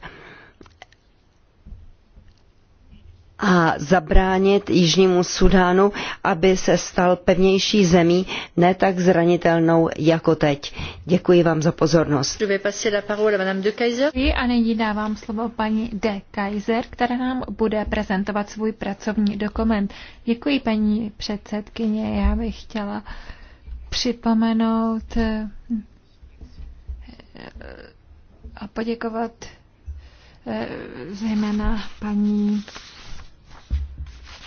a zabránit Jižnímu Sudánu, aby se stal pevnější zemí, ne tak zranitelnou jako teď. Děkuji vám za pozornost. A nyní dávám slovo paní De Kaiser, která nám bude prezentovat svůj pracovní dokument. Děkuji, paní předsedkyně. Já bych chtěla připomenout a poděkovat eh, zejména paní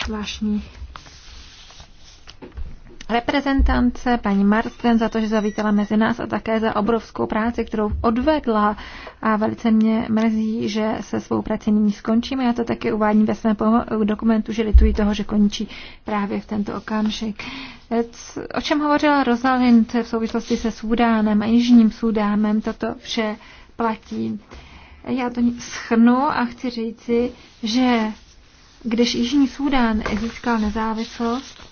zvláštní reprezentance, paní Marsden, za to, že zavítala mezi nás a také za obrovskou práci, kterou odvedla a velice mě mrzí, že se svou prací nyní skončíme. Já to také uvádím ve svém dokumentu, že lituji toho, že končí právě v tento okamžik. O čem hovořila Rosalind v souvislosti se Sudánem a Jižním Sudánem, toto vše platí. Já to schrnu a chci říci, že když Jižní Súdán získal nezávislost,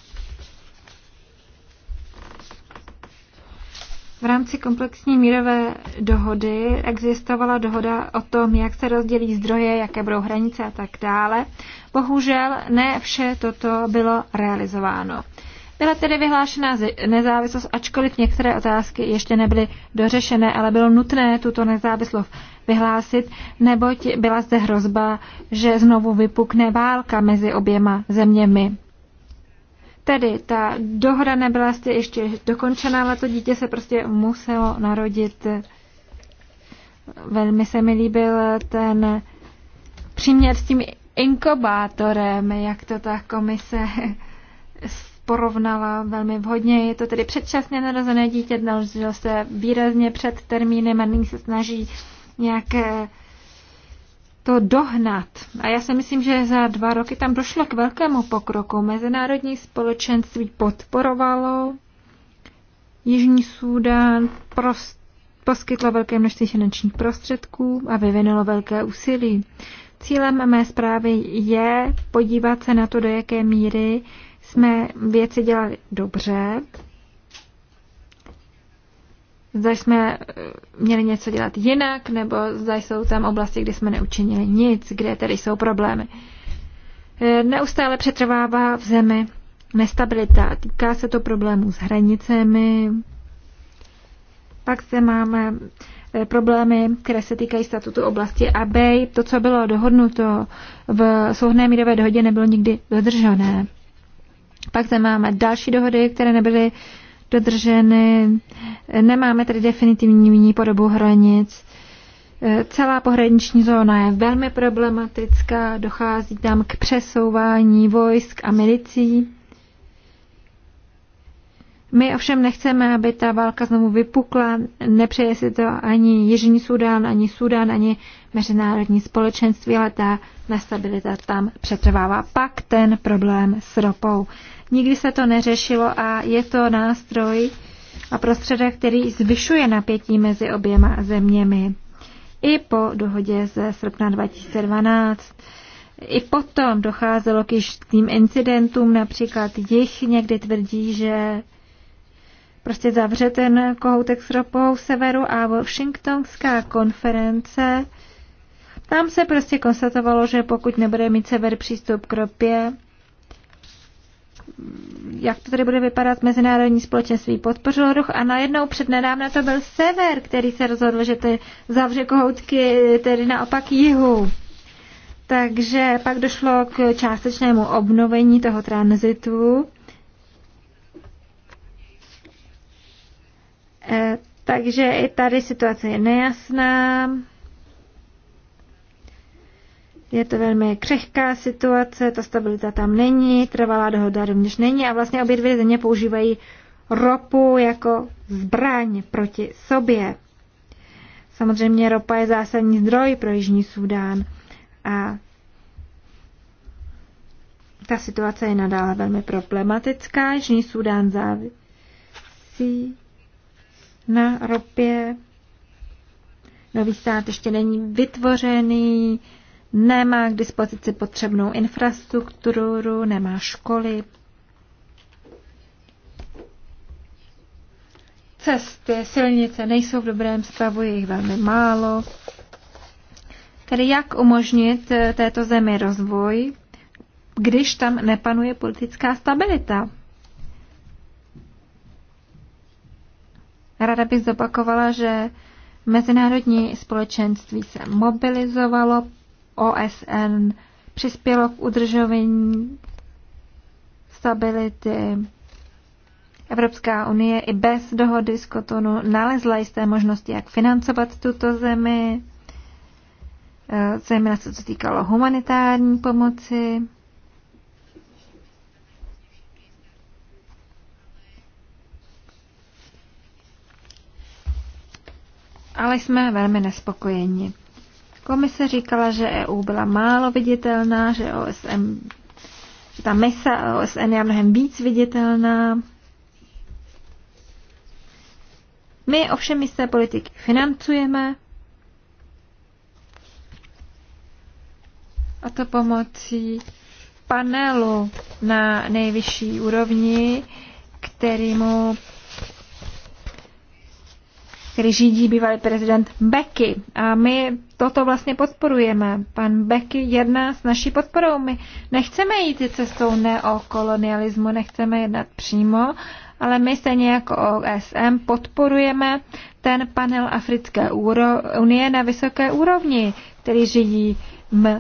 V rámci komplexní mírové dohody existovala dohoda o tom, jak se rozdělí zdroje, jaké budou hranice a tak dále. Bohužel ne vše toto bylo realizováno. Byla tedy vyhlášena nezávislost, ačkoliv některé otázky ještě nebyly dořešené, ale bylo nutné tuto nezávislost vyhlásit, neboť byla zde hrozba, že znovu vypukne válka mezi oběma zeměmi. Tedy ta dohoda nebyla ještě dokončená, ale to dítě se prostě muselo narodit. Velmi se mi líbil ten příměr s tím inkubátorem, jak to ta komise porovnala velmi vhodně. Je to tedy předčasně narozené dítě, narodilo se výrazně před termínem a nyní se snaží nějak to dohnat. A já si myslím, že za dva roky tam došlo k velkému pokroku. Mezinárodní společenství podporovalo Jižní Súdán, prost, poskytlo velké množství finančních prostředků a vyvinulo velké úsilí. Cílem mé zprávy je podívat se na to, do jaké míry jsme věci dělali dobře, zda jsme eh, měli něco dělat jinak, nebo zda jsou tam oblasti, kde jsme neučinili nic, kde tedy jsou problémy. Eh, neustále přetrvává v zemi nestabilita. Týká se to problémů s hranicemi. Pak se máme eh, problémy, které se týkají statutu oblasti ABEJ. To, co bylo dohodnuto v souhné mírové dohodě, nebylo nikdy dodržené. Pak zde máme další dohody, které nebyly dodrženy. Nemáme tady definitivní podobu hranic. Celá pohraniční zóna je velmi problematická, dochází tam k přesouvání vojsk a milicí. My ovšem nechceme, aby ta válka znovu vypukla, nepřeje si to ani Jižní Sudán, ani Sudán, ani mezinárodní společenství, ale ta nestabilita tam přetrvává. Pak ten problém s ropou. Nikdy se to neřešilo a je to nástroj a prostředek, který zvyšuje napětí mezi oběma zeměmi. I po dohodě ze srpna 2012 i potom docházelo k jistým incidentům, například jich někdy tvrdí, že prostě zavře ten kohoutek s ropou v severu a Washingtonská konference. Tam se prostě konstatovalo, že pokud nebude mít sever přístup k ropě, jak to tady bude vypadat, mezinárodní společenství podpořilo ruch a najednou přednedávna to byl sever, který se rozhodl, že ty zavře kohoutky tedy naopak jihu. Takže pak došlo k částečnému obnovení toho tranzitu Eh, takže i tady situace je nejasná. Je to velmi křehká situace, ta stabilita tam není, trvalá dohoda rovněž není a vlastně obě dvě země používají ropu jako zbraň proti sobě. Samozřejmě ropa je zásadní zdroj pro Jižní Súdán a ta situace je nadále velmi problematická. Jižní Súdán závisí na ropě. Nový stát ještě není vytvořený, nemá k dispozici potřebnou infrastrukturu, nemá školy. Cesty, silnice nejsou v dobrém stavu, je jich velmi málo. Tedy jak umožnit eh, této zemi rozvoj, když tam nepanuje politická stabilita? Ráda bych zopakovala, že mezinárodní společenství se mobilizovalo, OSN přispělo k udržování stability. Evropská unie i bez dohody z Kotonu nalezla jisté možnosti, jak financovat tuto zemi, eh, zejména se týkalo humanitární pomoci. ale jsme velmi nespokojeni. Komise říkala, že EU byla málo viditelná, že OSM, že ta mise OSN je mnohem víc viditelná. My ovšem jisté politiky financujeme, a to pomocí panelu na nejvyšší úrovni, kterýmu který řídí bývalý prezident Becky. A my toto vlastně podporujeme. Pan Becky jedná s naší podporou. My nechceme jít cestou neokolonialismu, nechceme jednat přímo, ale my stejně jako OSM podporujeme ten panel Africké unie na vysoké úrovni, který řídí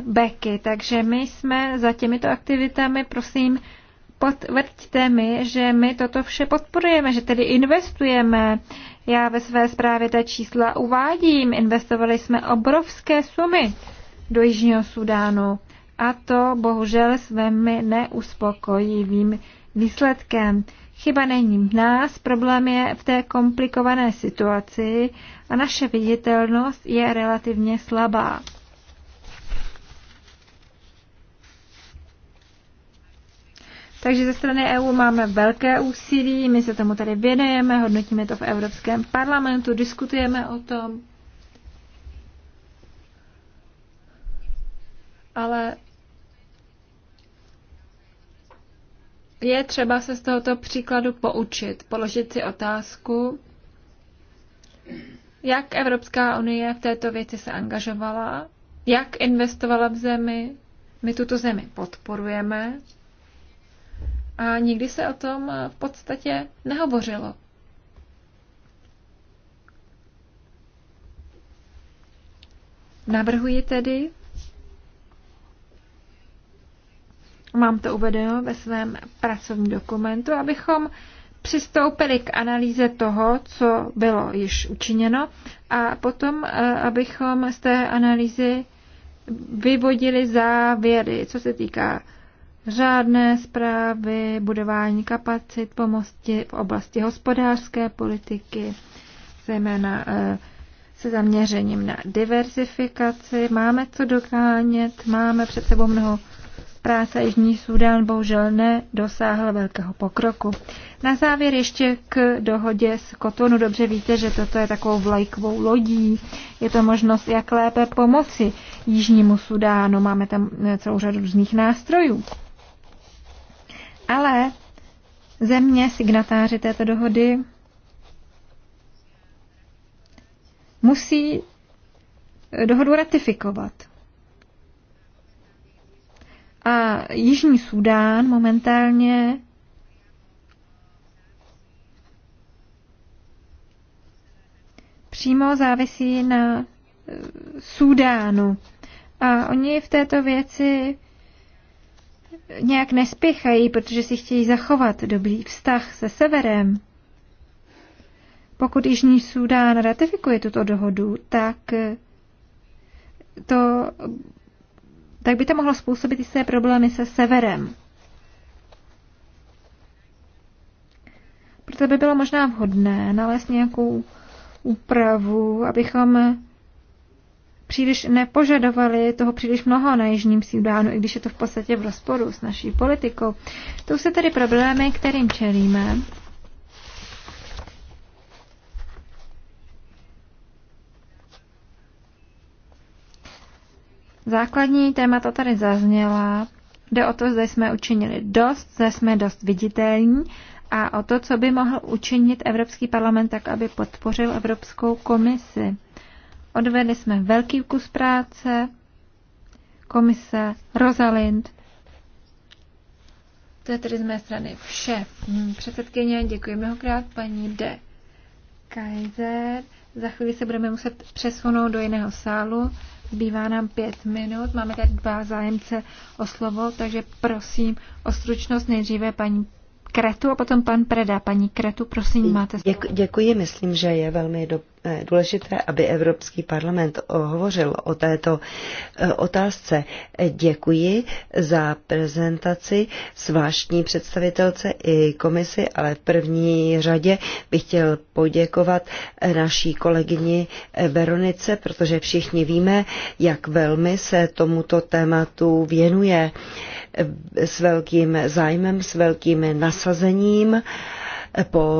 Becky. Takže my jsme za těmito aktivitami, prosím, potvrďte mi, že my toto vše podporujeme, že tedy investujeme já ve své zprávě ta čísla uvádím. Investovali jsme obrovské sumy do Jižního Sudánu a to bohužel velmi neuspokojivým výsledkem. Chyba není v nás, problém je v té komplikované situaci a naše viditelnost je relativně slabá. Takže ze strany EU máme velké úsilí, my se tomu tady věnujeme, hodnotíme to v Evropském parlamentu, diskutujeme o tom. Ale je třeba se z tohoto příkladu poučit, položit si otázku, jak Evropská unie v této věci se angažovala, jak investovala v zemi. My tuto zemi podporujeme, a nikdy se o tom v podstatě nehovořilo. Navrhuji tedy, mám to uvedeno ve svém pracovním dokumentu, abychom přistoupili k analýze toho, co bylo již učiněno a potom, eh, abychom z té analýzy vyvodili závěry, co se týká řádné zprávy, budování kapacit, pomoci v oblasti hospodářské politiky, zejména eh, se zaměřením na diversifikaci. Máme co dokánět, máme před sebou mnoho práce. Jižní Súdán bohužel nedosáhl velkého pokroku. Na závěr ještě k dohodě s Kotonu. Dobře víte, že toto je takovou vlajkovou lodí. Je to možnost, jak lépe pomoci Jižnímu Sudánu. Máme tam eh, celou řadu různých nástrojů. Ale země signatáři této dohody musí dohodu ratifikovat. A Jižní Súdán momentálně přímo závisí na eh, Súdánu. A oni v této věci nějak nespěchají, protože si chtějí zachovat dobrý vztah se severem. Pokud Jižní Súdán ratifikuje tuto dohodu, tak to, tak by to mohlo způsobit své problémy se severem. Proto by bylo možná vhodné nalézt nějakou úpravu, abychom příliš nepožadovali toho příliš mnoho na Jižním Sudánu, i když je to v podstatě v rozporu s naší politikou. To jsou tedy problémy, kterým čelíme. Základní témata tady zazněla. Jde o to, zda jsme učinili dost, zda jsme dost viditelní a o to, co by mohl učinit Evropský parlament tak, aby podpořil Evropskou komisi. Odvedli jsme velký kus práce. Komise Rosalind. To je tedy z mé strany vše. Předsedkyně, děkuji mnohokrát paní D. Kaiser. Za chvíli se budeme muset přesunout do jiného sálu. Zbývá nám pět minut. Máme tady dva zájemce o slovo, takže prosím o stručnost nejdříve paní Kretu a potom pan Preda. Paní Kretu, prosím, máte slovo. Děkuji, myslím, že je velmi do, Eh, důležité, aby Evropský parlament hovořil o této eh, otázce. Děkuji za prezentaci zvláštní představitelce i komisi, ale v první řadě bych chtěl poděkovat eh, naší kolegyni Veronice, protože všichni víme, jak velmi se tomuto tématu věnuje s velkým zájmem, s velkým nasazením po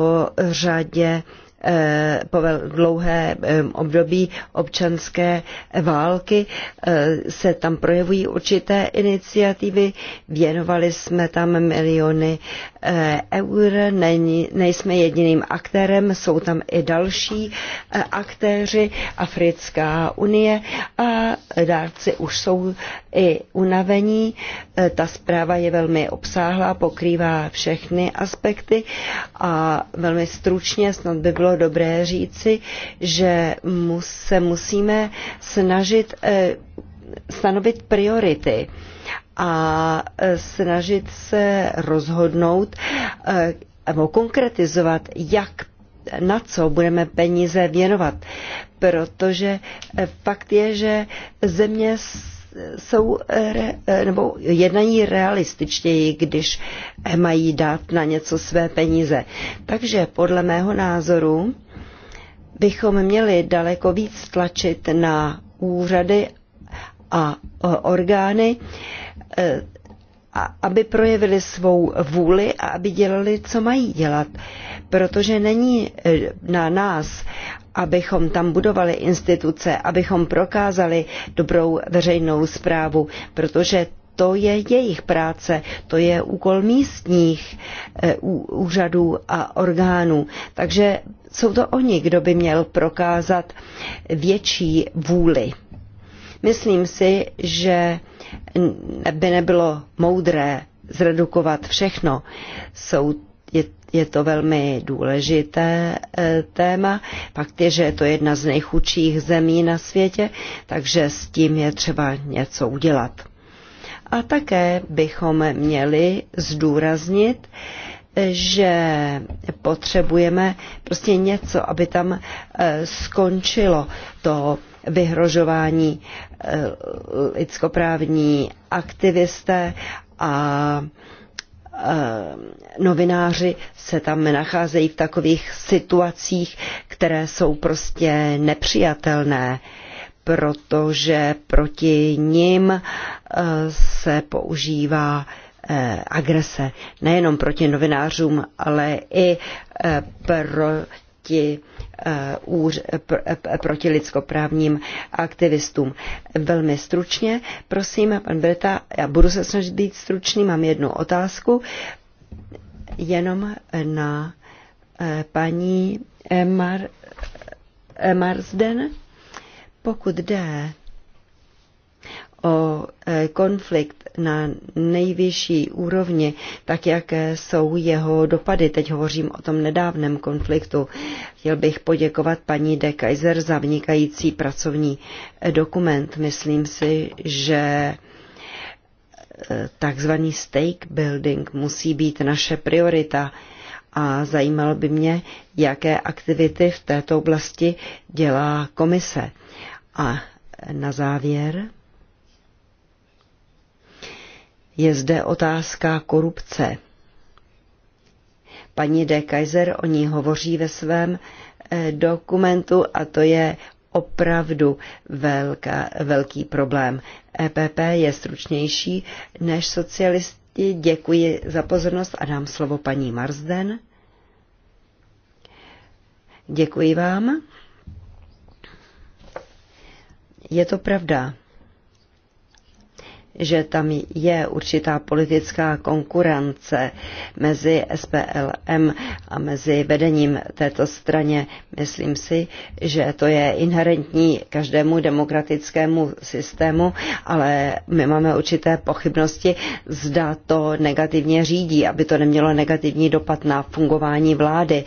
řadě Eh, po dlouhé eh, období občanské války eh, se tam projevují určité iniciativy. Věnovali jsme tam miliony eur, Není, nejsme jediným aktérem, jsou tam i další aktéři, Africká unie a dárci už jsou i unavení Eh, ta zpráva je velmi obsáhlá, pokrývá všechny aspekty a velmi stručně snad by bylo dobré říci, že se musíme snažit eh, stanovit priority a eh, snažit se rozhodnout nebo konkretizovat, jak na co budeme peníze věnovat. Protože fakt je, že země jsou nebo jednají realističtěji, když mají dát na něco své peníze. Takže podle mého názoru bychom měli daleko víc tlačit na úřady a orgány, a aby projevili svou vůli a aby dělali, co mají dělat. Protože není eh, na nás, abychom tam budovali instituce, abychom prokázali dobrou veřejnou zprávu, protože to je jejich práce, to je úkol místních eh, úřadů a orgánů. Takže jsou to oni, kdo by měl prokázat větší vůli. Myslím si, že by nebylo moudré zredukovat všechno. Jsou, je, je to velmi důležité e, téma. Fakt je, že je to jedna z nejchudších zemí na světě, takže s tím je třeba něco udělat. A také bychom měli zdůraznit, že potřebujeme prostě něco, aby tam eh, skončilo to vyhrožování eh, lidskoprávní aktivisté a eh, novináři se tam nacházejí v takových situacích, které jsou prostě nepřijatelné, protože proti nim eh, se používá agrese nejenom proti novinářům, ale i pro proti, eh, úř, pr, eh, proti lidskoprávním aktivistům. Velmi stručně, prosím, pan Breta, já budu se snažit být stručný, mám jednu otázku, jenom na eh, paní Mar, Marsden. Pokud jde o konflikt na nejvyšší úrovni, tak jaké jsou jeho dopady. Teď hovořím o tom nedávném konfliktu. Chtěl bych poděkovat paní De Kaiser za vnikající pracovní dokument. Myslím si, že eh, takzvaný stake building musí být naše priorita a zajímalo by mě, jaké aktivity v této oblasti dělá komise. A na závěr je zde otázka korupce. Paní de Kaiser o ní hovoří ve svém eh, dokumentu a to je opravdu velká, velký problém. EPP je stručnější než socialisti. Děkuji za pozornost a dám slovo paní Marsden. Děkuji vám. Je to pravda že tam je určitá politická konkurence mezi SPLM a mezi vedením této straně. Myslím si, že to je inherentní každému demokratickému systému, ale my máme určité pochybnosti, zda to negativně řídí, aby to nemělo negativní dopad na fungování vlády,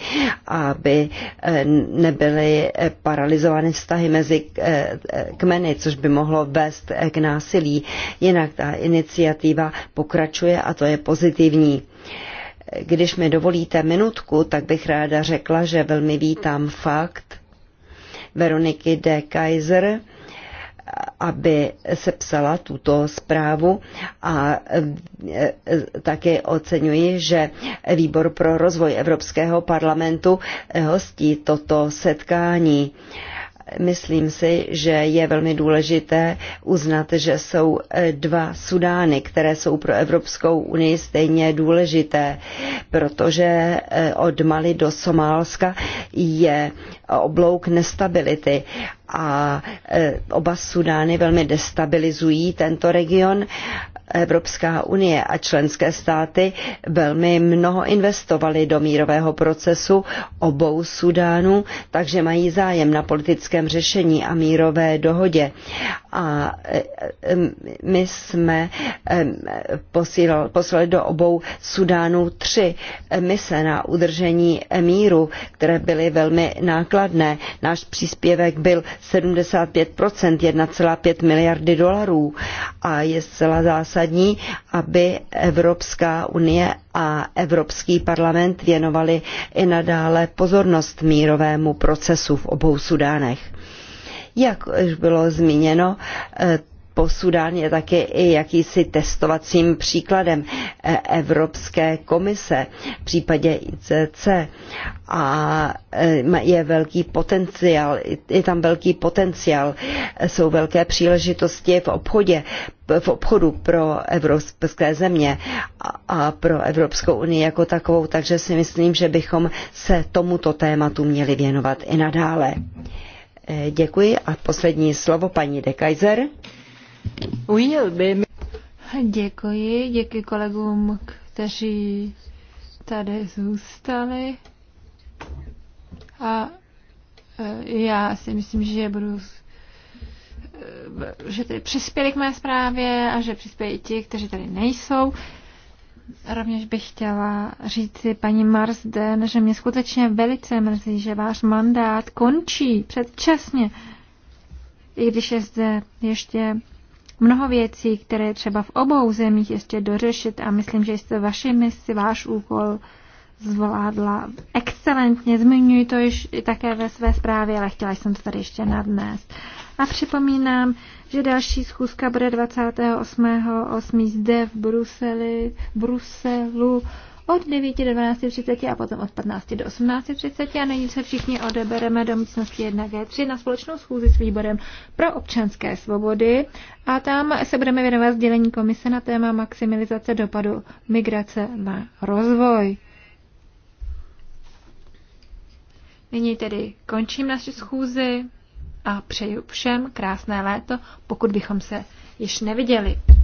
aby eh, nebyly eh, paralizovány vztahy mezi eh, kmeny, což by mohlo vést k násilí. Je jinak ta iniciativa pokračuje a to je pozitivní. Když mi dovolíte minutku, tak bych ráda řekla, že velmi vítám fakt Veroniky de Kaiser, aby sepsala tuto zprávu a e, e, také oceňuji, že výbor pro rozvoj Evropského parlamentu hostí toto setkání. Myslím si, že je velmi důležité uznat, že jsou eh, dva Sudány, které jsou pro Evropskou unii stejně důležité, protože eh, od Mali do Somálska je oblouk nestability a e, oba Sudány velmi destabilizují tento region. Evropská unie a členské státy velmi mnoho investovaly do mírového procesu obou Sudánů, takže mají zájem na politickém řešení a mírové dohodě. A e, e, my jsme poslali do obou Sudánů tři mise na udržení míru, které byly velmi nákladné. Náš příspěvek byl 75 1,5 miliardy dolarů a je zcela zásadní, aby Evropská unie a Evropský parlament věnovali i nadále pozornost mírovému procesu v obou Sudánech. Jak už bylo zmíněno, eh, po Sudán je také i jakýsi testovacím příkladem e- Evropské komise v případě ICC a e, je velký potenciál, je tam velký potenciál, jsou velké příležitosti v obchodě, v obchodu pro evropské země a pro Evropskou unii jako takovou, takže si myslím, že bychom se tomuto tématu měli věnovat i nadále. E, děkuji a poslední slovo paní de Kaiser. Děkuji, děkuji kolegům, kteří tady zůstali. A e, já si myslím, že budu e, že tady přispěli k mé zprávě a že přispějí ti, kteří tady nejsou. Rovněž bych chtěla si paní Marsden, že mě skutečně velice mrzí, že váš mandát končí předčasně, i když je zde ještě mnoho věcí, které třeba v obou zemích ještě dořešit a myslím, že jste vaši misi, váš úkol zvládla excelentně. Zmiňuji to již také ve své zprávě, ale chtěla jsem to tady ještě nadnést. A připomínám, že další schůzka bude 28.8. zde v Bruseli, Bruselu od 9 do 12.30 a potom od 15 do 18.30 a nyní se všichni odebereme do místnosti 1G3 na společnou schůzi s výborem pro občanské svobody a tam se budeme věnovat sdělení komise na téma maximalizace dopadu migrace na rozvoj. Nyní tedy končím naši schůzi a přeju všem krásné léto, pokud bychom se již neviděli.